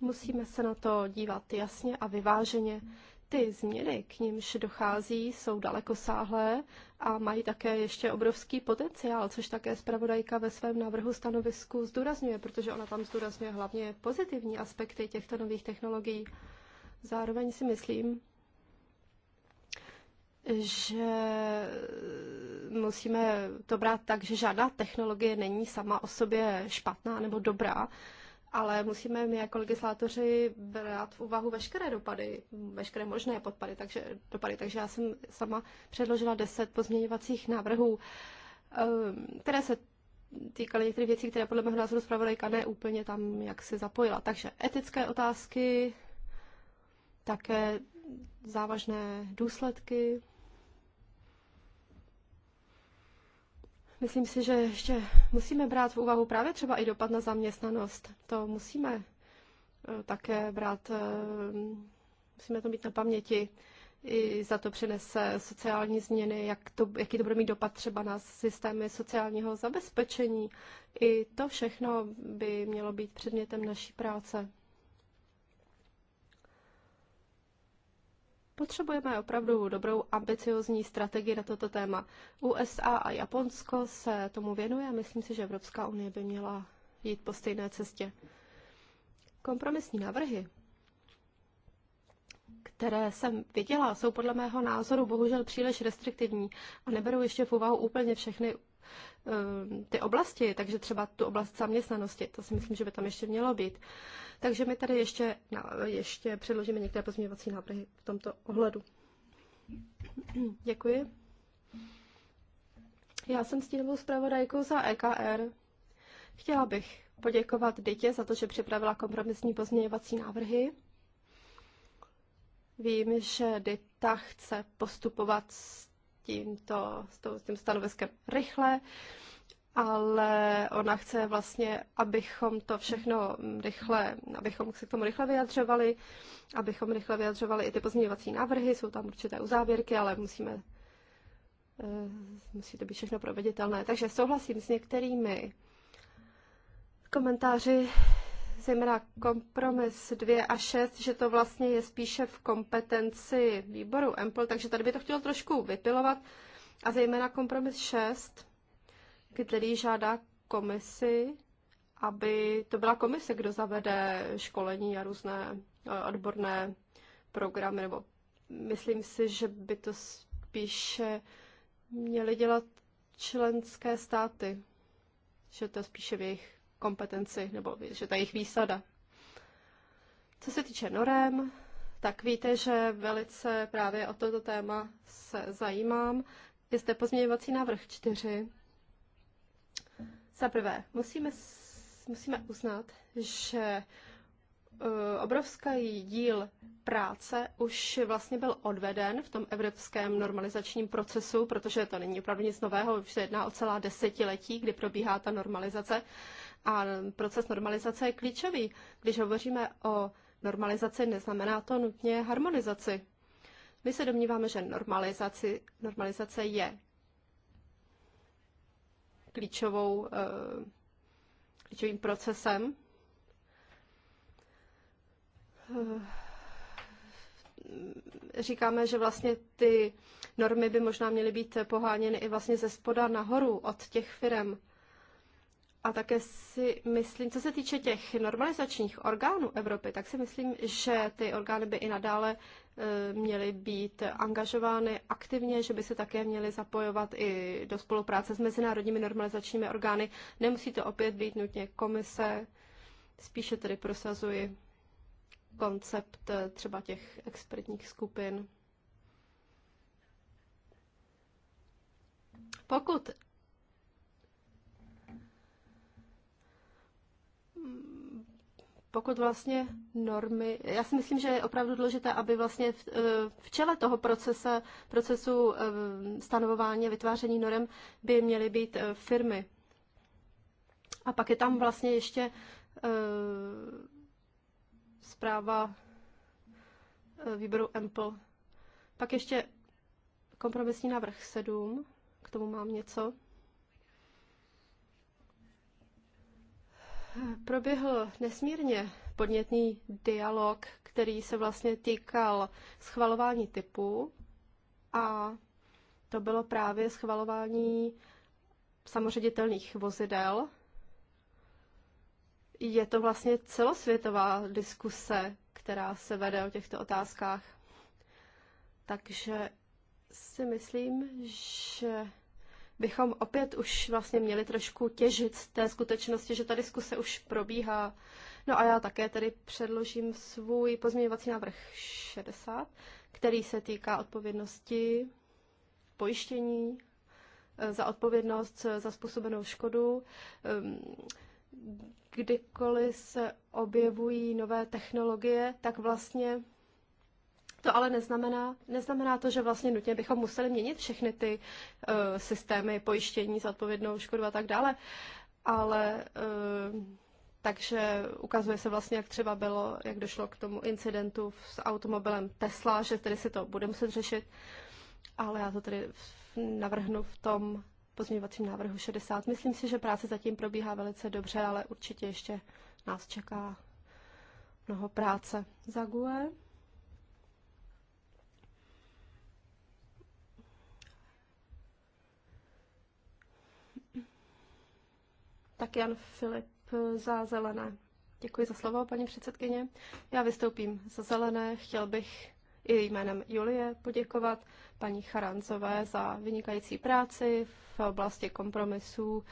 Musíme se na to dívat jasně a vyváženě. Ty změny, k nímž dochází, jsou dalekosáhlé a mají také ještě obrovský potenciál, což také zpravodajka ve svém návrhu stanovisku zdůrazňuje, protože ona tam zdůrazňuje hlavně pozitivní aspekty těchto nových technologií. Zároveň si myslím, že musíme to brát tak, že žádná technologie není sama o sobě špatná nebo dobrá, ale musíme my jako legislátoři brát v úvahu veškeré dopady, veškeré možné podpady, takže, dopady. Takže já jsem sama předložila deset pozměňovacích návrhů, ehm, které se týkaly některých věcí, které podle mého názoru zpravodajka ne úplně tam, jak se zapojila. Takže etické otázky, také závažné důsledky Myslím si, že ještě musíme brát v úvahu právě třeba i dopad na zaměstnanost. To musíme eh, také brát, eh, musíme to mít na paměti. I za to přinese sociální změny, jak to, jaký to bude mít dopad třeba na systémy sociálního zabezpečení. I to všechno by mělo být předmětem naší práce. Potřebujeme opravdu dobrou ambiciozní strategii na toto téma. USA a Japonsko se tomu věnuje a myslím si, že Evropská unie by měla jít po stejné cestě. Kompromisní návrhy, které jsem viděla, jsou podle mého názoru bohužel příliš restriktivní a neberou ještě v úvahu úplně všechny ty oblasti, takže třeba tu oblast zaměstnanosti, to si myslím, že by tam ještě mělo být. Takže my tady ještě, no, ještě předložíme některé pozměňovací návrhy v tomto ohledu. Děkuji. Já jsem stínovou zpravodajkou za EKR. Chtěla bych poděkovat Dytě za to, že připravila kompromisní pozměňovací návrhy. Vím, že Dita chce postupovat tímto, s tím stanoviskem rychle, ale ona chce vlastně, abychom to všechno rychle, abychom se k tomu rychle vyjadřovali, abychom rychle vyjadřovali i ty pozměňovací návrhy, jsou tam určité uzávěrky, ale musíme eh, musí to být všechno proveditelné. Takže souhlasím s některými komentáři zejména kompromis 2 a 6, že to vlastně je spíše v kompetenci výboru EMPL, takže tady by to chtělo trošku vypilovat. A zejména kompromis 6, který žádá komisi, aby to byla komise, kdo zavede školení a různé eh, odborné programy, nebo myslím si, že by to spíše měly dělat členské státy, že to je spíše v jejich kompetenci, nebo že ta jejich výsada. Co se týče norem, tak víte, že velice právě o toto téma se zajímám. Je zde pozměňovací návrh čtyři. Za prvé, musíme, musíme uznat, že eh, obrovský díl práce už vlastně byl odveden v tom evropském normalizačním procesu, protože to není opravdu nic nového, už se jedná o celá desetiletí, kdy probíhá ta normalizace a proces normalizace je klíčový. Když hovoříme o normalizaci, neznamená to nutně harmonizaci. My se domníváme, že normalizaci, normalizace je klíčovou, eh, klíčovým procesem. Eh, říkáme, že vlastně ty normy by možná měly být poháněny i vlastně ze spoda nahoru od těch firm. A také si myslím, co se týče těch normalizačních orgánů Evropy, tak si myslím, že ty orgány by i nadále e, měly být angažovány aktivně, že by se také měly zapojovat i do spolupráce s mezinárodními normalizačními orgány. Nemusí to opět být nutně komise, spíše tedy prosazuji koncept e, třeba těch expertních skupin. Pokud pokud vlastně normy, já si myslím, že je opravdu důležité, aby vlastně v, e, v čele toho procese, procesu e, stanovování a vytváření norem by měly být e, firmy. A pak je tam vlastně ještě zpráva výboru EMPL. Pak ještě kompromisní návrh 7, k tomu mám něco. proběhl nesmírně podnětný dialog, který se vlastně týkal schvalování typu a to bylo právě schvalování samoředitelných vozidel. Je to vlastně celosvětová diskuse, která se vede o těchto otázkách. Takže si myslím, že bychom opět už vlastně měli trošku těžit z té skutečnosti, že ta diskuse už probíhá. No a já také tedy předložím svůj pozměňovací návrh 60, který se týká odpovědnosti pojištění eh, za odpovědnost eh, za způsobenou škodu. Ehm, kdykoliv se objevují nové technologie, tak vlastně to ale neznamená, neznamená to, že vlastně nutně bychom museli měnit všechny ty uh, systémy pojištění za odpovědnou škodu a tak dále, ale uh, takže ukazuje se vlastně, jak třeba bylo, jak došlo k tomu incidentu s automobilem Tesla, že tedy si to bude muset řešit, ale já to tedy navrhnu v tom pozměňovacím návrhu 60. Myslím si, že práce zatím probíhá velice dobře, ale určitě ještě nás čeká mnoho práce. Zaguje. tak Jan Filip za zelené. Děkuji za slovo, paní předsedkyně. Já vystoupím za zelené. Chtěl bych i jménem Julie poděkovat paní Charanzové za vynikající práci v oblasti kompromisů.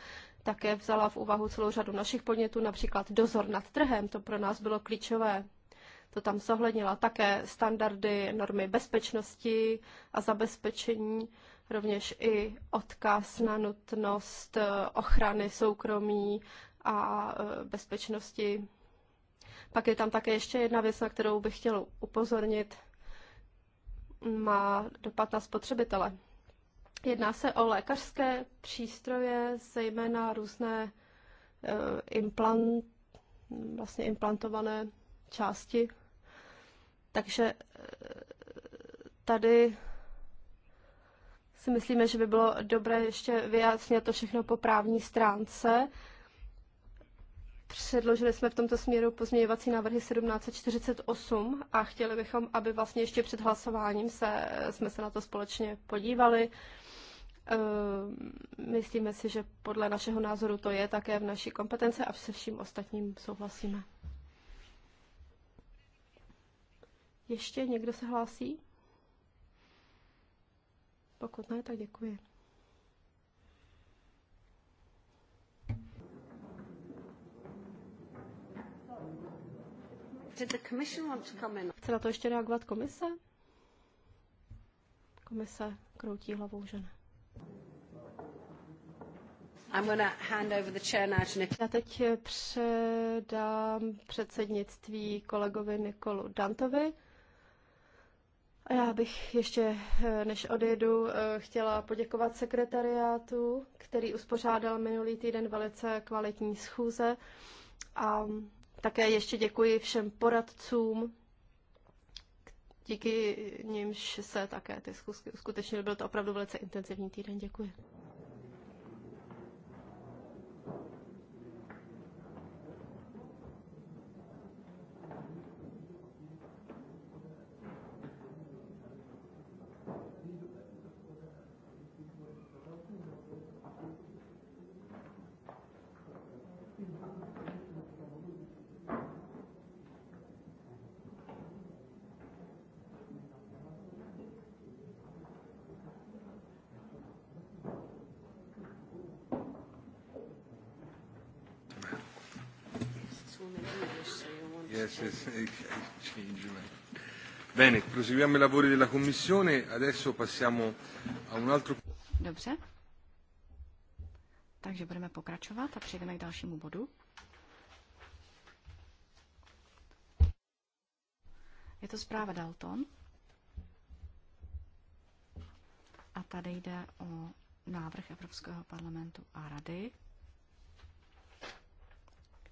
Také vzala v úvahu celou řadu našich podnětů, například dozor nad trhem, to pro nás bylo klíčové. To tam zohlednila také standardy, normy bezpečnosti a zabezpečení rovněž i odkaz na nutnost eh, ochrany soukromí a eh, bezpečnosti. Pak je tam také ještě jedna věc, na kterou bych chtěla upozornit. Má dopad na spotřebitele. Jedná se o lékařské přístroje, zejména různé eh, implant, vlastně implantované části. Takže tady si myslíme, že by bylo dobré ještě vyjasnit to všechno po právní stránce. Předložili jsme v tomto směru pozměňovací návrhy 1748 a chtěli bychom, aby vlastně ještě před hlasováním se, jsme se na to společně podívali. Ehm, myslíme si, že podle našeho názoru to je také v naší kompetence a se vším ostatním souhlasíme. Ještě někdo se hlásí? Pokud ne, tak děkuji. Chce na to ještě reagovat komise? Komise kroutí hlavou, že I'm gonna hand over the chair now to Nicola. Já teď předám předsednictví kolegovi Nikolu Dantovi. A já bych ještě, než odjedu, eh, chtěla poděkovat sekretariátu, který uspořádal minulý týden velice kvalitní schůze. A také ještě děkuji všem poradcům, díky nimž se také ty schůzky uskutečnily. Byl to opravdu velice intenzivní týden. Děkuji. Bene, proseguiamo i lavori della Commissione. Adesso passiamo a un altro... Dobře. Takže budeme pokračovat a přejdeme k dalšímu bodu. Je to zpráva Dalton. A tady jde o návrh Evropského parlamentu a rady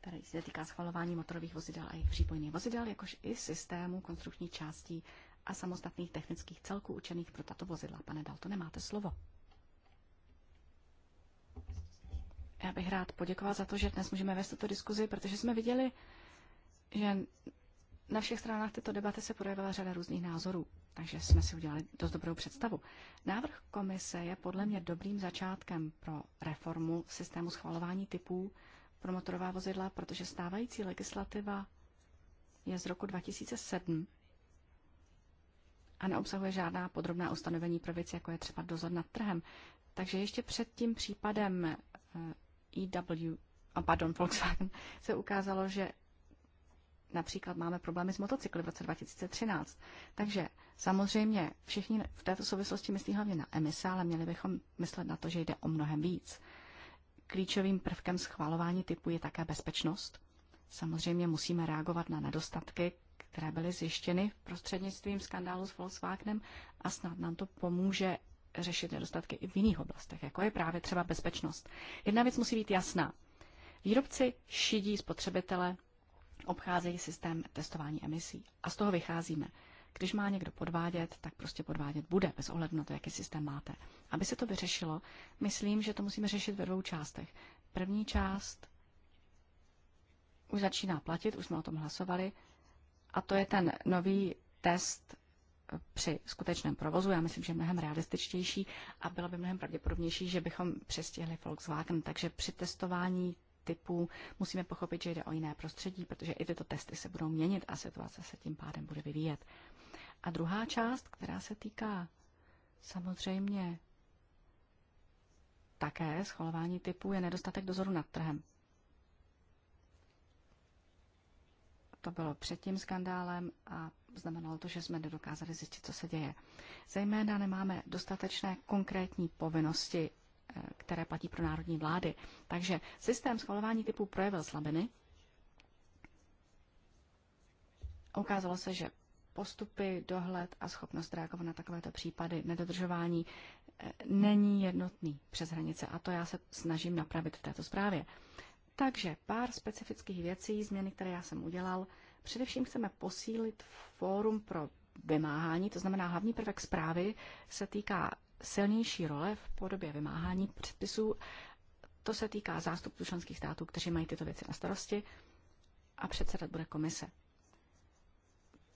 který se týká schvalování motorových vozidel a jejich přípojných vozidel, jakož i systému konstrukčních částí a samostatných technických celků učených pro tato vozidla. Pane Dalto, nemáte slovo. Já bych rád poděkoval za to, že dnes můžeme vést tuto diskuzi, protože jsme viděli, že na všech stranách této debaty se projevila řada různých názorů, takže jsme si udělali dost dobrou představu. Návrh komise je podle mě dobrým začátkem pro reformu systému schvalování typů pro motorová vozidla, protože stávající legislativa je z roku 2007 a neobsahuje žádná podrobná ustanovení pro věci, jako je třeba dozor nad trhem. Takže ještě před tím případem EW, eh, e a pardon, Volkswagen, se ukázalo, že například máme problémy s motocykly v roce 2013. Takže samozřejmě všichni v této souvislosti myslí hlavně na emise, ale měli bychom myslet na to, že jde o mnohem víc. Klíčovým prvkem schvalování typu je také bezpečnost. Samozřejmě musíme reagovat na nedostatky, které byly zjištěny prostřednictvím skandálu s Volkswagenem a snad nám to pomůže řešit nedostatky i v jiných oblastech, jako je právě třeba bezpečnost. Jedna věc musí být jasná. Výrobci šidí spotřebitele, obcházejí systém testování emisí. A z toho vycházíme. Když má někdo podvádět, tak prostě podvádět bude, bez ohledu na to, jaký systém máte. Aby se to vyřešilo, myslím, že to musíme řešit ve dvou částech. První část už začíná platit, už jsme o tom hlasovali, a to je ten nový test při skutečném provozu, já myslím, že mnohem realističtější a bylo by mnohem pravděpodobnější, že bychom přestihli Volkswagen. Takže při testování typů musíme pochopit, že jde o jiné prostředí, protože i tyto testy se budou měnit a situace se tím pádem bude vyvíjet. A druhá část, která se týká samozřejmě také schvalování typu, je nedostatek dozoru nad trhem. To bylo před tím skandálem a znamenalo to, že jsme nedokázali zjistit, co se děje. Zejména nemáme dostatečné konkrétní povinnosti, eh, které platí pro národní vlády. Takže systém schvalování typu projevil slabiny. Ukázalo se, že postupy, dohled a schopnost reagovat na takovéto případy nedodržování eh, není jednotný přes hranice a to já se snažím napravit v této zprávě. Takže pár specifických věcí, změny, které já jsem udělal. Především chceme posílit fórum pro vymáhání, to znamená hlavní prvek zprávy se týká silnější role v podobě vymáhání předpisů. To se týká zástupců členských států, kteří mají tyto věci na starosti a předsedat bude komise.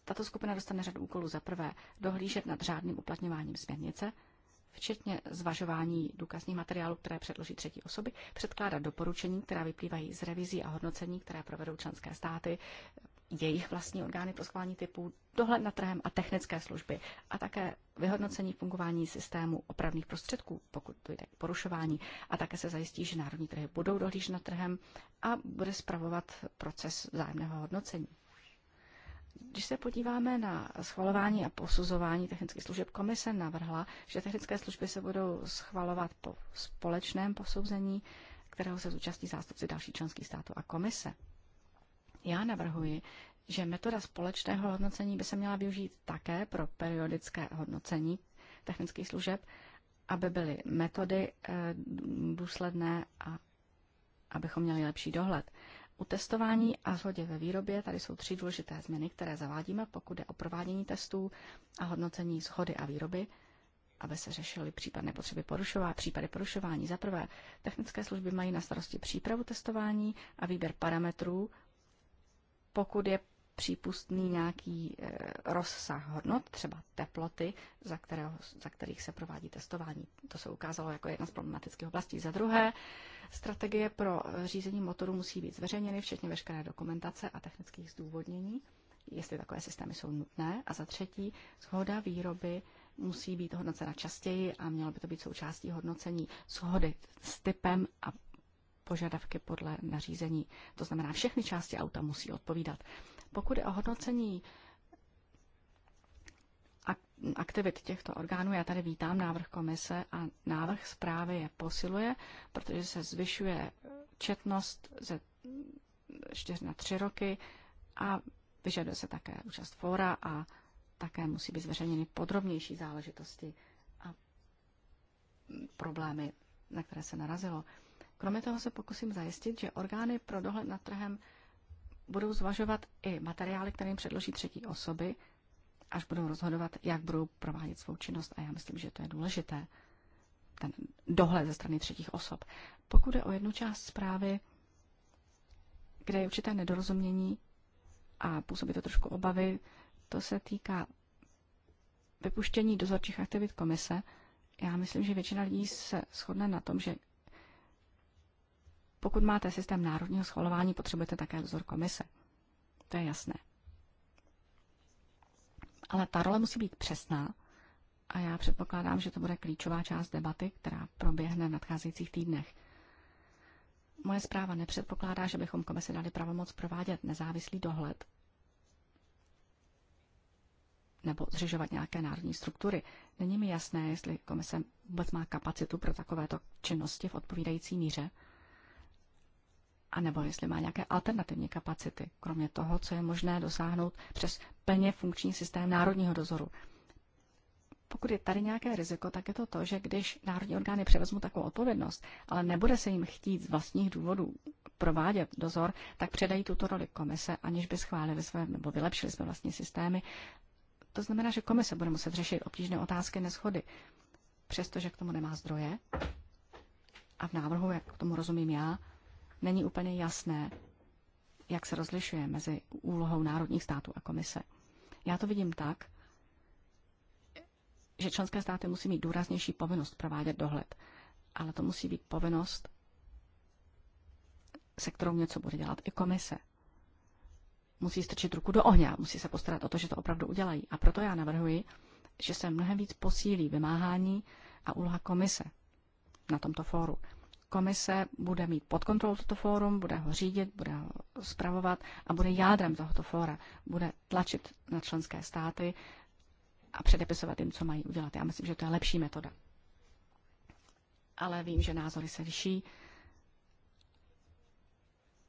Tato skupina dostane řadu úkolů za prvé dohlížet nad řádným uplatňováním směrnice, včetně zvažování důkazních materiálů, které předloží třetí osoby, předkládat doporučení, která vyplývají z revizí a hodnocení, které provedou členské státy, jejich vlastní orgány pro schválení typů, dohled nad trhem a technické služby a také vyhodnocení fungování systému opravných prostředků, pokud dojde k porušování a také se zajistí, že národní trhy budou dohlížet nad trhem a bude spravovat proces vzájemného hodnocení. Když se podíváme na schvalování a posuzování technických služeb, komise navrhla, že technické služby se budou schvalovat po společném posouzení, kterého se zúčastní zástupci dalších členských států a komise. Já navrhuji, že metoda společného hodnocení by se měla využít také pro periodické hodnocení technických služeb, aby byly metody eh, důsledné a abychom měli lepší dohled. U testování a zhodě ve výrobě tady jsou tři důležité změny, které zavádíme, pokud je o provádění testů a hodnocení shody a výroby, aby se řešily případné potřeby porušování, případy porušování. Za prvé, technické služby mají na starosti přípravu testování a výběr parametrů, pokud je přípustný nějaký e, rozsah hodnot, třeba teploty, za, kterého, za kterých se provádí testování. To se ukázalo jako jedna z problematických oblastí. Za druhé, Strategie pro eh, řízení motoru musí být zveřejněny, včetně veškeré dokumentace a technických zdůvodnění, jestli takové systémy jsou nutné. A za třetí, shoda výroby musí být hodnocena častěji a mělo by to být součástí hodnocení shody s typem a požadavky podle nařízení. To znamená, všechny části auta musí odpovídat. Pokud je o hodnocení aktivit těchto orgánů. Já tady vítám návrh komise a návrh zprávy je posiluje, protože se zvyšuje četnost ze 4 na 3 roky a vyžaduje se také účast fora a také musí být zveřejněny podrobnější záležitosti a problémy, na které se narazilo. Kromě toho se pokusím zajistit, že orgány pro dohled nad trhem budou zvažovat i materiály, které jim předloží třetí osoby, až budou rozhodovat, jak budou provádět svou činnost. A já myslím, že to je důležité, ten dohled ze strany třetích osob. Pokud je o jednu část zprávy, kde je určité nedorozumění a působí to trošku obavy, to se týká vypuštění dozorčích aktivit komise. Já myslím, že většina lidí se shodne na tom, že pokud máte systém národního schvalování, potřebujete také dozor komise. To je jasné. Ale ta role musí být přesná a já předpokládám, že to bude klíčová část debaty, která proběhne v nadcházejících týdnech. Moje zpráva nepředpokládá, že bychom komisi dali pravomoc provádět nezávislý dohled nebo zřizovat nějaké národní struktury. Není mi jasné, jestli komise vůbec má kapacitu pro takovéto činnosti v odpovídající míře a nebo jestli má nějaké alternativní kapacity, kromě toho, co je možné dosáhnout přes plně funkční systém národního dozoru. Pokud je tady nějaké riziko, tak je to to, že když národní orgány převezmu takovou odpovědnost, ale nebude se jim chtít z vlastních důvodů provádět dozor, tak předají tuto roli komise, aniž by schválili své nebo vylepšili své vlastní systémy. To znamená, že komise bude muset řešit obtížné otázky neschody, přestože k tomu nemá zdroje. A v návrhu, jak k tomu rozumím já, není úplně jasné, jak se rozlišuje mezi úlohou národních států a komise. Já to vidím tak, že členské státy musí mít důraznější povinnost provádět dohled, ale to musí být povinnost, se kterou něco bude dělat i komise. Musí strčit ruku do ohně, musí se postarat o to, že to opravdu udělají. A proto já navrhuji, že se mnohem víc posílí vymáhání a úloha komise na tomto fóru komise bude mít pod kontrolou toto fórum, bude ho řídit, bude ho zpravovat a bude jádrem tohoto fóra. Bude tlačit na členské státy a předepisovat jim, co mají udělat. Já myslím, že to je lepší metoda. Ale vím, že názory se liší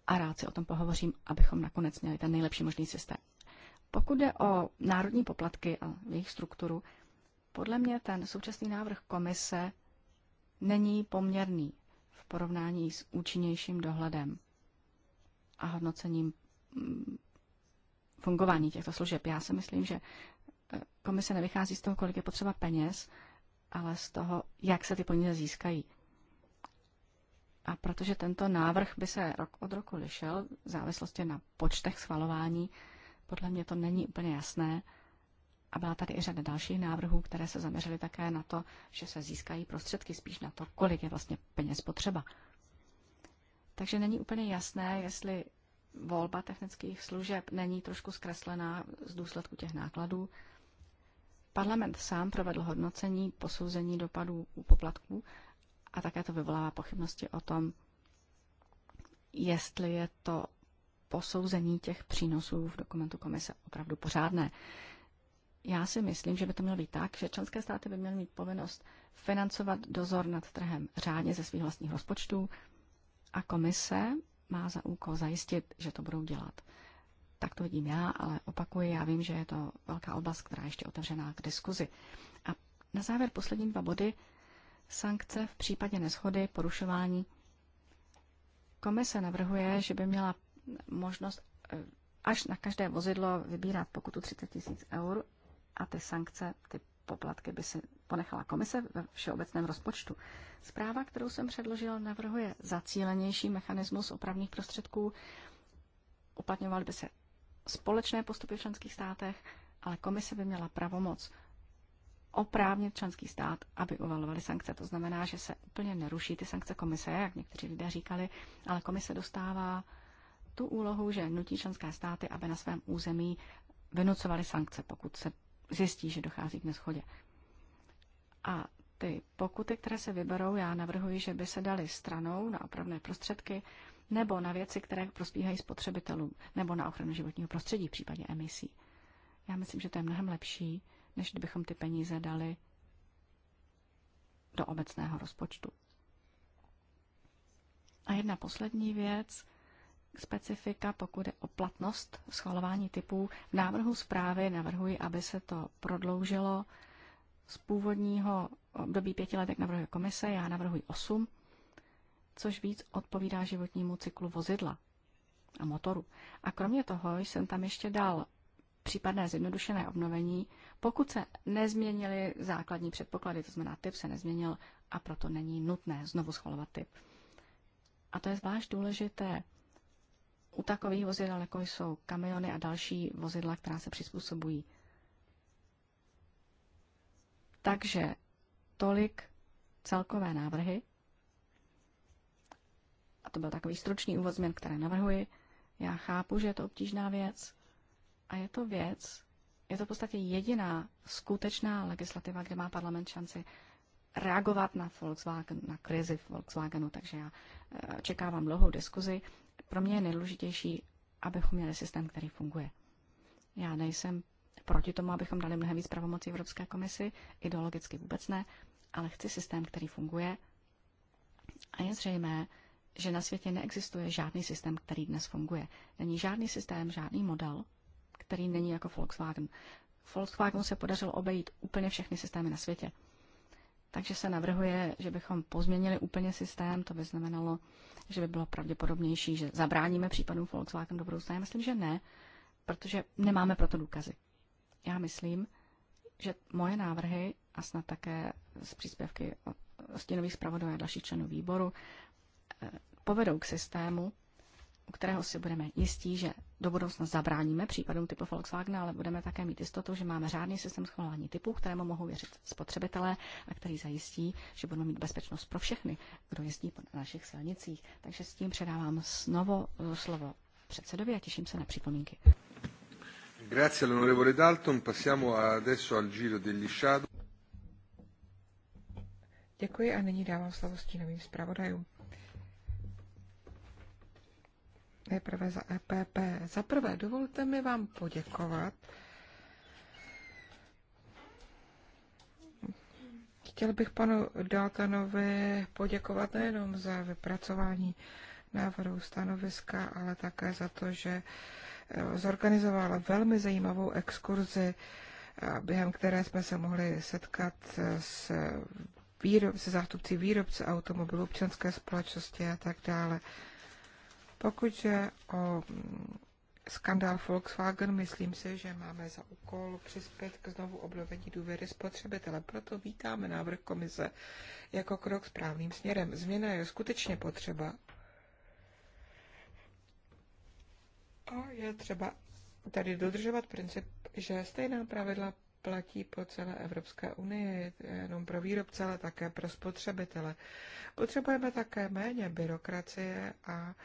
a rád si o tom pohovořím, abychom nakonec měli ten nejlepší možný systém. Pokud jde o národní poplatky a jejich strukturu, podle mě ten současný návrh komise není poměrný porovnání s účinnějším dohledem a hodnocením mm, fungování těchto služeb. Já si myslím, že eh, komise nevychází z toho, kolik je potřeba peněz, ale z toho, jak se ty peníze získají. A protože tento návrh by se rok od roku lišel v závislosti na počtech schvalování, podle mě to není úplně jasné, a byla tady i řada dalších návrhů, které se zaměřily také na to, že se získají prostředky, spíš na to, kolik je vlastně peněz potřeba. Takže není úplně jasné, jestli volba technických služeb není trošku zkreslená z důsledku těch nákladů. Parlament sám provedl hodnocení posouzení dopadů u poplatků a také to vyvolává pochybnosti o tom, jestli je to posouzení těch přínosů v dokumentu komise opravdu pořádné. Já si myslím, že by to mělo být tak, že členské státy by měly mít povinnost financovat dozor nad trhem řádně ze svých vlastních rozpočtů a komise má za úkol zajistit, že to budou dělat. Tak to vidím já, ale opakuji, já vím, že je to velká oblast, která je ještě otevřená k diskuzi. A na závěr poslední dva body. Sankce v případě neschody, porušování. Komise navrhuje, že by měla možnost eh, až na každé vozidlo vybírat pokutu 30 tisíc eur a ty sankce, ty poplatky by si ponechala komise ve všeobecném rozpočtu. Zpráva, kterou jsem předložil, navrhuje zacílenější mechanismus opravných prostředků. Uplatňovaly by se společné postupy v členských státech, ale komise by měla pravomoc oprávnit členský stát, aby uvalovali sankce. To znamená, že se úplně neruší ty sankce komise, jak někteří lidé říkali, ale komise dostává tu úlohu, že nutí členské státy, aby na svém území vynucovali sankce, pokud se zjistí, že dochází k neschodě. A ty pokuty, které se vyberou, já navrhuji, že by se daly stranou na opravné prostředky nebo na věci, které prospíhají spotřebitelům, nebo na ochranu životního prostředí v případě emisí. Já myslím, že to je mnohem lepší, než kdybychom ty peníze dali do obecného rozpočtu. A jedna poslední věc – specifika, pokud je o platnost schvalování typů. V návrhu zprávy navrhuji, aby se to prodloužilo z původního období pěti let, jak navrhuje komise, já navrhuji osm, což víc odpovídá životnímu cyklu vozidla a motoru. A kromě toho jsem tam ještě dal případné zjednodušené obnovení, pokud se nezměnily základní předpoklady, to znamená typ se nezměnil a proto není nutné znovu schvalovat typ. A to je zvlášť důležité u takových vozidel, jako jsou kamiony a další vozidla, která se přizpůsobují. Takže tolik celkové návrhy. A to byl takový stručný úvod změn, které navrhuji. Já chápu, že je to obtížná věc a je to věc, je to v podstatě jediná skutečná legislativa, kde má parlament šanci reagovat na Volkswagen, na krizi v Volkswagenu, takže já eh, čekávám dlouhou diskuzi pro mě je nejdůležitější, abychom měli systém, který funguje. Já nejsem proti tomu, abychom dali mnohem víc pravomocí Evropské komisi, ideologicky vůbec ne, ale chci systém, který funguje. A je zřejmé, že na světě neexistuje žádný systém, který dnes funguje. Není žádný systém, žádný model, který není jako Volkswagen. Volkswagenu se podařilo obejít úplně všechny systémy na světě. Takže se navrhuje, že bychom pozměnili úplně systém, to by znamenalo, že by bylo pravděpodobnější, že zabráníme případům Volkswagen do budoucna. Já myslím, že ne, protože nemáme proto důkazy. Já myslím, že moje návrhy a snad také z příspěvky od stínových zpravodajů a dalších členů výboru eh, povedou k systému, u kterého si budeme jistí, že do budoucna zabráníme případům typu Volkswagen, ale budeme také mít jistotu, že máme řádný systém schvalování typů, kterému mohou věřit spotřebitelé a který zajistí, že budeme mít bezpečnost pro všechny, kdo jezdí na našich silnicích. Takže s tím předávám znovu slovo předsedovi a těším se na připomínky. Grazie all'onorevole Dalton. Passiamo adesso al giro degli shadow. Děkuji a nyní dávám slovo stínovým zpravodajům. nejprve za EPP. Za prvé, dovolte mi vám poděkovat. Chtěl bych panu Daltanovi poděkovat nejenom za vypracování návrhu stanoviska, ale také za to, že eh, zorganizoval velmi zajímavou exkurzi, eh, během které jsme se mohli setkat eh, s výrob, se zástupci výrobce automobilů, občanské společnosti a tak dále. Pokud je o mm, skandál Volkswagen, myslím si, že máme za úkol přispět k znovu obnovení důvěry spotřebitele. Proto vítáme návrh komise jako krok správným směrem. Změna je skutečně potřeba. A je třeba tady dodržovat princip, že stejná pravidla platí po celé Evropské unii, jenom pro výrobce, ale také pro spotřebitele. Potřebujeme také méně byrokracie a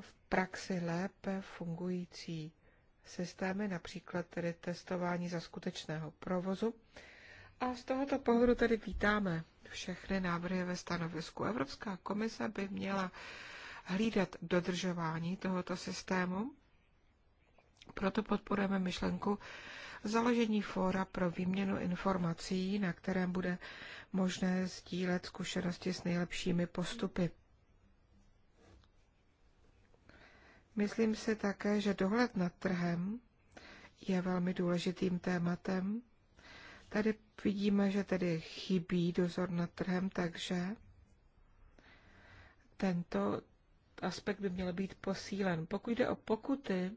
v praxi lépe fungující systémy, například tedy testování za skutečného provozu. A z tohoto pohledu tedy vítáme všechny návrhy ve stanovisku. Evropská komise by měla hlídat dodržování tohoto systému, proto podporujeme myšlenku založení fóra pro výměnu informací, na kterém bude možné sdílet zkušenosti s nejlepšími postupy. Myslím si také, že dohled nad trhem je velmi důležitým tématem. Tady vidíme, že tedy chybí dozor nad trhem, takže tento aspekt by měl být posílen. Pokud jde o pokuty,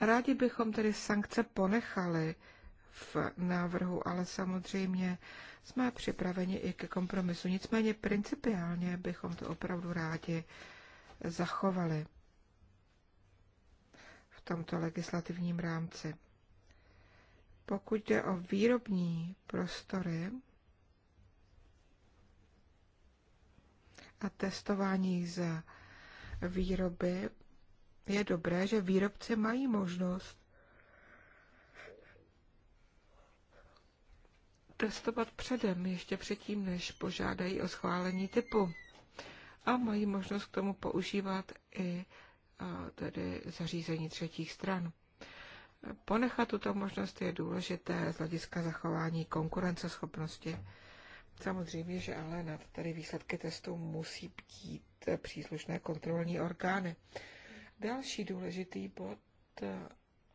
rádi bychom tedy sankce ponechali v návrhu, ale samozřejmě jsme připraveni i ke kompromisu. Nicméně principiálně bychom to opravdu rádi zachovali v tomto legislativním rámci. Pokud jde o výrobní prostory a testování za výroby, je dobré, že výrobci mají možnost testovat předem, ještě předtím, než požádají o schválení typu. A mají možnost k tomu používat i tedy zařízení třetích stran. Ponechat tuto možnost je důležité z hlediska zachování konkurenceschopnosti. Samozřejmě, že ale nad tady výsledky testů musí být příslušné kontrolní orgány. Další důležitý bod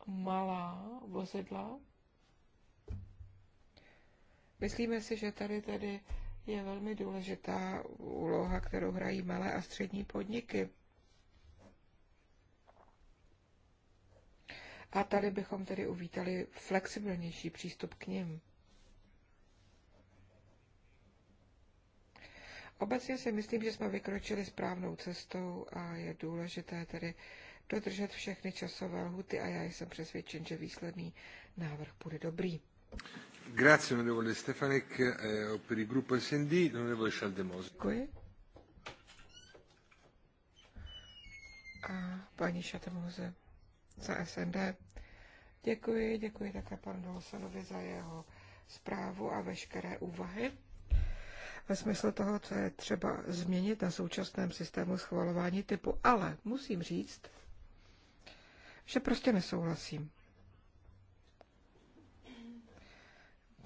malá vozidla Myslíme si, že tady tedy je velmi důležitá úloha, kterou hrají malé a střední podniky. A tady bychom tedy uvítali flexibilnější přístup k ním. Obecně si myslím, že jsme vykročili správnou cestou a je důležité tedy dodržet všechny časové lhuty a já jsem přesvědčen, že výsledný návrh bude dobrý. Grazie, onorevole Stefanek. Eh, per il gruppo SND, onorevole Schaldemose. Děkuji. A paní Šatemose za SND. Děkuji, děkuji také panu Dolsonovi za jeho zprávu a veškeré úvahy ve smyslu toho, co je třeba změnit na současném systému schvalování typu. Ale musím říct, že prostě nesouhlasím.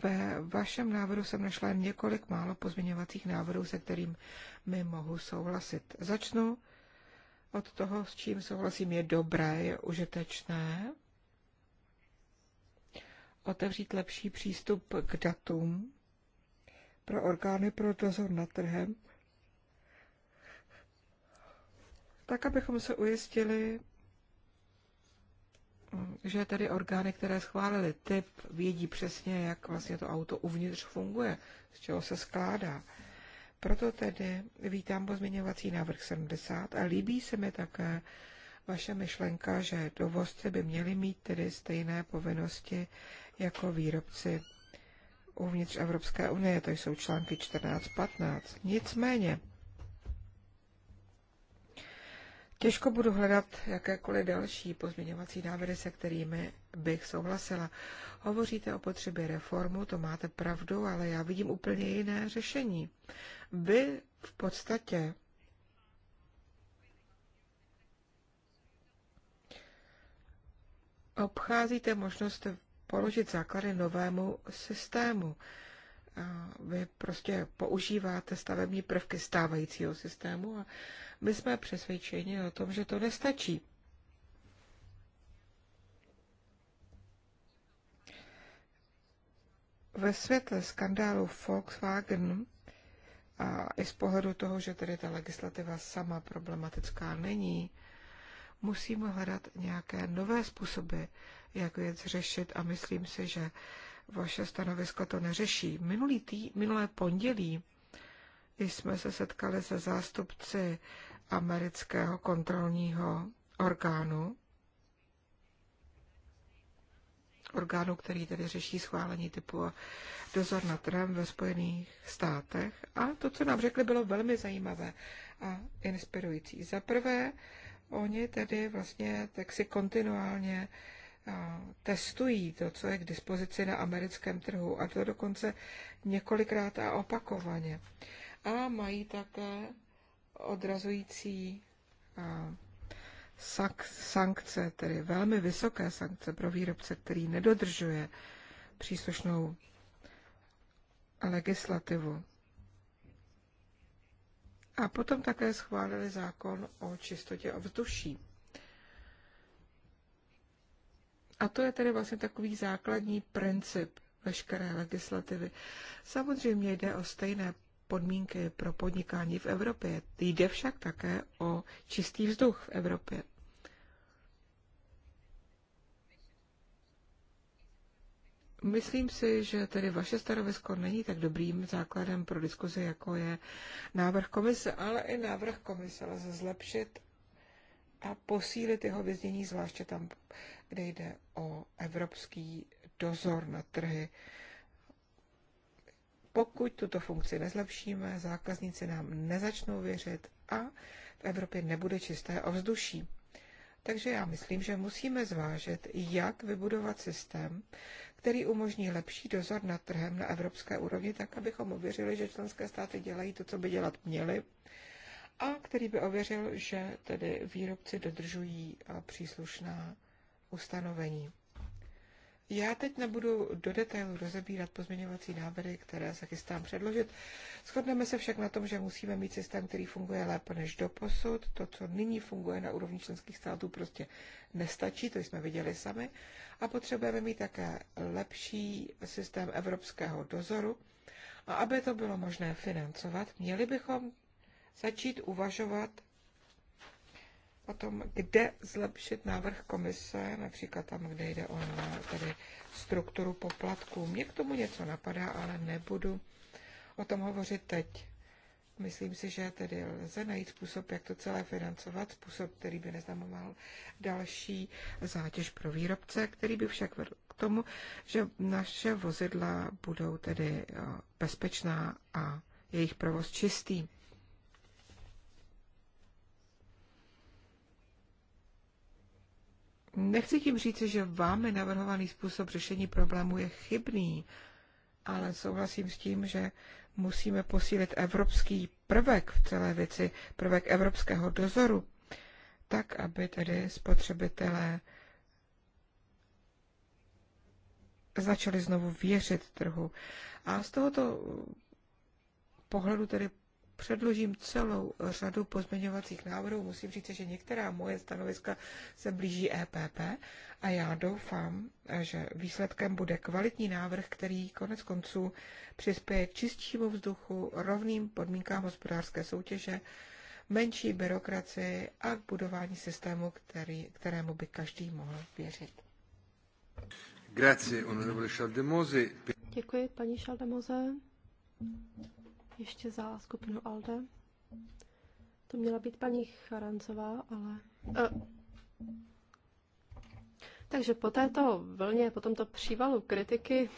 Ve vašem návrhu jsem našla několik málo pozměňovacích návrhů, se kterým mi mohu souhlasit. Začnu od toho, s čím souhlasím, je dobré, je užitečné otevřít lepší přístup k datům pro orgány pro dozor nad trhem, tak abychom se ujistili, že tady orgány, které schválili, typ, vědí přesně, jak vlastně to auto uvnitř funguje, z čeho se skládá. Proto tedy vítám pozměňovací návrh 70 a líbí se mi také vaše myšlenka, že dovozci by měli mít tedy stejné povinnosti jako výrobci uvnitř Evropské unie, to jsou články 14-15. Nicméně, Těžko budu hledat jakékoliv další pozměňovací návrhy, se kterými bych souhlasila. Hovoříte o potřebě reformu, to máte pravdu, ale já vidím úplně jiné řešení. Vy v podstatě obcházíte možnost položit základy novému systému. Vy prostě používáte stavební prvky stávajícího systému a my jsme přesvědčeni o tom, že to nestačí. Ve světle skandálu Volkswagen a i z pohledu toho, že tedy ta legislativa sama problematická není, musíme hledat nějaké nové způsoby, jak věc řešit a myslím si, že vaše stanovisko to neřeší. Minulý tý, minulé pondělí jsme se setkali se zástupci amerického kontrolního orgánu, orgánu, který tedy řeší schválení typu a dozor nad trhem ve Spojených státech. A to, co nám řekli, bylo velmi zajímavé a inspirující. Za prvé, oni tedy vlastně tak si kontinuálně testují to, co je k dispozici na americkém trhu, a to dokonce několikrát a opakovaně a mají také odrazující sankce, tedy velmi vysoké sankce pro výrobce, který nedodržuje příslušnou legislativu. A potom také schválili zákon o čistotě ovzduší. A to je tedy vlastně takový základní princip veškeré legislativy. Samozřejmě jde o stejné podmínky pro podnikání v Evropě. Jde však také o čistý vzduch v Evropě. Myslím si, že tedy vaše stanovisko není tak dobrým základem pro diskuzi, jako je návrh komise, ale i návrh komise lze zlepšit a posílit jeho vyznění, zvláště tam, kde jde o evropský dozor na trhy pokud tuto funkci nezlepšíme, zákazníci nám nezačnou věřit a v Evropě nebude čisté ovzduší. Takže já myslím, že musíme zvážit, jak vybudovat systém, který umožní lepší dozor nad trhem na evropské úrovni, tak abychom ověřili, že členské státy dělají to, co by dělat měly, a který by ověřil, že tedy výrobci dodržují příslušná ustanovení. Já teď nebudu do detailu rozebírat pozměňovací návrhy, které se chystám předložit. Shodneme se však na tom, že musíme mít systém, který funguje lépe než doposud. To, co nyní funguje na úrovni členských států, prostě nestačí, to jsme viděli sami. A potřebujeme mít také lepší systém evropského dozoru. A aby to bylo možné financovat, měli bychom začít uvažovat o tom, kde zlepšit návrh komise, například tam, kde jde o tedy strukturu poplatků. Mně k tomu něco napadá, ale nebudu o tom hovořit teď. Myslím si, že tedy lze najít způsob, jak to celé financovat, způsob, který by neznamoval další zátěž pro výrobce, který by však vedl k tomu, že naše vozidla budou tedy eh, bezpečná a jejich provoz čistý. Nechci tím říct, že vámi navrhovaný způsob řešení problému je chybný, ale souhlasím s tím, že musíme posílit evropský prvek v celé věci, prvek evropského dozoru, tak, aby tedy spotřebitelé začali znovu věřit trhu. A z tohoto pohledu tedy předložím celou řadu pozměňovacích návrhů. Musím říct, že některá moje stanoviska se blíží EPP a já doufám, že výsledkem bude kvalitní návrh, který konec konců přispěje k čistšímu vzduchu, rovným podmínkám hospodářské soutěže, menší byrokracii a k budování systému, který, kterému by každý mohl věřit. Grazie, Šaldemoze. Děkuji, paní Šaldemoze ještě za skupinu ALDE. To měla být paní Charancová, ale... Eh. Takže po této vlně, po tomto přívalu kritiky,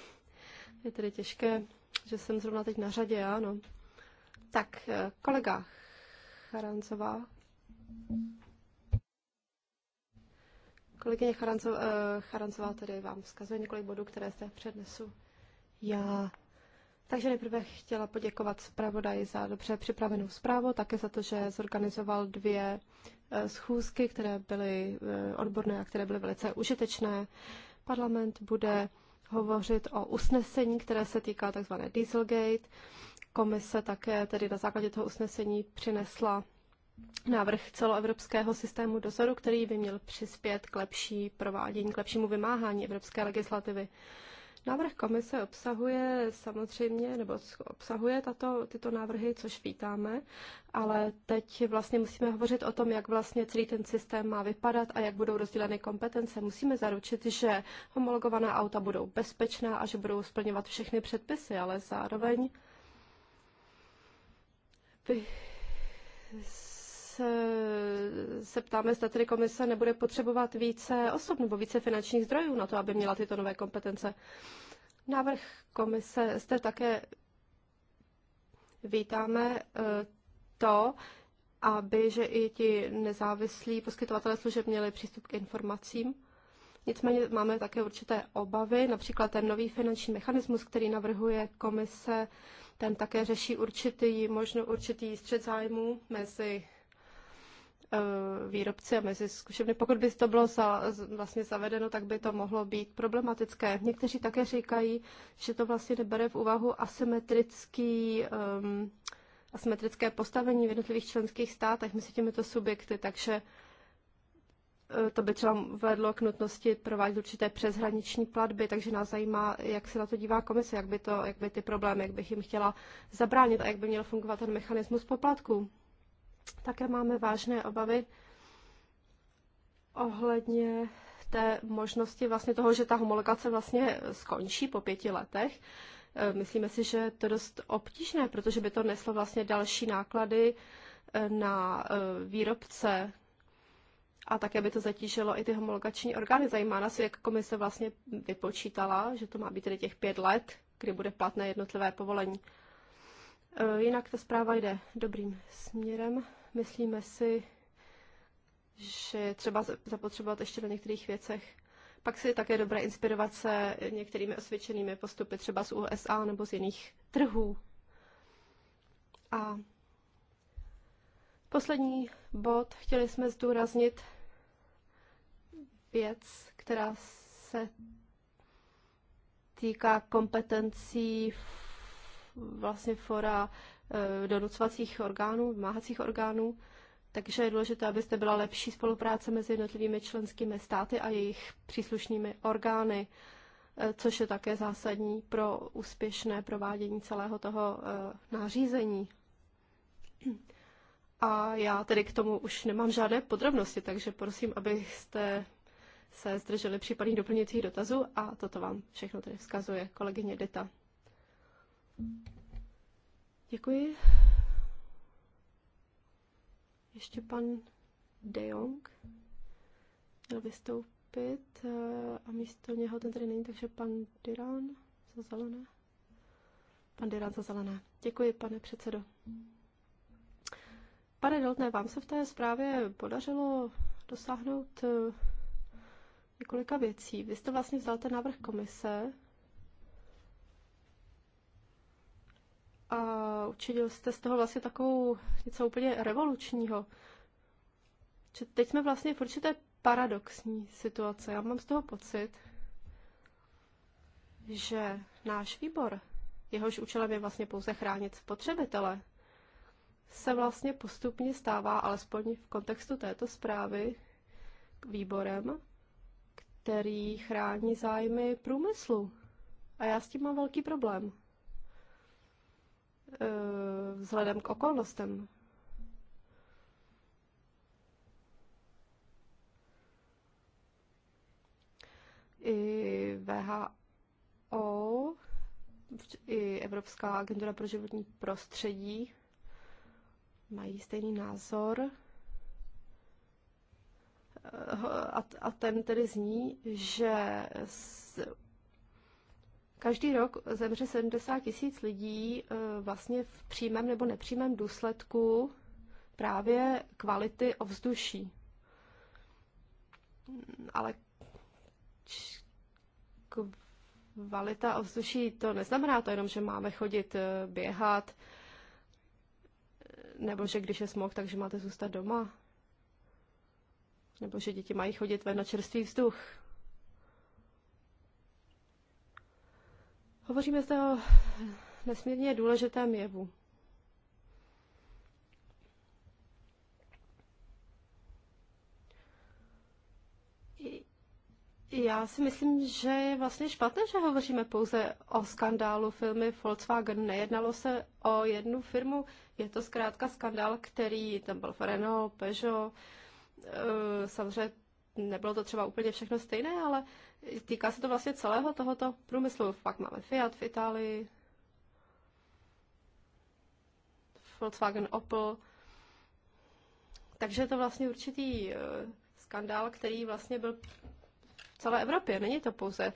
je tedy těžké, že jsem zrovna teď na řadě, ano. Tak, eh, kolega Charancová. Kolegyně Charancová, eh, Charancová tedy vám vzkazuje několik bodů, které zde přednesu já takže nejprve chtěla poděkovat zpravodaji za dobře připravenou zprávu, také za to, že zorganizoval dvě e, schůzky, které byly e, odborné a které byly velice užitečné. Parlament bude hovořit o usnesení, které se týká tzv. Dieselgate. Komise také tedy na základě toho usnesení přinesla návrh celoevropského systému dozoru, který by měl přispět k lepší provádění, k lepšímu vymáhání evropské legislativy. Návrh komise obsahuje samozřejmě, nebo obsahuje tato, tyto návrhy, což vítáme, ale teď vlastně musíme hovořit o tom, jak vlastně celý ten systém má vypadat a jak budou rozděleny kompetence. Musíme zaručit, že homologovaná auta budou bezpečná a že budou splňovat všechny předpisy, ale zároveň Eh, se ptáme, zda tedy komise nebude potřebovat více osob nebo více finančních zdrojů na to, aby měla tyto nové kompetence. Návrh komise zde také vítáme eh, to, aby že i ti nezávislí poskytovatelé služeb měli přístup k informacím. Nicméně máme také určité obavy, například ten nový finanční mechanismus, který navrhuje komise, ten také řeší určitý, možno určitý střed zájmů mezi Eh, výrobci a mezi zkušebny. Pokud by to bylo za, vlastně zavedeno, tak by to mohlo být problematické. Někteří také říkají, že to vlastně nebere v úvahu asymetrický, um, asymetrické postavení v jednotlivých členských státech mezi těmito subjekty, takže eh, to by třeba vedlo k nutnosti provádět určité přeshraniční platby, takže nás zajímá, jak se na to dívá komise, jak by, to, jak by ty problémy, jak bych jim chtěla zabránit a jak by měl fungovat ten mechanismus poplatků. Také máme vážné obavy ohledně té možnosti vlastně toho, že ta homologace vlastně skončí po pěti letech. E, myslíme si, že to je to dost obtížné, protože by to neslo vlastně další náklady e, na e, výrobce a také by to zatížilo i ty homologační orgány. Zajímá nás, jak komise vlastně vypočítala, že to má být tedy těch pět let, kdy bude platné jednotlivé povolení. Eh, jinak ta zpráva jde dobrým směrem. Myslíme si, že je třeba zapotřebovat ještě na některých věcech. Pak si je také dobré inspirovat se některými osvědčenými postupy, třeba z USA nebo z jiných trhů. A poslední bod. Chtěli jsme zdůraznit věc, která se týká kompetencí v vlastně fora eh, donucovacích orgánů, vymáhacích orgánů, takže je důležité, abyste byla lepší spolupráce mezi jednotlivými členskými státy a jejich příslušnými orgány, eh, což je také zásadní pro úspěšné provádění celého toho eh, nářízení. A já tedy k tomu už nemám žádné podrobnosti, takže prosím, abyste se zdrželi případných doplňujících dotazů a toto vám všechno tedy vzkazuje kolegyně Dita. Děkuji. Ještě pan De Jong měl vystoupit eh, a místo něho ten tady není, takže pan Diran za zelené. Pan Diran za zelené. Děkuji, pane předsedo. Pane Doltné, vám se v té zprávě podařilo dosáhnout eh, několika věcí. Vy jste vlastně vzal ten návrh komise a učinil jste z toho vlastně takovou něco úplně revolučního. Že teď jsme vlastně v určité paradoxní situace. Já mám z toho pocit, že náš výbor, jehož účelem je vlastně pouze chránit spotřebitele, se vlastně postupně stává, alespoň v kontextu této zprávy, výborem, který chrání zájmy průmyslu. A já s tím mám velký problém. Eh, vzhledem k okolnostem. I VHO, i Evropská agentura pro životní prostředí mají stejný názor. Eh, a ten tedy zní, že Každý rok zemře 70 tisíc lidí eh, vlastně v přímém nebo nepřímém důsledku právě kvality ovzduší. Ale kvalita ovzduší to neznamená to jenom, že máme chodit eh, běhat, eh, nebo že když je smog, takže máte zůstat doma, nebo že děti mají chodit ven na čerstvý vzduch. Hovoříme zde o nesmírně důležitém jevu. Já si myslím, že je vlastně špatné, že hovoříme pouze o skandálu firmy Volkswagen. Nejednalo se o jednu firmu, je to zkrátka skandál, který tam byl Renault, Peugeot. E, samozřejmě nebylo to třeba úplně všechno stejné, ale Týká se to vlastně celého tohoto průmyslu. Pak máme Fiat v Itálii, Volkswagen, Opel. Takže je to vlastně určitý eh, skandál, který vlastně byl v celé Evropě. Není to pouze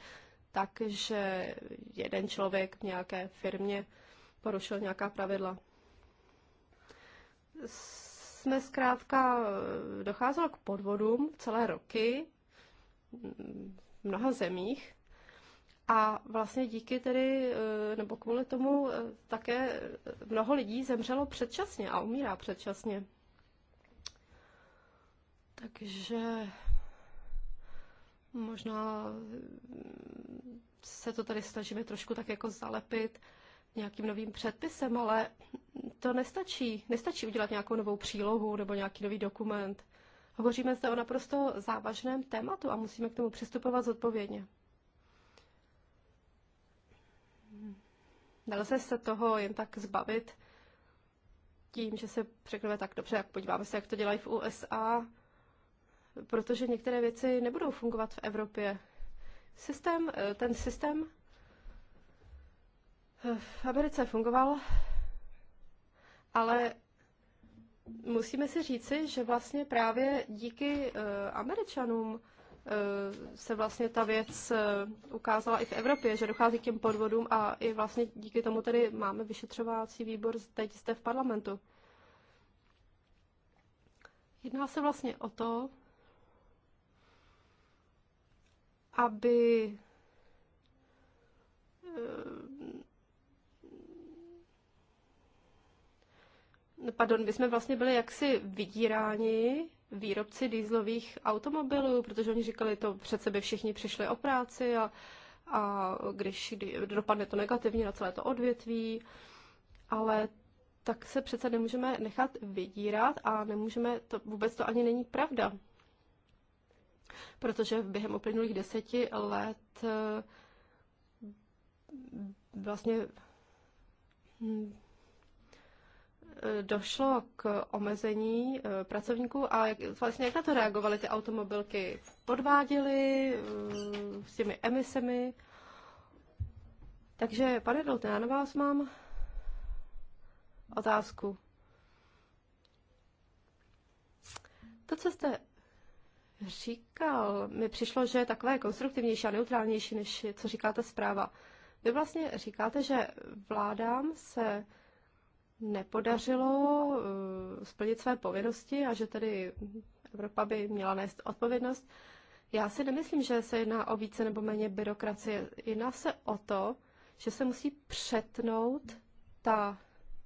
tak, že jeden člověk v nějaké firmě porušil nějaká pravidla. Jsme zkrátka, eh, docházelo k podvodům celé roky, mnoha zemích. A vlastně díky tedy, eh, nebo kvůli tomu, eh, také eh, mnoho lidí zemřelo předčasně a umírá předčasně. Takže možná se to tady snažíme trošku tak jako zalepit nějakým novým předpisem, ale to nestačí. Nestačí udělat nějakou novou přílohu nebo nějaký nový dokument. Hovoříme zde o naprosto závažném tématu a musíme k tomu přistupovat zodpovědně. Nelze se toho jen tak zbavit tím, že se řekneme tak dobře, jak podíváme se, jak to dělají v USA, protože některé věci nebudou fungovat v Evropě. Systém, eh, ten systém eh, v Americe fungoval, ale musíme si říci, že vlastně právě díky eh, Američanům eh, se vlastně ta věc eh, ukázala i v Evropě, že dochází k těm podvodům a i vlastně díky tomu tedy máme vyšetřovací výbor teď jste v parlamentu. Jedná se vlastně o to, aby pardon, my jsme vlastně byli jaksi vydíráni výrobci dýzlových automobilů, protože oni říkali, to přece by všichni přišli o práci a, a když dopadne to negativně na celé to odvětví, ale tak se přece nemůžeme nechat vydírat a nemůžeme, to vůbec to ani není pravda. Protože během uplynulých deseti let eh, vlastně hm, došlo k omezení eh, pracovníků a jak, vlastně jak na to reagovaly ty automobilky? Podváděly eh, s těmi emisemi? Takže, pane Dolte, já na vás mám otázku. To, co jste říkal, mi přišlo, že je takové konstruktivnější a neutrálnější, než co říkáte zpráva. Vy vlastně říkáte, že vládám se nepodařilo eh, splnit své povinnosti a že tedy Evropa by měla nést odpovědnost. Já si nemyslím, že se jedná o více nebo méně byrokracie. Jedná se o to, že se musí přetnout ta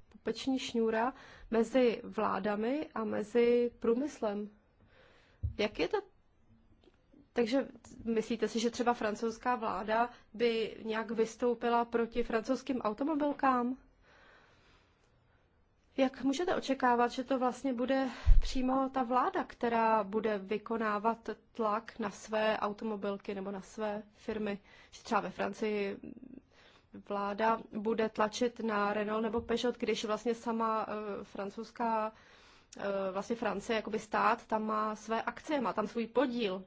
pupeční šňůra mezi vládami a mezi průmyslem. Jak je to? Takže myslíte si, že třeba francouzská vláda by nějak vystoupila proti francouzským automobilkám? Jak můžete očekávat, že to vlastně bude přímo ta vláda, která bude vykonávat tlak na své automobilky nebo na své firmy? Že třeba ve Francii vláda bude tlačit na Renault nebo Peugeot, když vlastně sama eh, francouzská, eh, vlastně Francie, jakoby stát, tam má své akcie, má tam svůj podíl.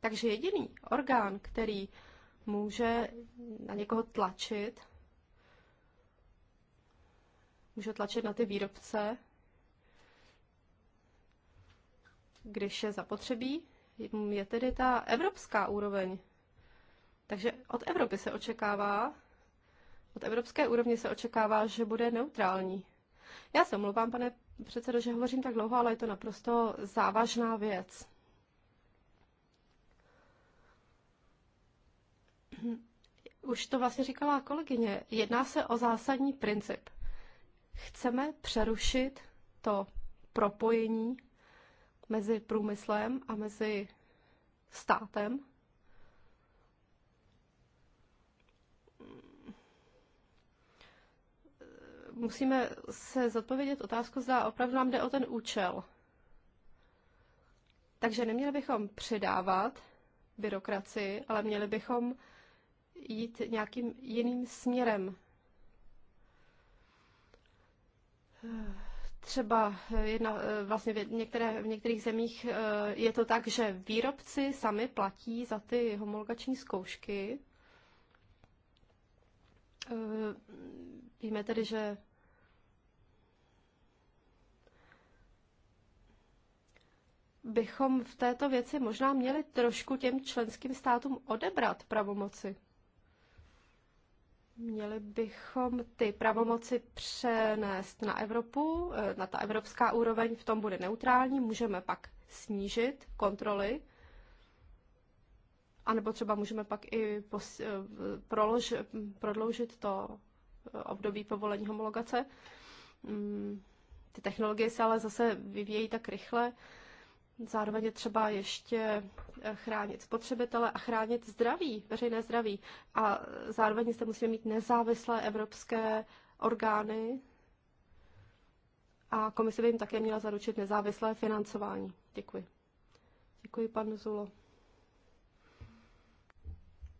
Takže jediný orgán, který může na někoho tlačit, může tlačit na ty výrobce, když je zapotřebí, je tedy ta evropská úroveň. Takže od Evropy se očekává, od evropské úrovně se očekává, že bude neutrální. Já se omlouvám, pane předsedo, že hovořím tak dlouho, ale je to naprosto závažná věc. Už to vlastně říkala kolegyně. Jedná se o zásadní princip. Chceme přerušit to propojení mezi průmyslem a mezi státem. Musíme se zodpovědět otázku, zda opravdu nám jde o ten účel. Takže neměli bychom přidávat byrokracii, ale měli bychom jít nějakým jiným směrem. třeba jedna, vlastně v, některé, v některých zemích eh, je to tak, že výrobci sami platí za ty homologační zkoušky. Eh, víme tedy, že bychom v této věci možná měli trošku těm členským státům odebrat pravomoci. Měli bychom ty pravomoci přenést na Evropu, eh, na ta evropská úroveň v tom bude neutrální, můžeme pak snížit kontroly, anebo třeba můžeme pak i pos, eh, prolož, prodloužit to eh, období povolení homologace. Mm, ty technologie se ale zase vyvíjejí tak rychle, Zároveň je třeba ještě eh, chránit spotřebitele a chránit zdraví, veřejné zdraví. A zároveň se musíme mít nezávislé evropské orgány a komise by jim také měla zaručit nezávislé financování. Děkuji. Děkuji, pan Zulo.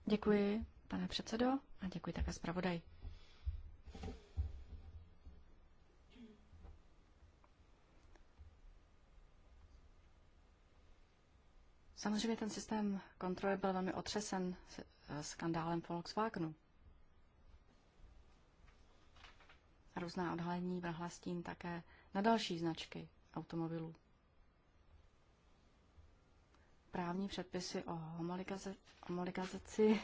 Děkuji, pane předsedo, a děkuji také zpravodaj. Samozřejmě ten systém kontroly byl velmi otřesen eh, skandálem Volkswagenu. Různá odhalení vrhla stín také na další značky automobilů. Právní předpisy o homologizaci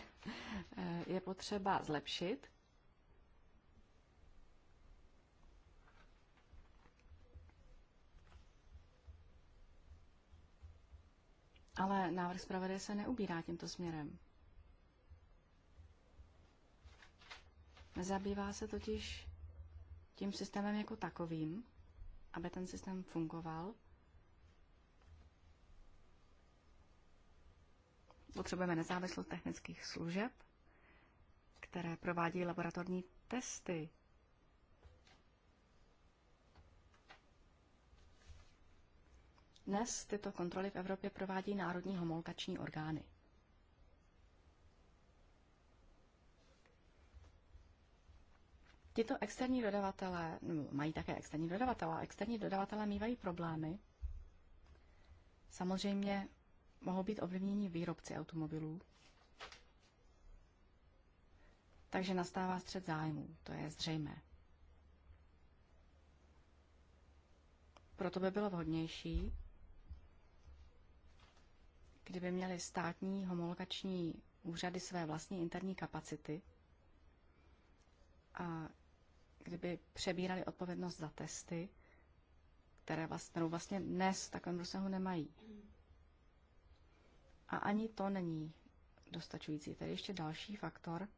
eh, je potřeba zlepšit, Ale návrh zpravodaje se neubírá tímto směrem. Zabývá se totiž tím systémem jako takovým, aby ten systém fungoval. Potřebujeme nezávislost technických služeb, které provádí laboratorní testy Dnes tyto kontroly v Evropě provádí národní homologační orgány. Tito externí dodavatelé, no, mají také externí dodavatele, externí dodavatelé mývají problémy. Samozřejmě mohou být ovlivněni výrobci automobilů. Takže nastává střed zájmů, to je zřejmé. Proto by bylo vhodnější, kdyby měly státní homologační úřady své vlastní interní kapacity a kdyby přebírali odpovědnost za testy, které vlastně, kterou vlastně dnes v takovém rozsahu nemají. A ani to není dostačující. Tady ještě další faktor.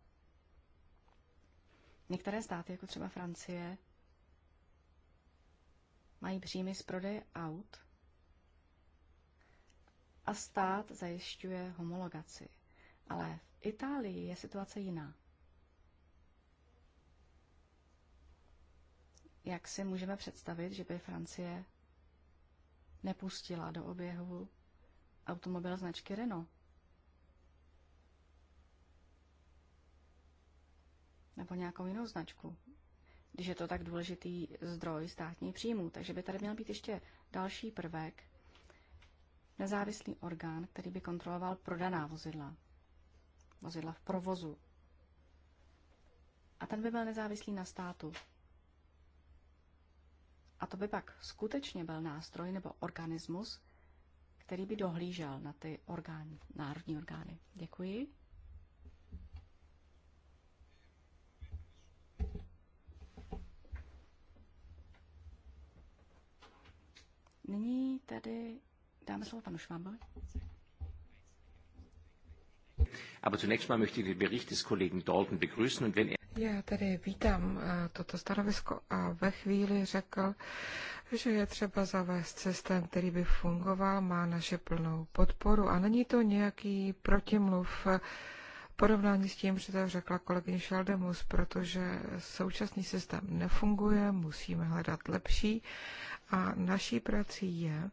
Některé státy, jako třeba Francie, mají příjmy z prodeje aut, a stát zajišťuje homologaci. Ale v Itálii je situace jiná. Jak si můžeme představit, že by Francie nepustila do oběhu automobil značky Renault? Nebo nějakou jinou značku, když je to tak důležitý zdroj státní příjmů. Takže by tady měl být ještě další prvek, nezávislý orgán, který by kontroloval prodaná vozidla, vozidla v provozu. A ten by byl nezávislý na státu. A to by pak skutečně byl nástroj nebo organismus, který by dohlížel na ty orgány, národní orgány. Děkuji. Nyní tedy Dáme slovo panu Švábovi. Aber zunächst mal möchte ich den Bericht des Kollegen Dalton begrüßen und wenn er já tedy vítám eh, toto stanovisko a ve chvíli řekl, že je třeba zavést systém, který by fungoval, má naše plnou podporu a není to nějaký protimluv eh, porovnání s tím, že to řekla kolegyně Šaldemus, protože současný systém nefunguje, musíme hledat lepší a naší prací je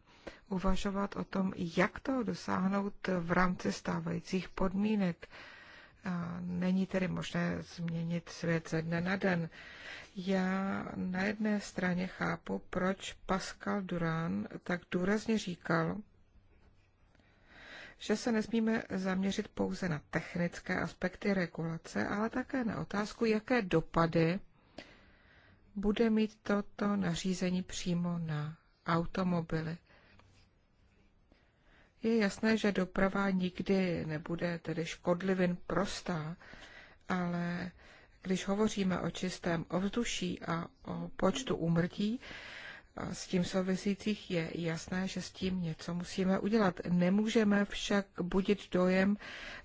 uvažovat o tom, jak toho dosáhnout v rámci stávajících podmínek. Není tedy možné změnit svět ze dne na den. Já na jedné straně chápu, proč Pascal Durán tak důrazně říkal, že se nesmíme zaměřit pouze na technické aspekty regulace, ale také na otázku, jaké dopady bude mít toto nařízení přímo na automobily. Je jasné, že doprava nikdy nebude tedy škodlivin prostá, ale když hovoříme o čistém ovzduší a o počtu úmrtí s tím souvisících, je jasné, že s tím něco musíme udělat. Nemůžeme však budit dojem,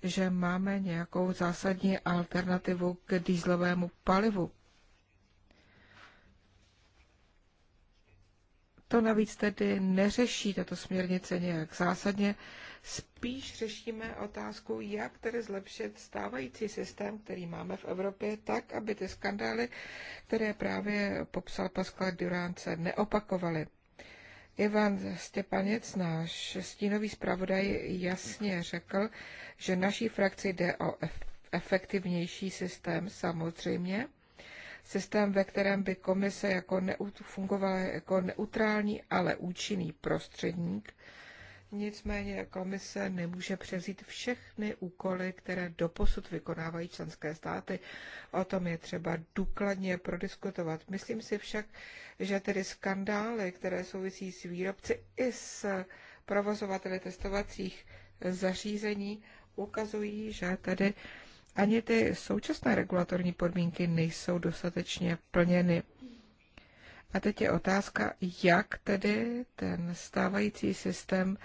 že máme nějakou zásadní alternativu k dýzlovému palivu. To navíc tedy neřeší tato směrnice nějak zásadně, spíš řešíme otázku, jak tedy zlepšit stávající systém, který máme v Evropě, tak, aby ty skandály, které právě popsal Pascal Durán, se neopakovaly. Ivan Stepanec, náš stínový zpravodaj, jasně řekl, že naší frakci jde o efektivnější systém samozřejmě, systém, ve kterém by komise jako neut, fungovala jako neutrální, ale účinný prostředník. Nicméně komise nemůže přezít všechny úkoly, které doposud vykonávají členské státy. O tom je třeba důkladně prodiskutovat. Myslím si však, že tedy skandály, které souvisí s výrobci i s provozovateli testovacích zařízení, ukazují, že tedy ani ty současné regulatorní podmínky nejsou dostatečně plněny. A teď je otázka, jak tedy ten stávající systém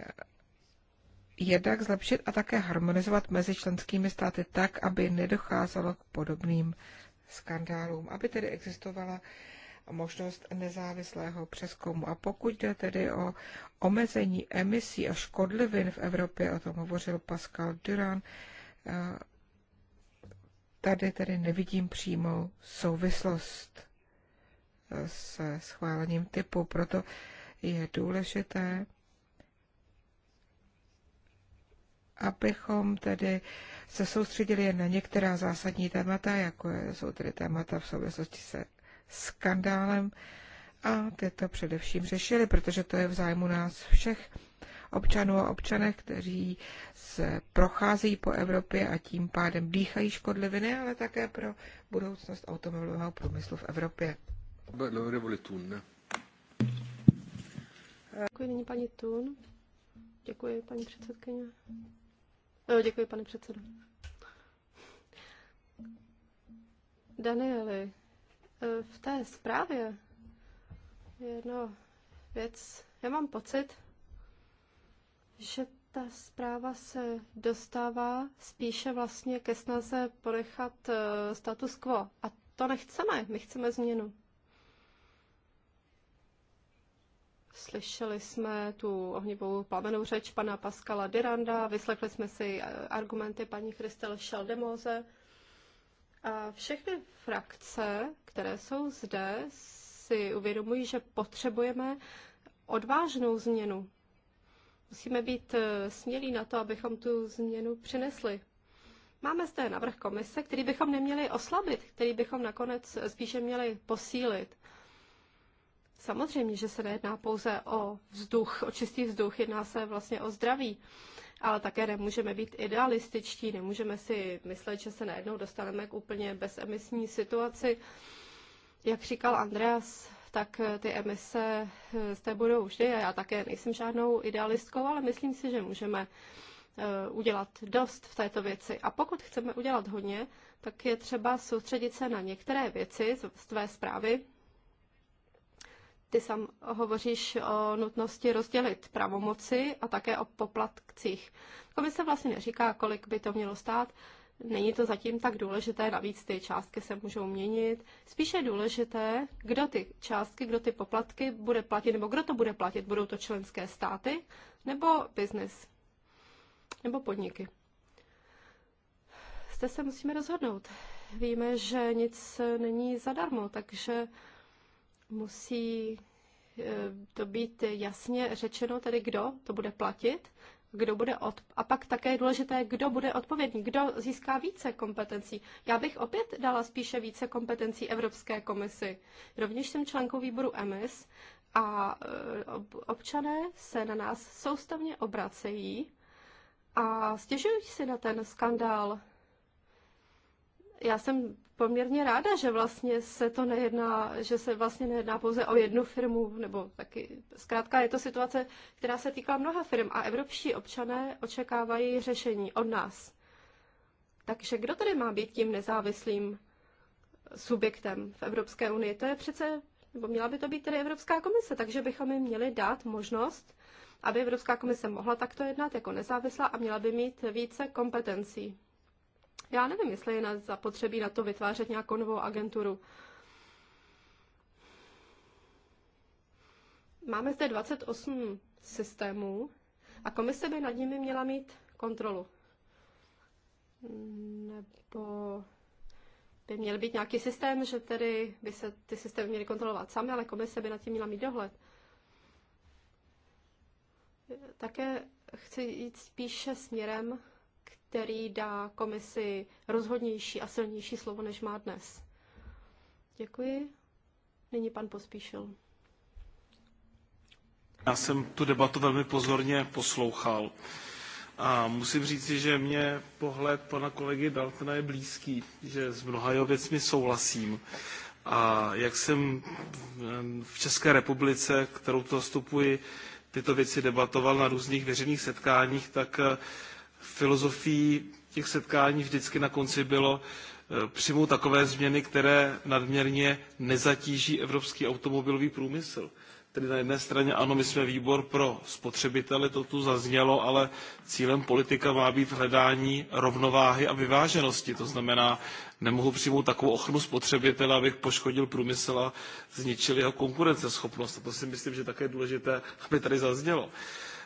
eh, jednak zlepšit a také harmonizovat mezi členskými státy tak, aby nedocházelo k podobným skandálům, aby tedy existovala možnost nezávislého přeskumu. A pokud jde tedy o omezení emisí a škodlivin v Evropě, o tom hovořil Pascal Duran, Tady tedy nevidím přímou souvislost e, se schválením typu, proto je důležité, abychom tedy se soustředili jen na některá zásadní témata, jako jsou tedy témata v souvislosti se skandálem, a tyto především řešili, protože to je v zájmu nás všech občanů a občanech, kteří se procházejí po Evropě a tím pádem dýchají škodliviny, ale také pro budoucnost automobilového průmyslu v Evropě. Děkuji, nyní paní Tun. Děkuji, paní předsedkyně. No, děkuji, pane předsedo. Danieli, eh, v té zprávě je jedna věc. Já mám pocit, že ta zpráva se dostává spíše vlastně ke snaze ponechat eh, status quo. A to nechceme, my chceme změnu. Slyšeli jsme tu ohnivou plamenou řeč pana Paskala Diranda, vyslechli jsme si eh, argumenty paní Kristel Šaldemoze. A všechny frakce, které jsou zde, si uvědomují, že potřebujeme odvážnou změnu musíme být eh, smělí na to, abychom tu změnu přinesli. Máme zde návrh komise, který bychom neměli oslabit, který bychom nakonec spíše měli posílit. Samozřejmě, že se nejedná pouze o vzduch, o čistý vzduch, jedná se vlastně o zdraví, ale také nemůžeme být idealističtí, nemůžeme si myslet, že se najednou dostaneme k úplně bezemisní situaci. Jak říkal Andreas, tak eh, ty emise eh, z té budou vždy. A já také nejsem žádnou idealistkou, ale myslím si, že můžeme eh, udělat dost v této věci. A pokud chceme udělat hodně, tak je třeba soustředit se na některé věci z tvé zprávy. Ty sam hovoříš o nutnosti rozdělit pravomoci a také o poplatcích. Komise vlastně neříká, kolik by to mělo stát, Není to zatím tak důležité, navíc ty částky se můžou měnit. Spíše je důležité, kdo ty částky, kdo ty poplatky bude platit, nebo kdo to bude platit. Budou to členské státy, nebo biznis, nebo podniky. Zde se musíme rozhodnout. Víme, že nic není zadarmo, takže musí eh, to být jasně řečeno, tedy kdo to bude platit kdo bude od... a pak také je důležité, kdo bude odpovědný, kdo získá více kompetencí. Já bych opět dala spíše více kompetencí Evropské komisi. Rovněž jsem členkou výboru EMIS a e, občané se na nás soustavně obracejí a stěžují si na ten skandál já jsem poměrně ráda, že vlastně se to nejedná, že se vlastně nejedná pouze o jednu firmu, nebo taky, zkrátka je to situace, která se týká mnoha firm a evropští občané očekávají řešení od nás. Takže kdo tedy má být tím nezávislým subjektem v Evropské unii? To je přece, nebo měla by to být tedy Evropská komise, takže bychom jim měli dát možnost, aby Evropská komise mohla takto jednat jako nezávislá a měla by mít více kompetencí. Já nevím, jestli je na zapotřebí na to vytvářet nějakou novou agenturu. Máme zde 28 systémů a komise by nad nimi měla mít kontrolu. Nebo by měl být nějaký systém, že tedy by se ty systémy měly kontrolovat sami, ale komise by nad tím měla mít dohled. Také chci jít spíše směrem který dá komisi rozhodnější a silnější slovo, než má dnes. Děkuji. Nyní pan Pospíšil. Já jsem tu debatu velmi pozorně poslouchal. A musím říci, že mě pohled pana kolegy Daltona je blízký, že s mnoha jeho věcmi souhlasím. A jak jsem v České republice, kterou to zastupuji, tyto věci debatoval na různých veřejných setkáních, tak filozofií těch setkání vždycky na konci bylo eh, přijmout takové změny, které nadměrně nezatíží evropský automobilový průmysl. Tedy na jedné straně ano, my jsme výbor pro spotřebitele, to tu zaznělo, ale cílem politika má být hledání rovnováhy a vyváženosti. To znamená, nemohu přijmout takovou ochranu spotřebitele, abych poškodil průmysl a zničil jeho konkurenceschopnost. A to si myslím, že také je důležité, aby tady zaznělo. Uh,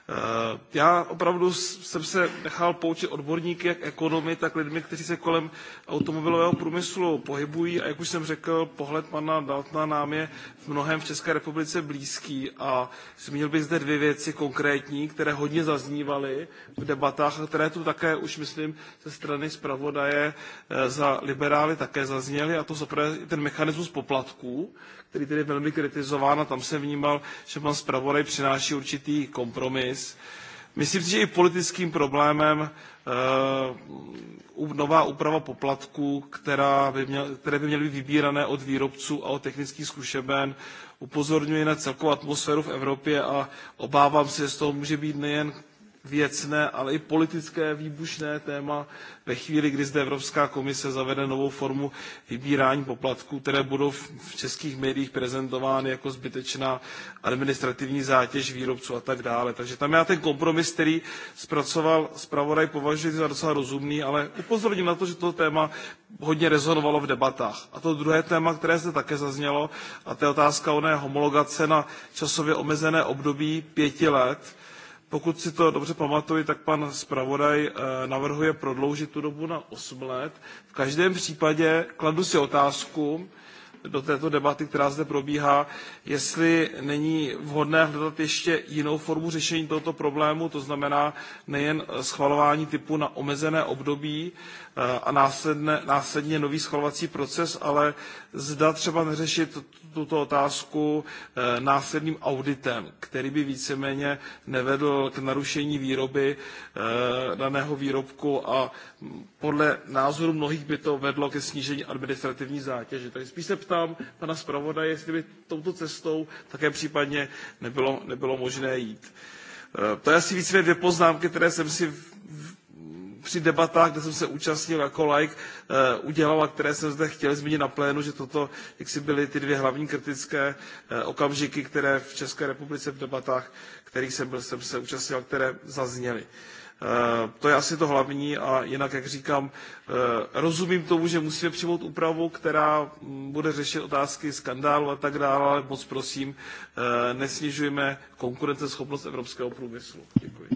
Eh, já opravdu jsem se nechal poučit odborníky, jak ekonomy, tak lidmi, kteří se kolem automobilového průmyslu pohybují. A jak už jsem řekl, pohled pana Daltna nám je v mnohem v České republice blízký. A zmínil bych zde dvě věci konkrétní, které hodně zaznívaly v debatách a které tu také už, myslím, ze strany zpravodaje eh, za liberály také zazněly. A to zaprvé ten mechanismus poplatků, který tedy velmi kritizován a tam jsem vnímal, že pan zpravodaj přináší určitý kompromis. Myslím si, že i politickým problémem uh, nová úprava poplatků, která by měl, které by měly být vybírané od výrobců a od technických zkušeben, upozorňuje na celkovou atmosféru v Evropě a obávám se, že z toho může být nejen věcné, ale i politické výbušné téma ve chvíli, kdy zde Evropská komise zavede novou formu vybírání poplatků, které budou v českých médiích prezentovány jako zbytečná administrativní zátěž výrobců a tak dále. Takže tam já ten kompromis, který zpracoval zpravodaj, považuji za docela rozumný, ale upozorním na to, že to téma hodně rezonovalo v debatách. A to druhé téma, které zde také zaznělo, a to je otázka oné homologace na časově omezené období pěti let, pokud si to dobře pamatuji, tak pan zpravodaj eh, navrhuje prodloužit tu dobu na osm let. V každém případě kladu si otázku do této debaty, která zde probíhá, jestli není vhodné hledat ještě jinou formu řešení tohoto problému, to znamená nejen schvalování typu na omezené období eh, a následně, následně nový schvalovací proces, ale zda třeba neřešit tuto otázku eh, následným auditem, který by víceméně nevedl k narušení výroby eh, daného výrobku a podle názoru mnohých by to vedlo ke snížení administrativní zátěže. Takže spíš se ptám pana zpravodaje, jestli by touto cestou také případně nebylo, nebylo možné jít. Eh, to je asi víceméně dvě poznámky, které jsem si při debatách, kde jsem se účastnil jako laik, eh, udělal a které jsem zde chtěl zmínit na plénu, že toto jaksi byly ty dvě hlavní kritické eh, okamžiky, které v České republice v debatách, kterých jsem, byl, jsem se účastnil, které zazněly. Eh, to je asi to hlavní a jinak, jak říkám, rozumím tomu, že musíme přijmout úpravu, která mm, bude řešit otázky skandálu a tak dále, ale moc prosím, nesnižujme konkurenceschopnost evropského průmyslu. Děkuji.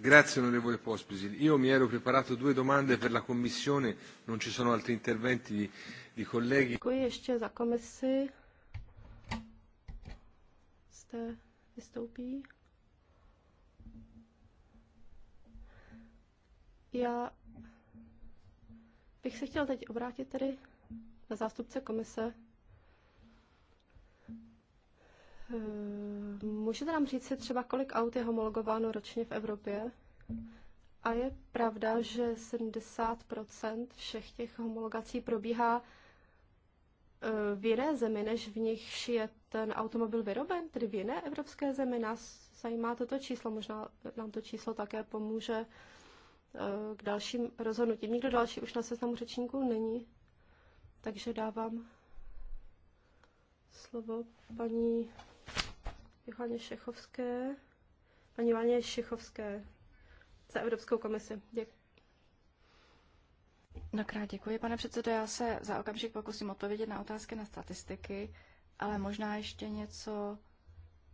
Grazie onorevole Pospisil. Io mi ero preparato due domande per la Commissione, non ci sono altri interventi di, di colleghi. Děkuji Já bych se chtěl teď obrátit tedy na zástupce komise. Eh, můžete nám říct si třeba, kolik aut je homologováno ročně v Evropě? A je pravda, že 70 všech těch homologací probíhá eh, v jiné zemi, než v nich je ten automobil vyroben, tedy v jiné evropské zemi. Nás zajímá toto číslo, možná nám to číslo také pomůže eh, k dalším rozhodnutím. Nikdo další už na seznamu řečníků není, takže dávám slovo paní Johaně Šechovské, paní Vaně Šechovské za Evropskou komisi. Děkuji. Nakrát děkuji, pane předsedo. Já se za okamžik pokusím odpovědět na otázky na statistiky, ale možná ještě něco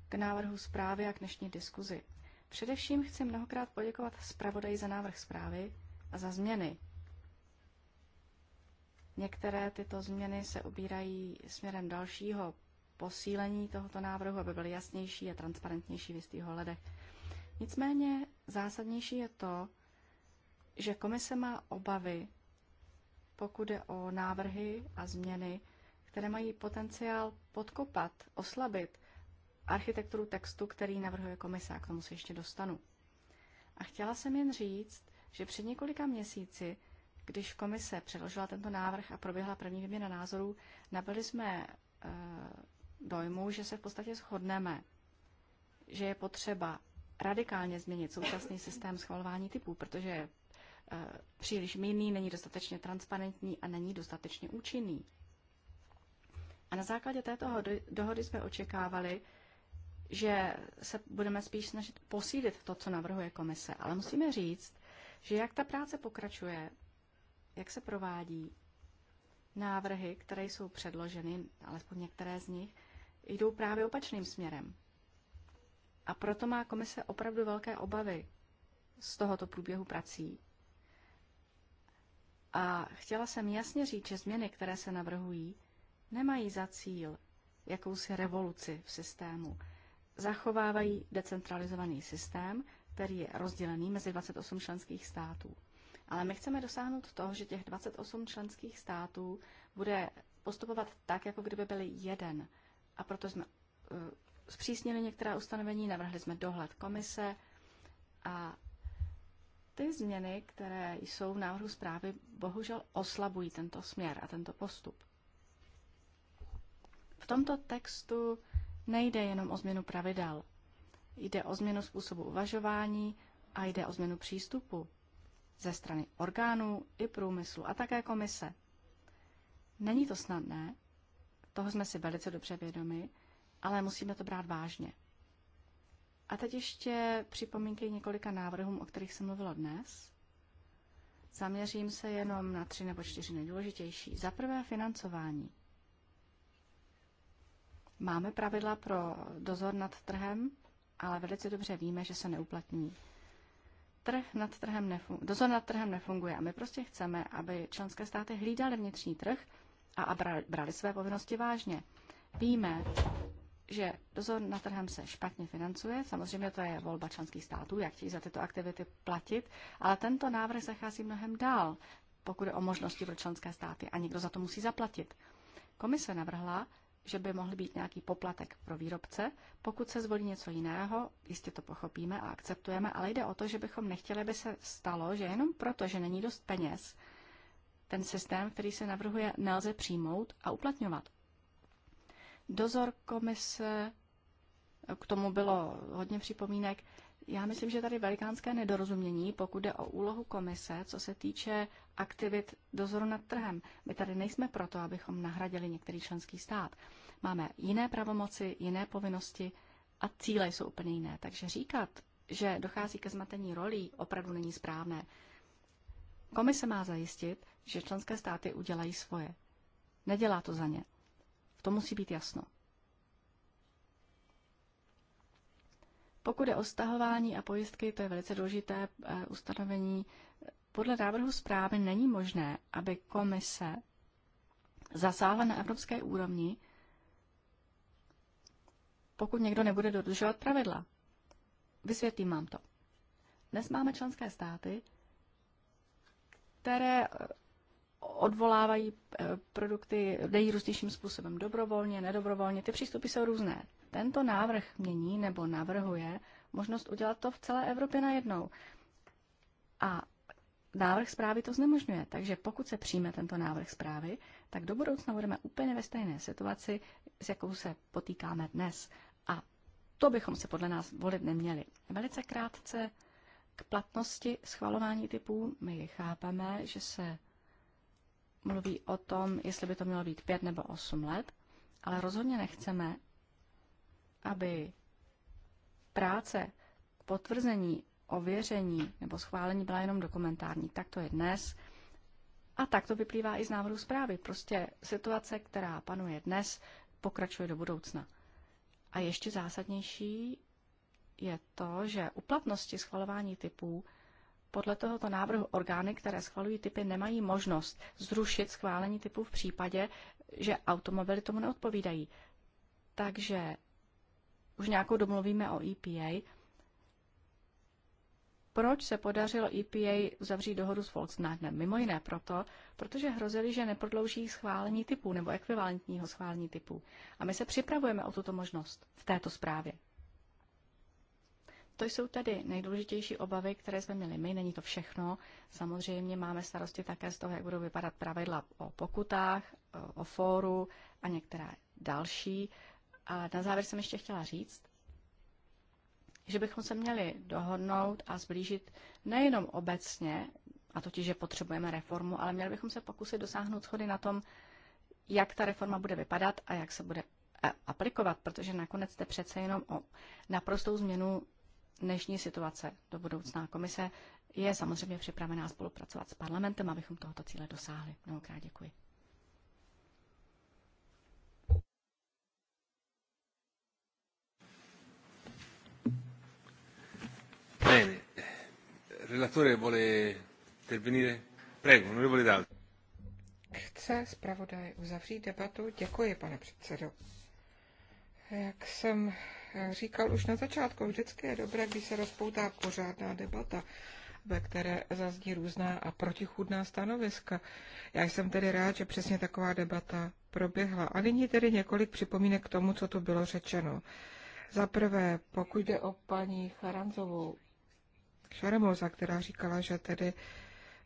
k návrhu zprávy a k dnešní diskuzi. Především chci mnohokrát poděkovat zpravodaji za návrh zprávy a za změny. Některé tyto změny se ubírají směrem dalšího posílení tohoto návrhu, aby byl jasnější a transparentnější v jistých ohledech. Nicméně zásadnější je to, že komise má obavy, pokud je o návrhy a změny, které mají potenciál podkopat, oslabit architekturu textu, který navrhuje komise. A k tomu se ještě dostanu. A chtěla jsem jen říct, že před několika měsíci, když komise předložila tento návrh a proběhla první výměna názorů, nabili jsme eh, dojmu, že se v podstatě shodneme, že je potřeba radikálně změnit současný systém schvalování typů, protože je eh, příliš mírný, není dostatečně transparentní a není dostatečně účinný. A na základě této dohody jsme očekávali, že se budeme spíš snažit posílit to, co navrhuje komise. Ale musíme říct, že jak ta práce pokračuje, jak se provádí, návrhy, které jsou předloženy, alespoň některé z nich, jdou právě opačným směrem. A proto má komise opravdu velké obavy z tohoto průběhu prací. A chtěla jsem jasně říct, že změny, které se navrhují, nemají za cíl jakousi revoluci v systému. Zachovávají decentralizovaný systém, který je rozdělený mezi 28 členských států. Ale my chceme dosáhnout toho, že těch 28 členských států bude postupovat tak, jako kdyby byly jeden – a proto jsme eh, zpřísnili některá ustanovení, navrhli jsme dohled komise a ty změny, které jsou v návrhu zprávy, bohužel oslabují tento směr a tento postup. V tomto textu nejde jenom o změnu pravidel. Jde o změnu způsobu uvažování a jde o změnu přístupu ze strany orgánů i průmyslu a také komise. Není to snadné, toho jsme si velice dobře vědomi, ale musíme to brát vážně. A teď ještě připomínky několika návrhům, o kterých jsem mluvila dnes. Zaměřím se jenom na tři nebo čtyři nejdůležitější. Za prvé financování. Máme pravidla pro dozor nad trhem, ale velice dobře víme, že se neuplatní. Trh nad trhem dozor nad trhem nefunguje a my prostě chceme, aby členské státy hlídaly vnitřní trh a a brali své povinnosti vážně. Víme, že dozor nad trhem se špatně financuje. Samozřejmě to je volba členských států, jak chtějí za tyto aktivity platit, ale tento návrh zachází mnohem dál, pokud je o možnosti pro členské státy a někdo za to musí zaplatit. Komise navrhla, že by mohl být nějaký poplatek pro výrobce. Pokud se zvolí něco jiného, jistě to pochopíme a akceptujeme, ale jde o to, že bychom nechtěli, aby se stalo, že jenom proto, že není dost peněz, ten systém, který se navrhuje, nelze přijmout a uplatňovat. Dozor komise, k tomu bylo hodně připomínek. Já myslím, že tady velikánské nedorozumění, pokud jde o úlohu komise, co se týče aktivit dozoru nad trhem. My tady nejsme proto, abychom nahradili některý členský stát. Máme jiné pravomoci, jiné povinnosti a cíle jsou úplně jiné. Takže říkat, že dochází ke zmatení rolí, opravdu není správné. Komise má zajistit, že členské státy udělají svoje. Nedělá to za ně. V tom musí být jasno. Pokud je o stahování a pojistky, to je velice důležité eh, ustanovení. Podle návrhu zprávy není možné, aby komise zasáhla na evropské úrovni, pokud někdo nebude dodržovat pravidla. Vysvětlím vám to. Dnes máme členské státy, které odvolávají eh, produkty nejrůznějším způsobem, dobrovolně, nedobrovolně. Ty přístupy jsou různé. Tento návrh mění nebo navrhuje možnost udělat to v celé Evropě najednou. A návrh zprávy to znemožňuje. Takže pokud se přijme tento návrh zprávy, tak do budoucna budeme úplně ve stejné situaci, s jakou se potýkáme dnes. A to bychom se podle nás volit neměli. Velice krátce k platnosti schvalování typů my chápeme, že se mluví o tom, jestli by to mělo být pět nebo osm let, ale rozhodně nechceme, aby práce k potvrzení, ověření nebo schválení byla jenom dokumentární. Tak to je dnes. A tak to vyplývá i z návrhu zprávy. Prostě situace, která panuje dnes, pokračuje do budoucna. A ještě zásadnější je to, že u platnosti schvalování typů podle tohoto návrhu orgány, které schvalují typy, nemají možnost zrušit schválení typů v případě, že automobily tomu neodpovídají. Takže už nějakou domluvíme o EPA. Proč se podařilo EPA uzavřít dohodu s Volkswagenem? Mimo jiné proto, protože hrozili, že neprodlouží schválení typů nebo ekvivalentního schválení typů. A my se připravujeme o tuto možnost v této zprávě. To jsou tedy nejdůležitější obavy, které jsme měli my, není to všechno. Samozřejmě máme starosti také z toho, jak budou vypadat pravidla o pokutách, o fóru a některá další. A na závěr jsem ještě chtěla říct, že bychom se měli dohodnout a zblížit nejenom obecně, a totiž, že potřebujeme reformu, ale měli bychom se pokusit dosáhnout schody na tom, jak ta reforma bude vypadat a jak se bude aplikovat, protože nakonec jste přece jenom o naprostou změnu dnešní situace do budoucna. Komise je samozřejmě připravená spolupracovat s parlamentem, abychom tohoto cíle dosáhli. Mnohokrát děkuji. Chce zpravodaj uzavřít debatu? Děkuji, pane předsedo. Jak jsem říkal už na začátku, vždycky je dobré, když se rozpoutá pořádná debata, ve které zazní různá a protichudná stanoviska. Já jsem tedy rád, že přesně taková debata proběhla. A nyní tedy několik připomínek k tomu, co tu bylo řečeno. Za prvé, pokud jde o paní Charanzovou, Šaramoza, která říkala, že tedy uh,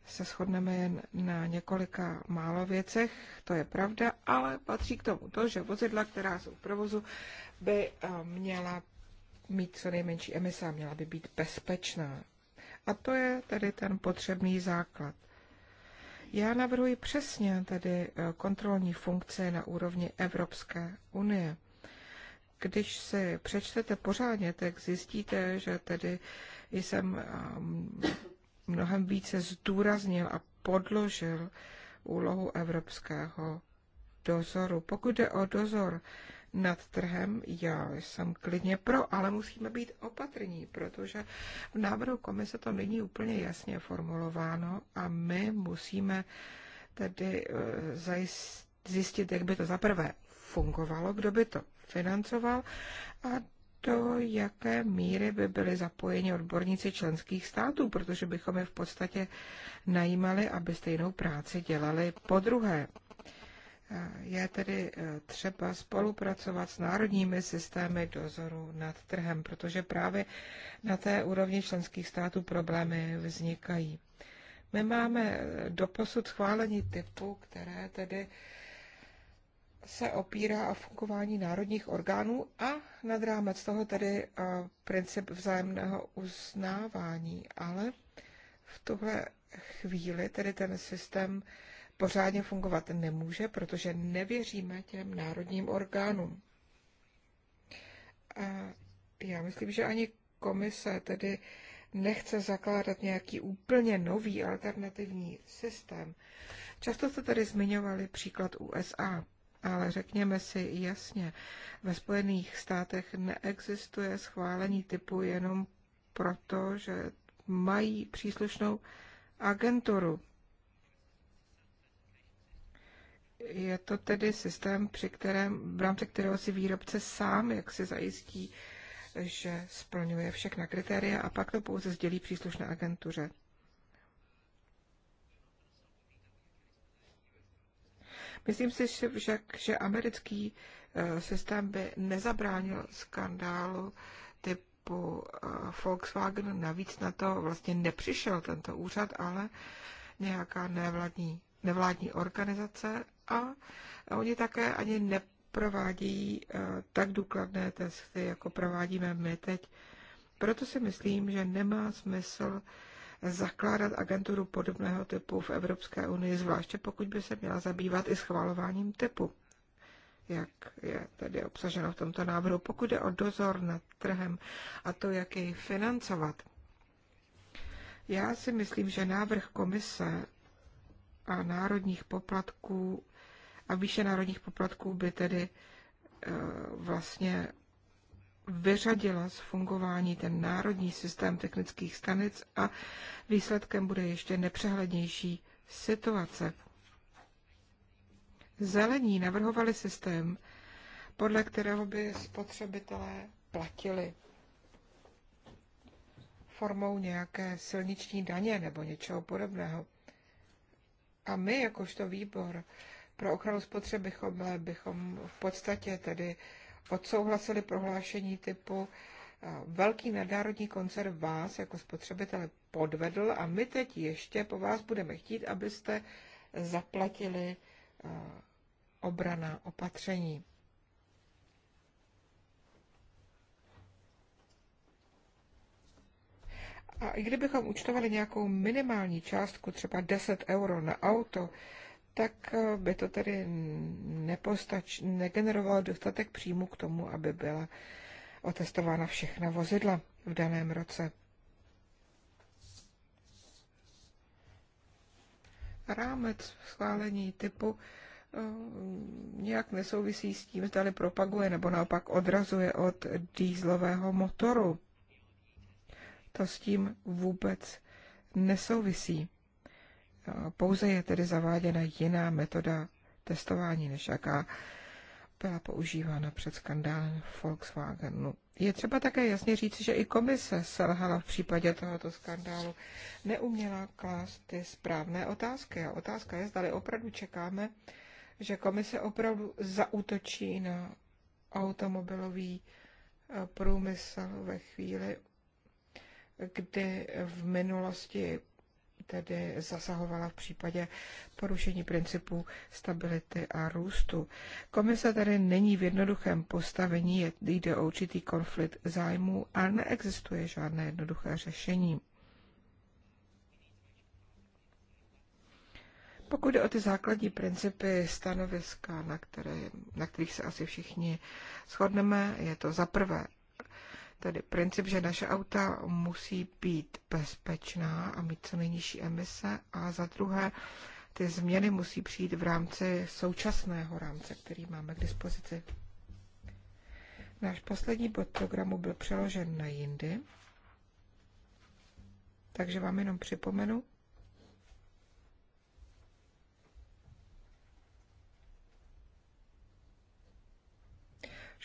se shodneme jen na několika málo věcech, to je pravda, ale patří k tomu to, že vozidla, která jsou v provozu, by eh, měla mít co nejmenší emise a měla by být bezpečná. A to je tedy ten potřebný základ. Já navrhuji přesně tedy eh, kontrolní funkce na úrovni Evropské unie. Když si přečtete pořádně, tak zjistíte, že tedy jsem eh, mnohem více zdůraznil a podložil úlohu evropského dozoru. Pokud jde o dozor nad trhem, já jsem klidně pro, ale musíme být opatrní, protože v návrhu komise to není úplně jasně formulováno a my musíme tedy eh, zjistit, jak by to zaprvé fungovalo, kdo by to financoval a do jaké míry by byly zapojeni odborníci členských států, protože bychom je v podstatě najímali, aby stejnou práci dělali po druhé. Je tedy eh, třeba spolupracovat s národními systémy dozoru nad trhem, protože právě na té úrovni členských států problémy vznikají. My máme eh, doposud schválení typu, které tedy se opírá o fungování národních orgánů a nad rámec toho tedy eh, princip vzájemného uznávání, ale v tuhle chvíli tedy ten systém pořádně fungovat nemůže, protože nevěříme těm národním orgánům. A já myslím, že ani komise tedy nechce zakládat nějaký úplně nový alternativní systém. Často se tady zmiňovali příklad USA ale řekněme si jasně, ve Spojených státech neexistuje schválení typu jenom proto, že mají příslušnou agenturu. Je to tedy systém, při kterém, v rámci kterého si výrobce sám jak si zajistí, že splňuje všechna kritéria a pak to pouze sdělí příslušné agentuře. Myslím si že však, že americký eh, systém by nezabránil skandálu typu eh, Volkswagen. Navíc na to vlastně nepřišel tento úřad, ale nějaká nevládní, nevládní organizace a oni také ani neprovádí eh, tak důkladné testy, jako provádíme my teď. Proto si myslím, že nemá smysl zakládat agenturu podobného typu v Evropské unii, zvláště pokud by se měla zabývat i schvalováním typu, jak je tedy obsaženo v tomto návrhu. Pokud je o dozor nad trhem a to, jak jej financovat, já si myslím, že návrh komise a národních poplatků a výše národních poplatků by tedy eh, vlastně vyřadila z fungování ten národní systém technických stanic a výsledkem bude ještě nepřehlednější situace. Zelení navrhovali systém, podle kterého by spotřebitelé platili formou nějaké silniční daně nebo něčeho podobného. A my, jakožto výbor pro ochranu spotřeby, bychom v podstatě tedy odsouhlasili prohlášení typu eh, velký nadnárodní koncert vás jako spotřebitele podvedl a my teď ještě po vás budeme chtít, abyste zaplatili eh, obrana, opatření. A i kdybychom účtovali nějakou minimální částku, třeba 10 euro na auto, tak eh, by to tedy nepostač, negenerovalo dostatek příjmu k tomu, aby byla otestována všechna vozidla v daném roce. Rámec schválení typu eh, nějak nesouvisí s tím, zda propaguje nebo naopak odrazuje od dýzlového motoru. To s tím vůbec nesouvisí pouze je tedy zaváděna jiná metoda testování, než jaká byla používána před skandálem Volkswagenu. Je třeba také jasně říct, že i komise selhala v případě tohoto skandálu. Neuměla klást ty správné otázky. A otázka je, zdali opravdu čekáme, že komise opravdu zautočí na automobilový eh, průmysl ve chvíli, kdy v minulosti tedy zasahovala v případě porušení principů stability a růstu. Komise tedy není v jednoduchém postavení, jde o určitý konflikt zájmů a neexistuje žádné jednoduché řešení. Pokud jde o ty základní principy stanoviska, na, které, na kterých se asi všichni shodneme, je to za prvé tedy princip, že naše auta musí být bezpečná a mít co nejnižší emise a za druhé ty změny musí přijít v rámci současného rámce, který máme k dispozici. Náš poslední bod programu byl přeložen na jindy, takže vám jenom připomenu,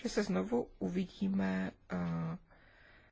že se znovu uvidíme eh,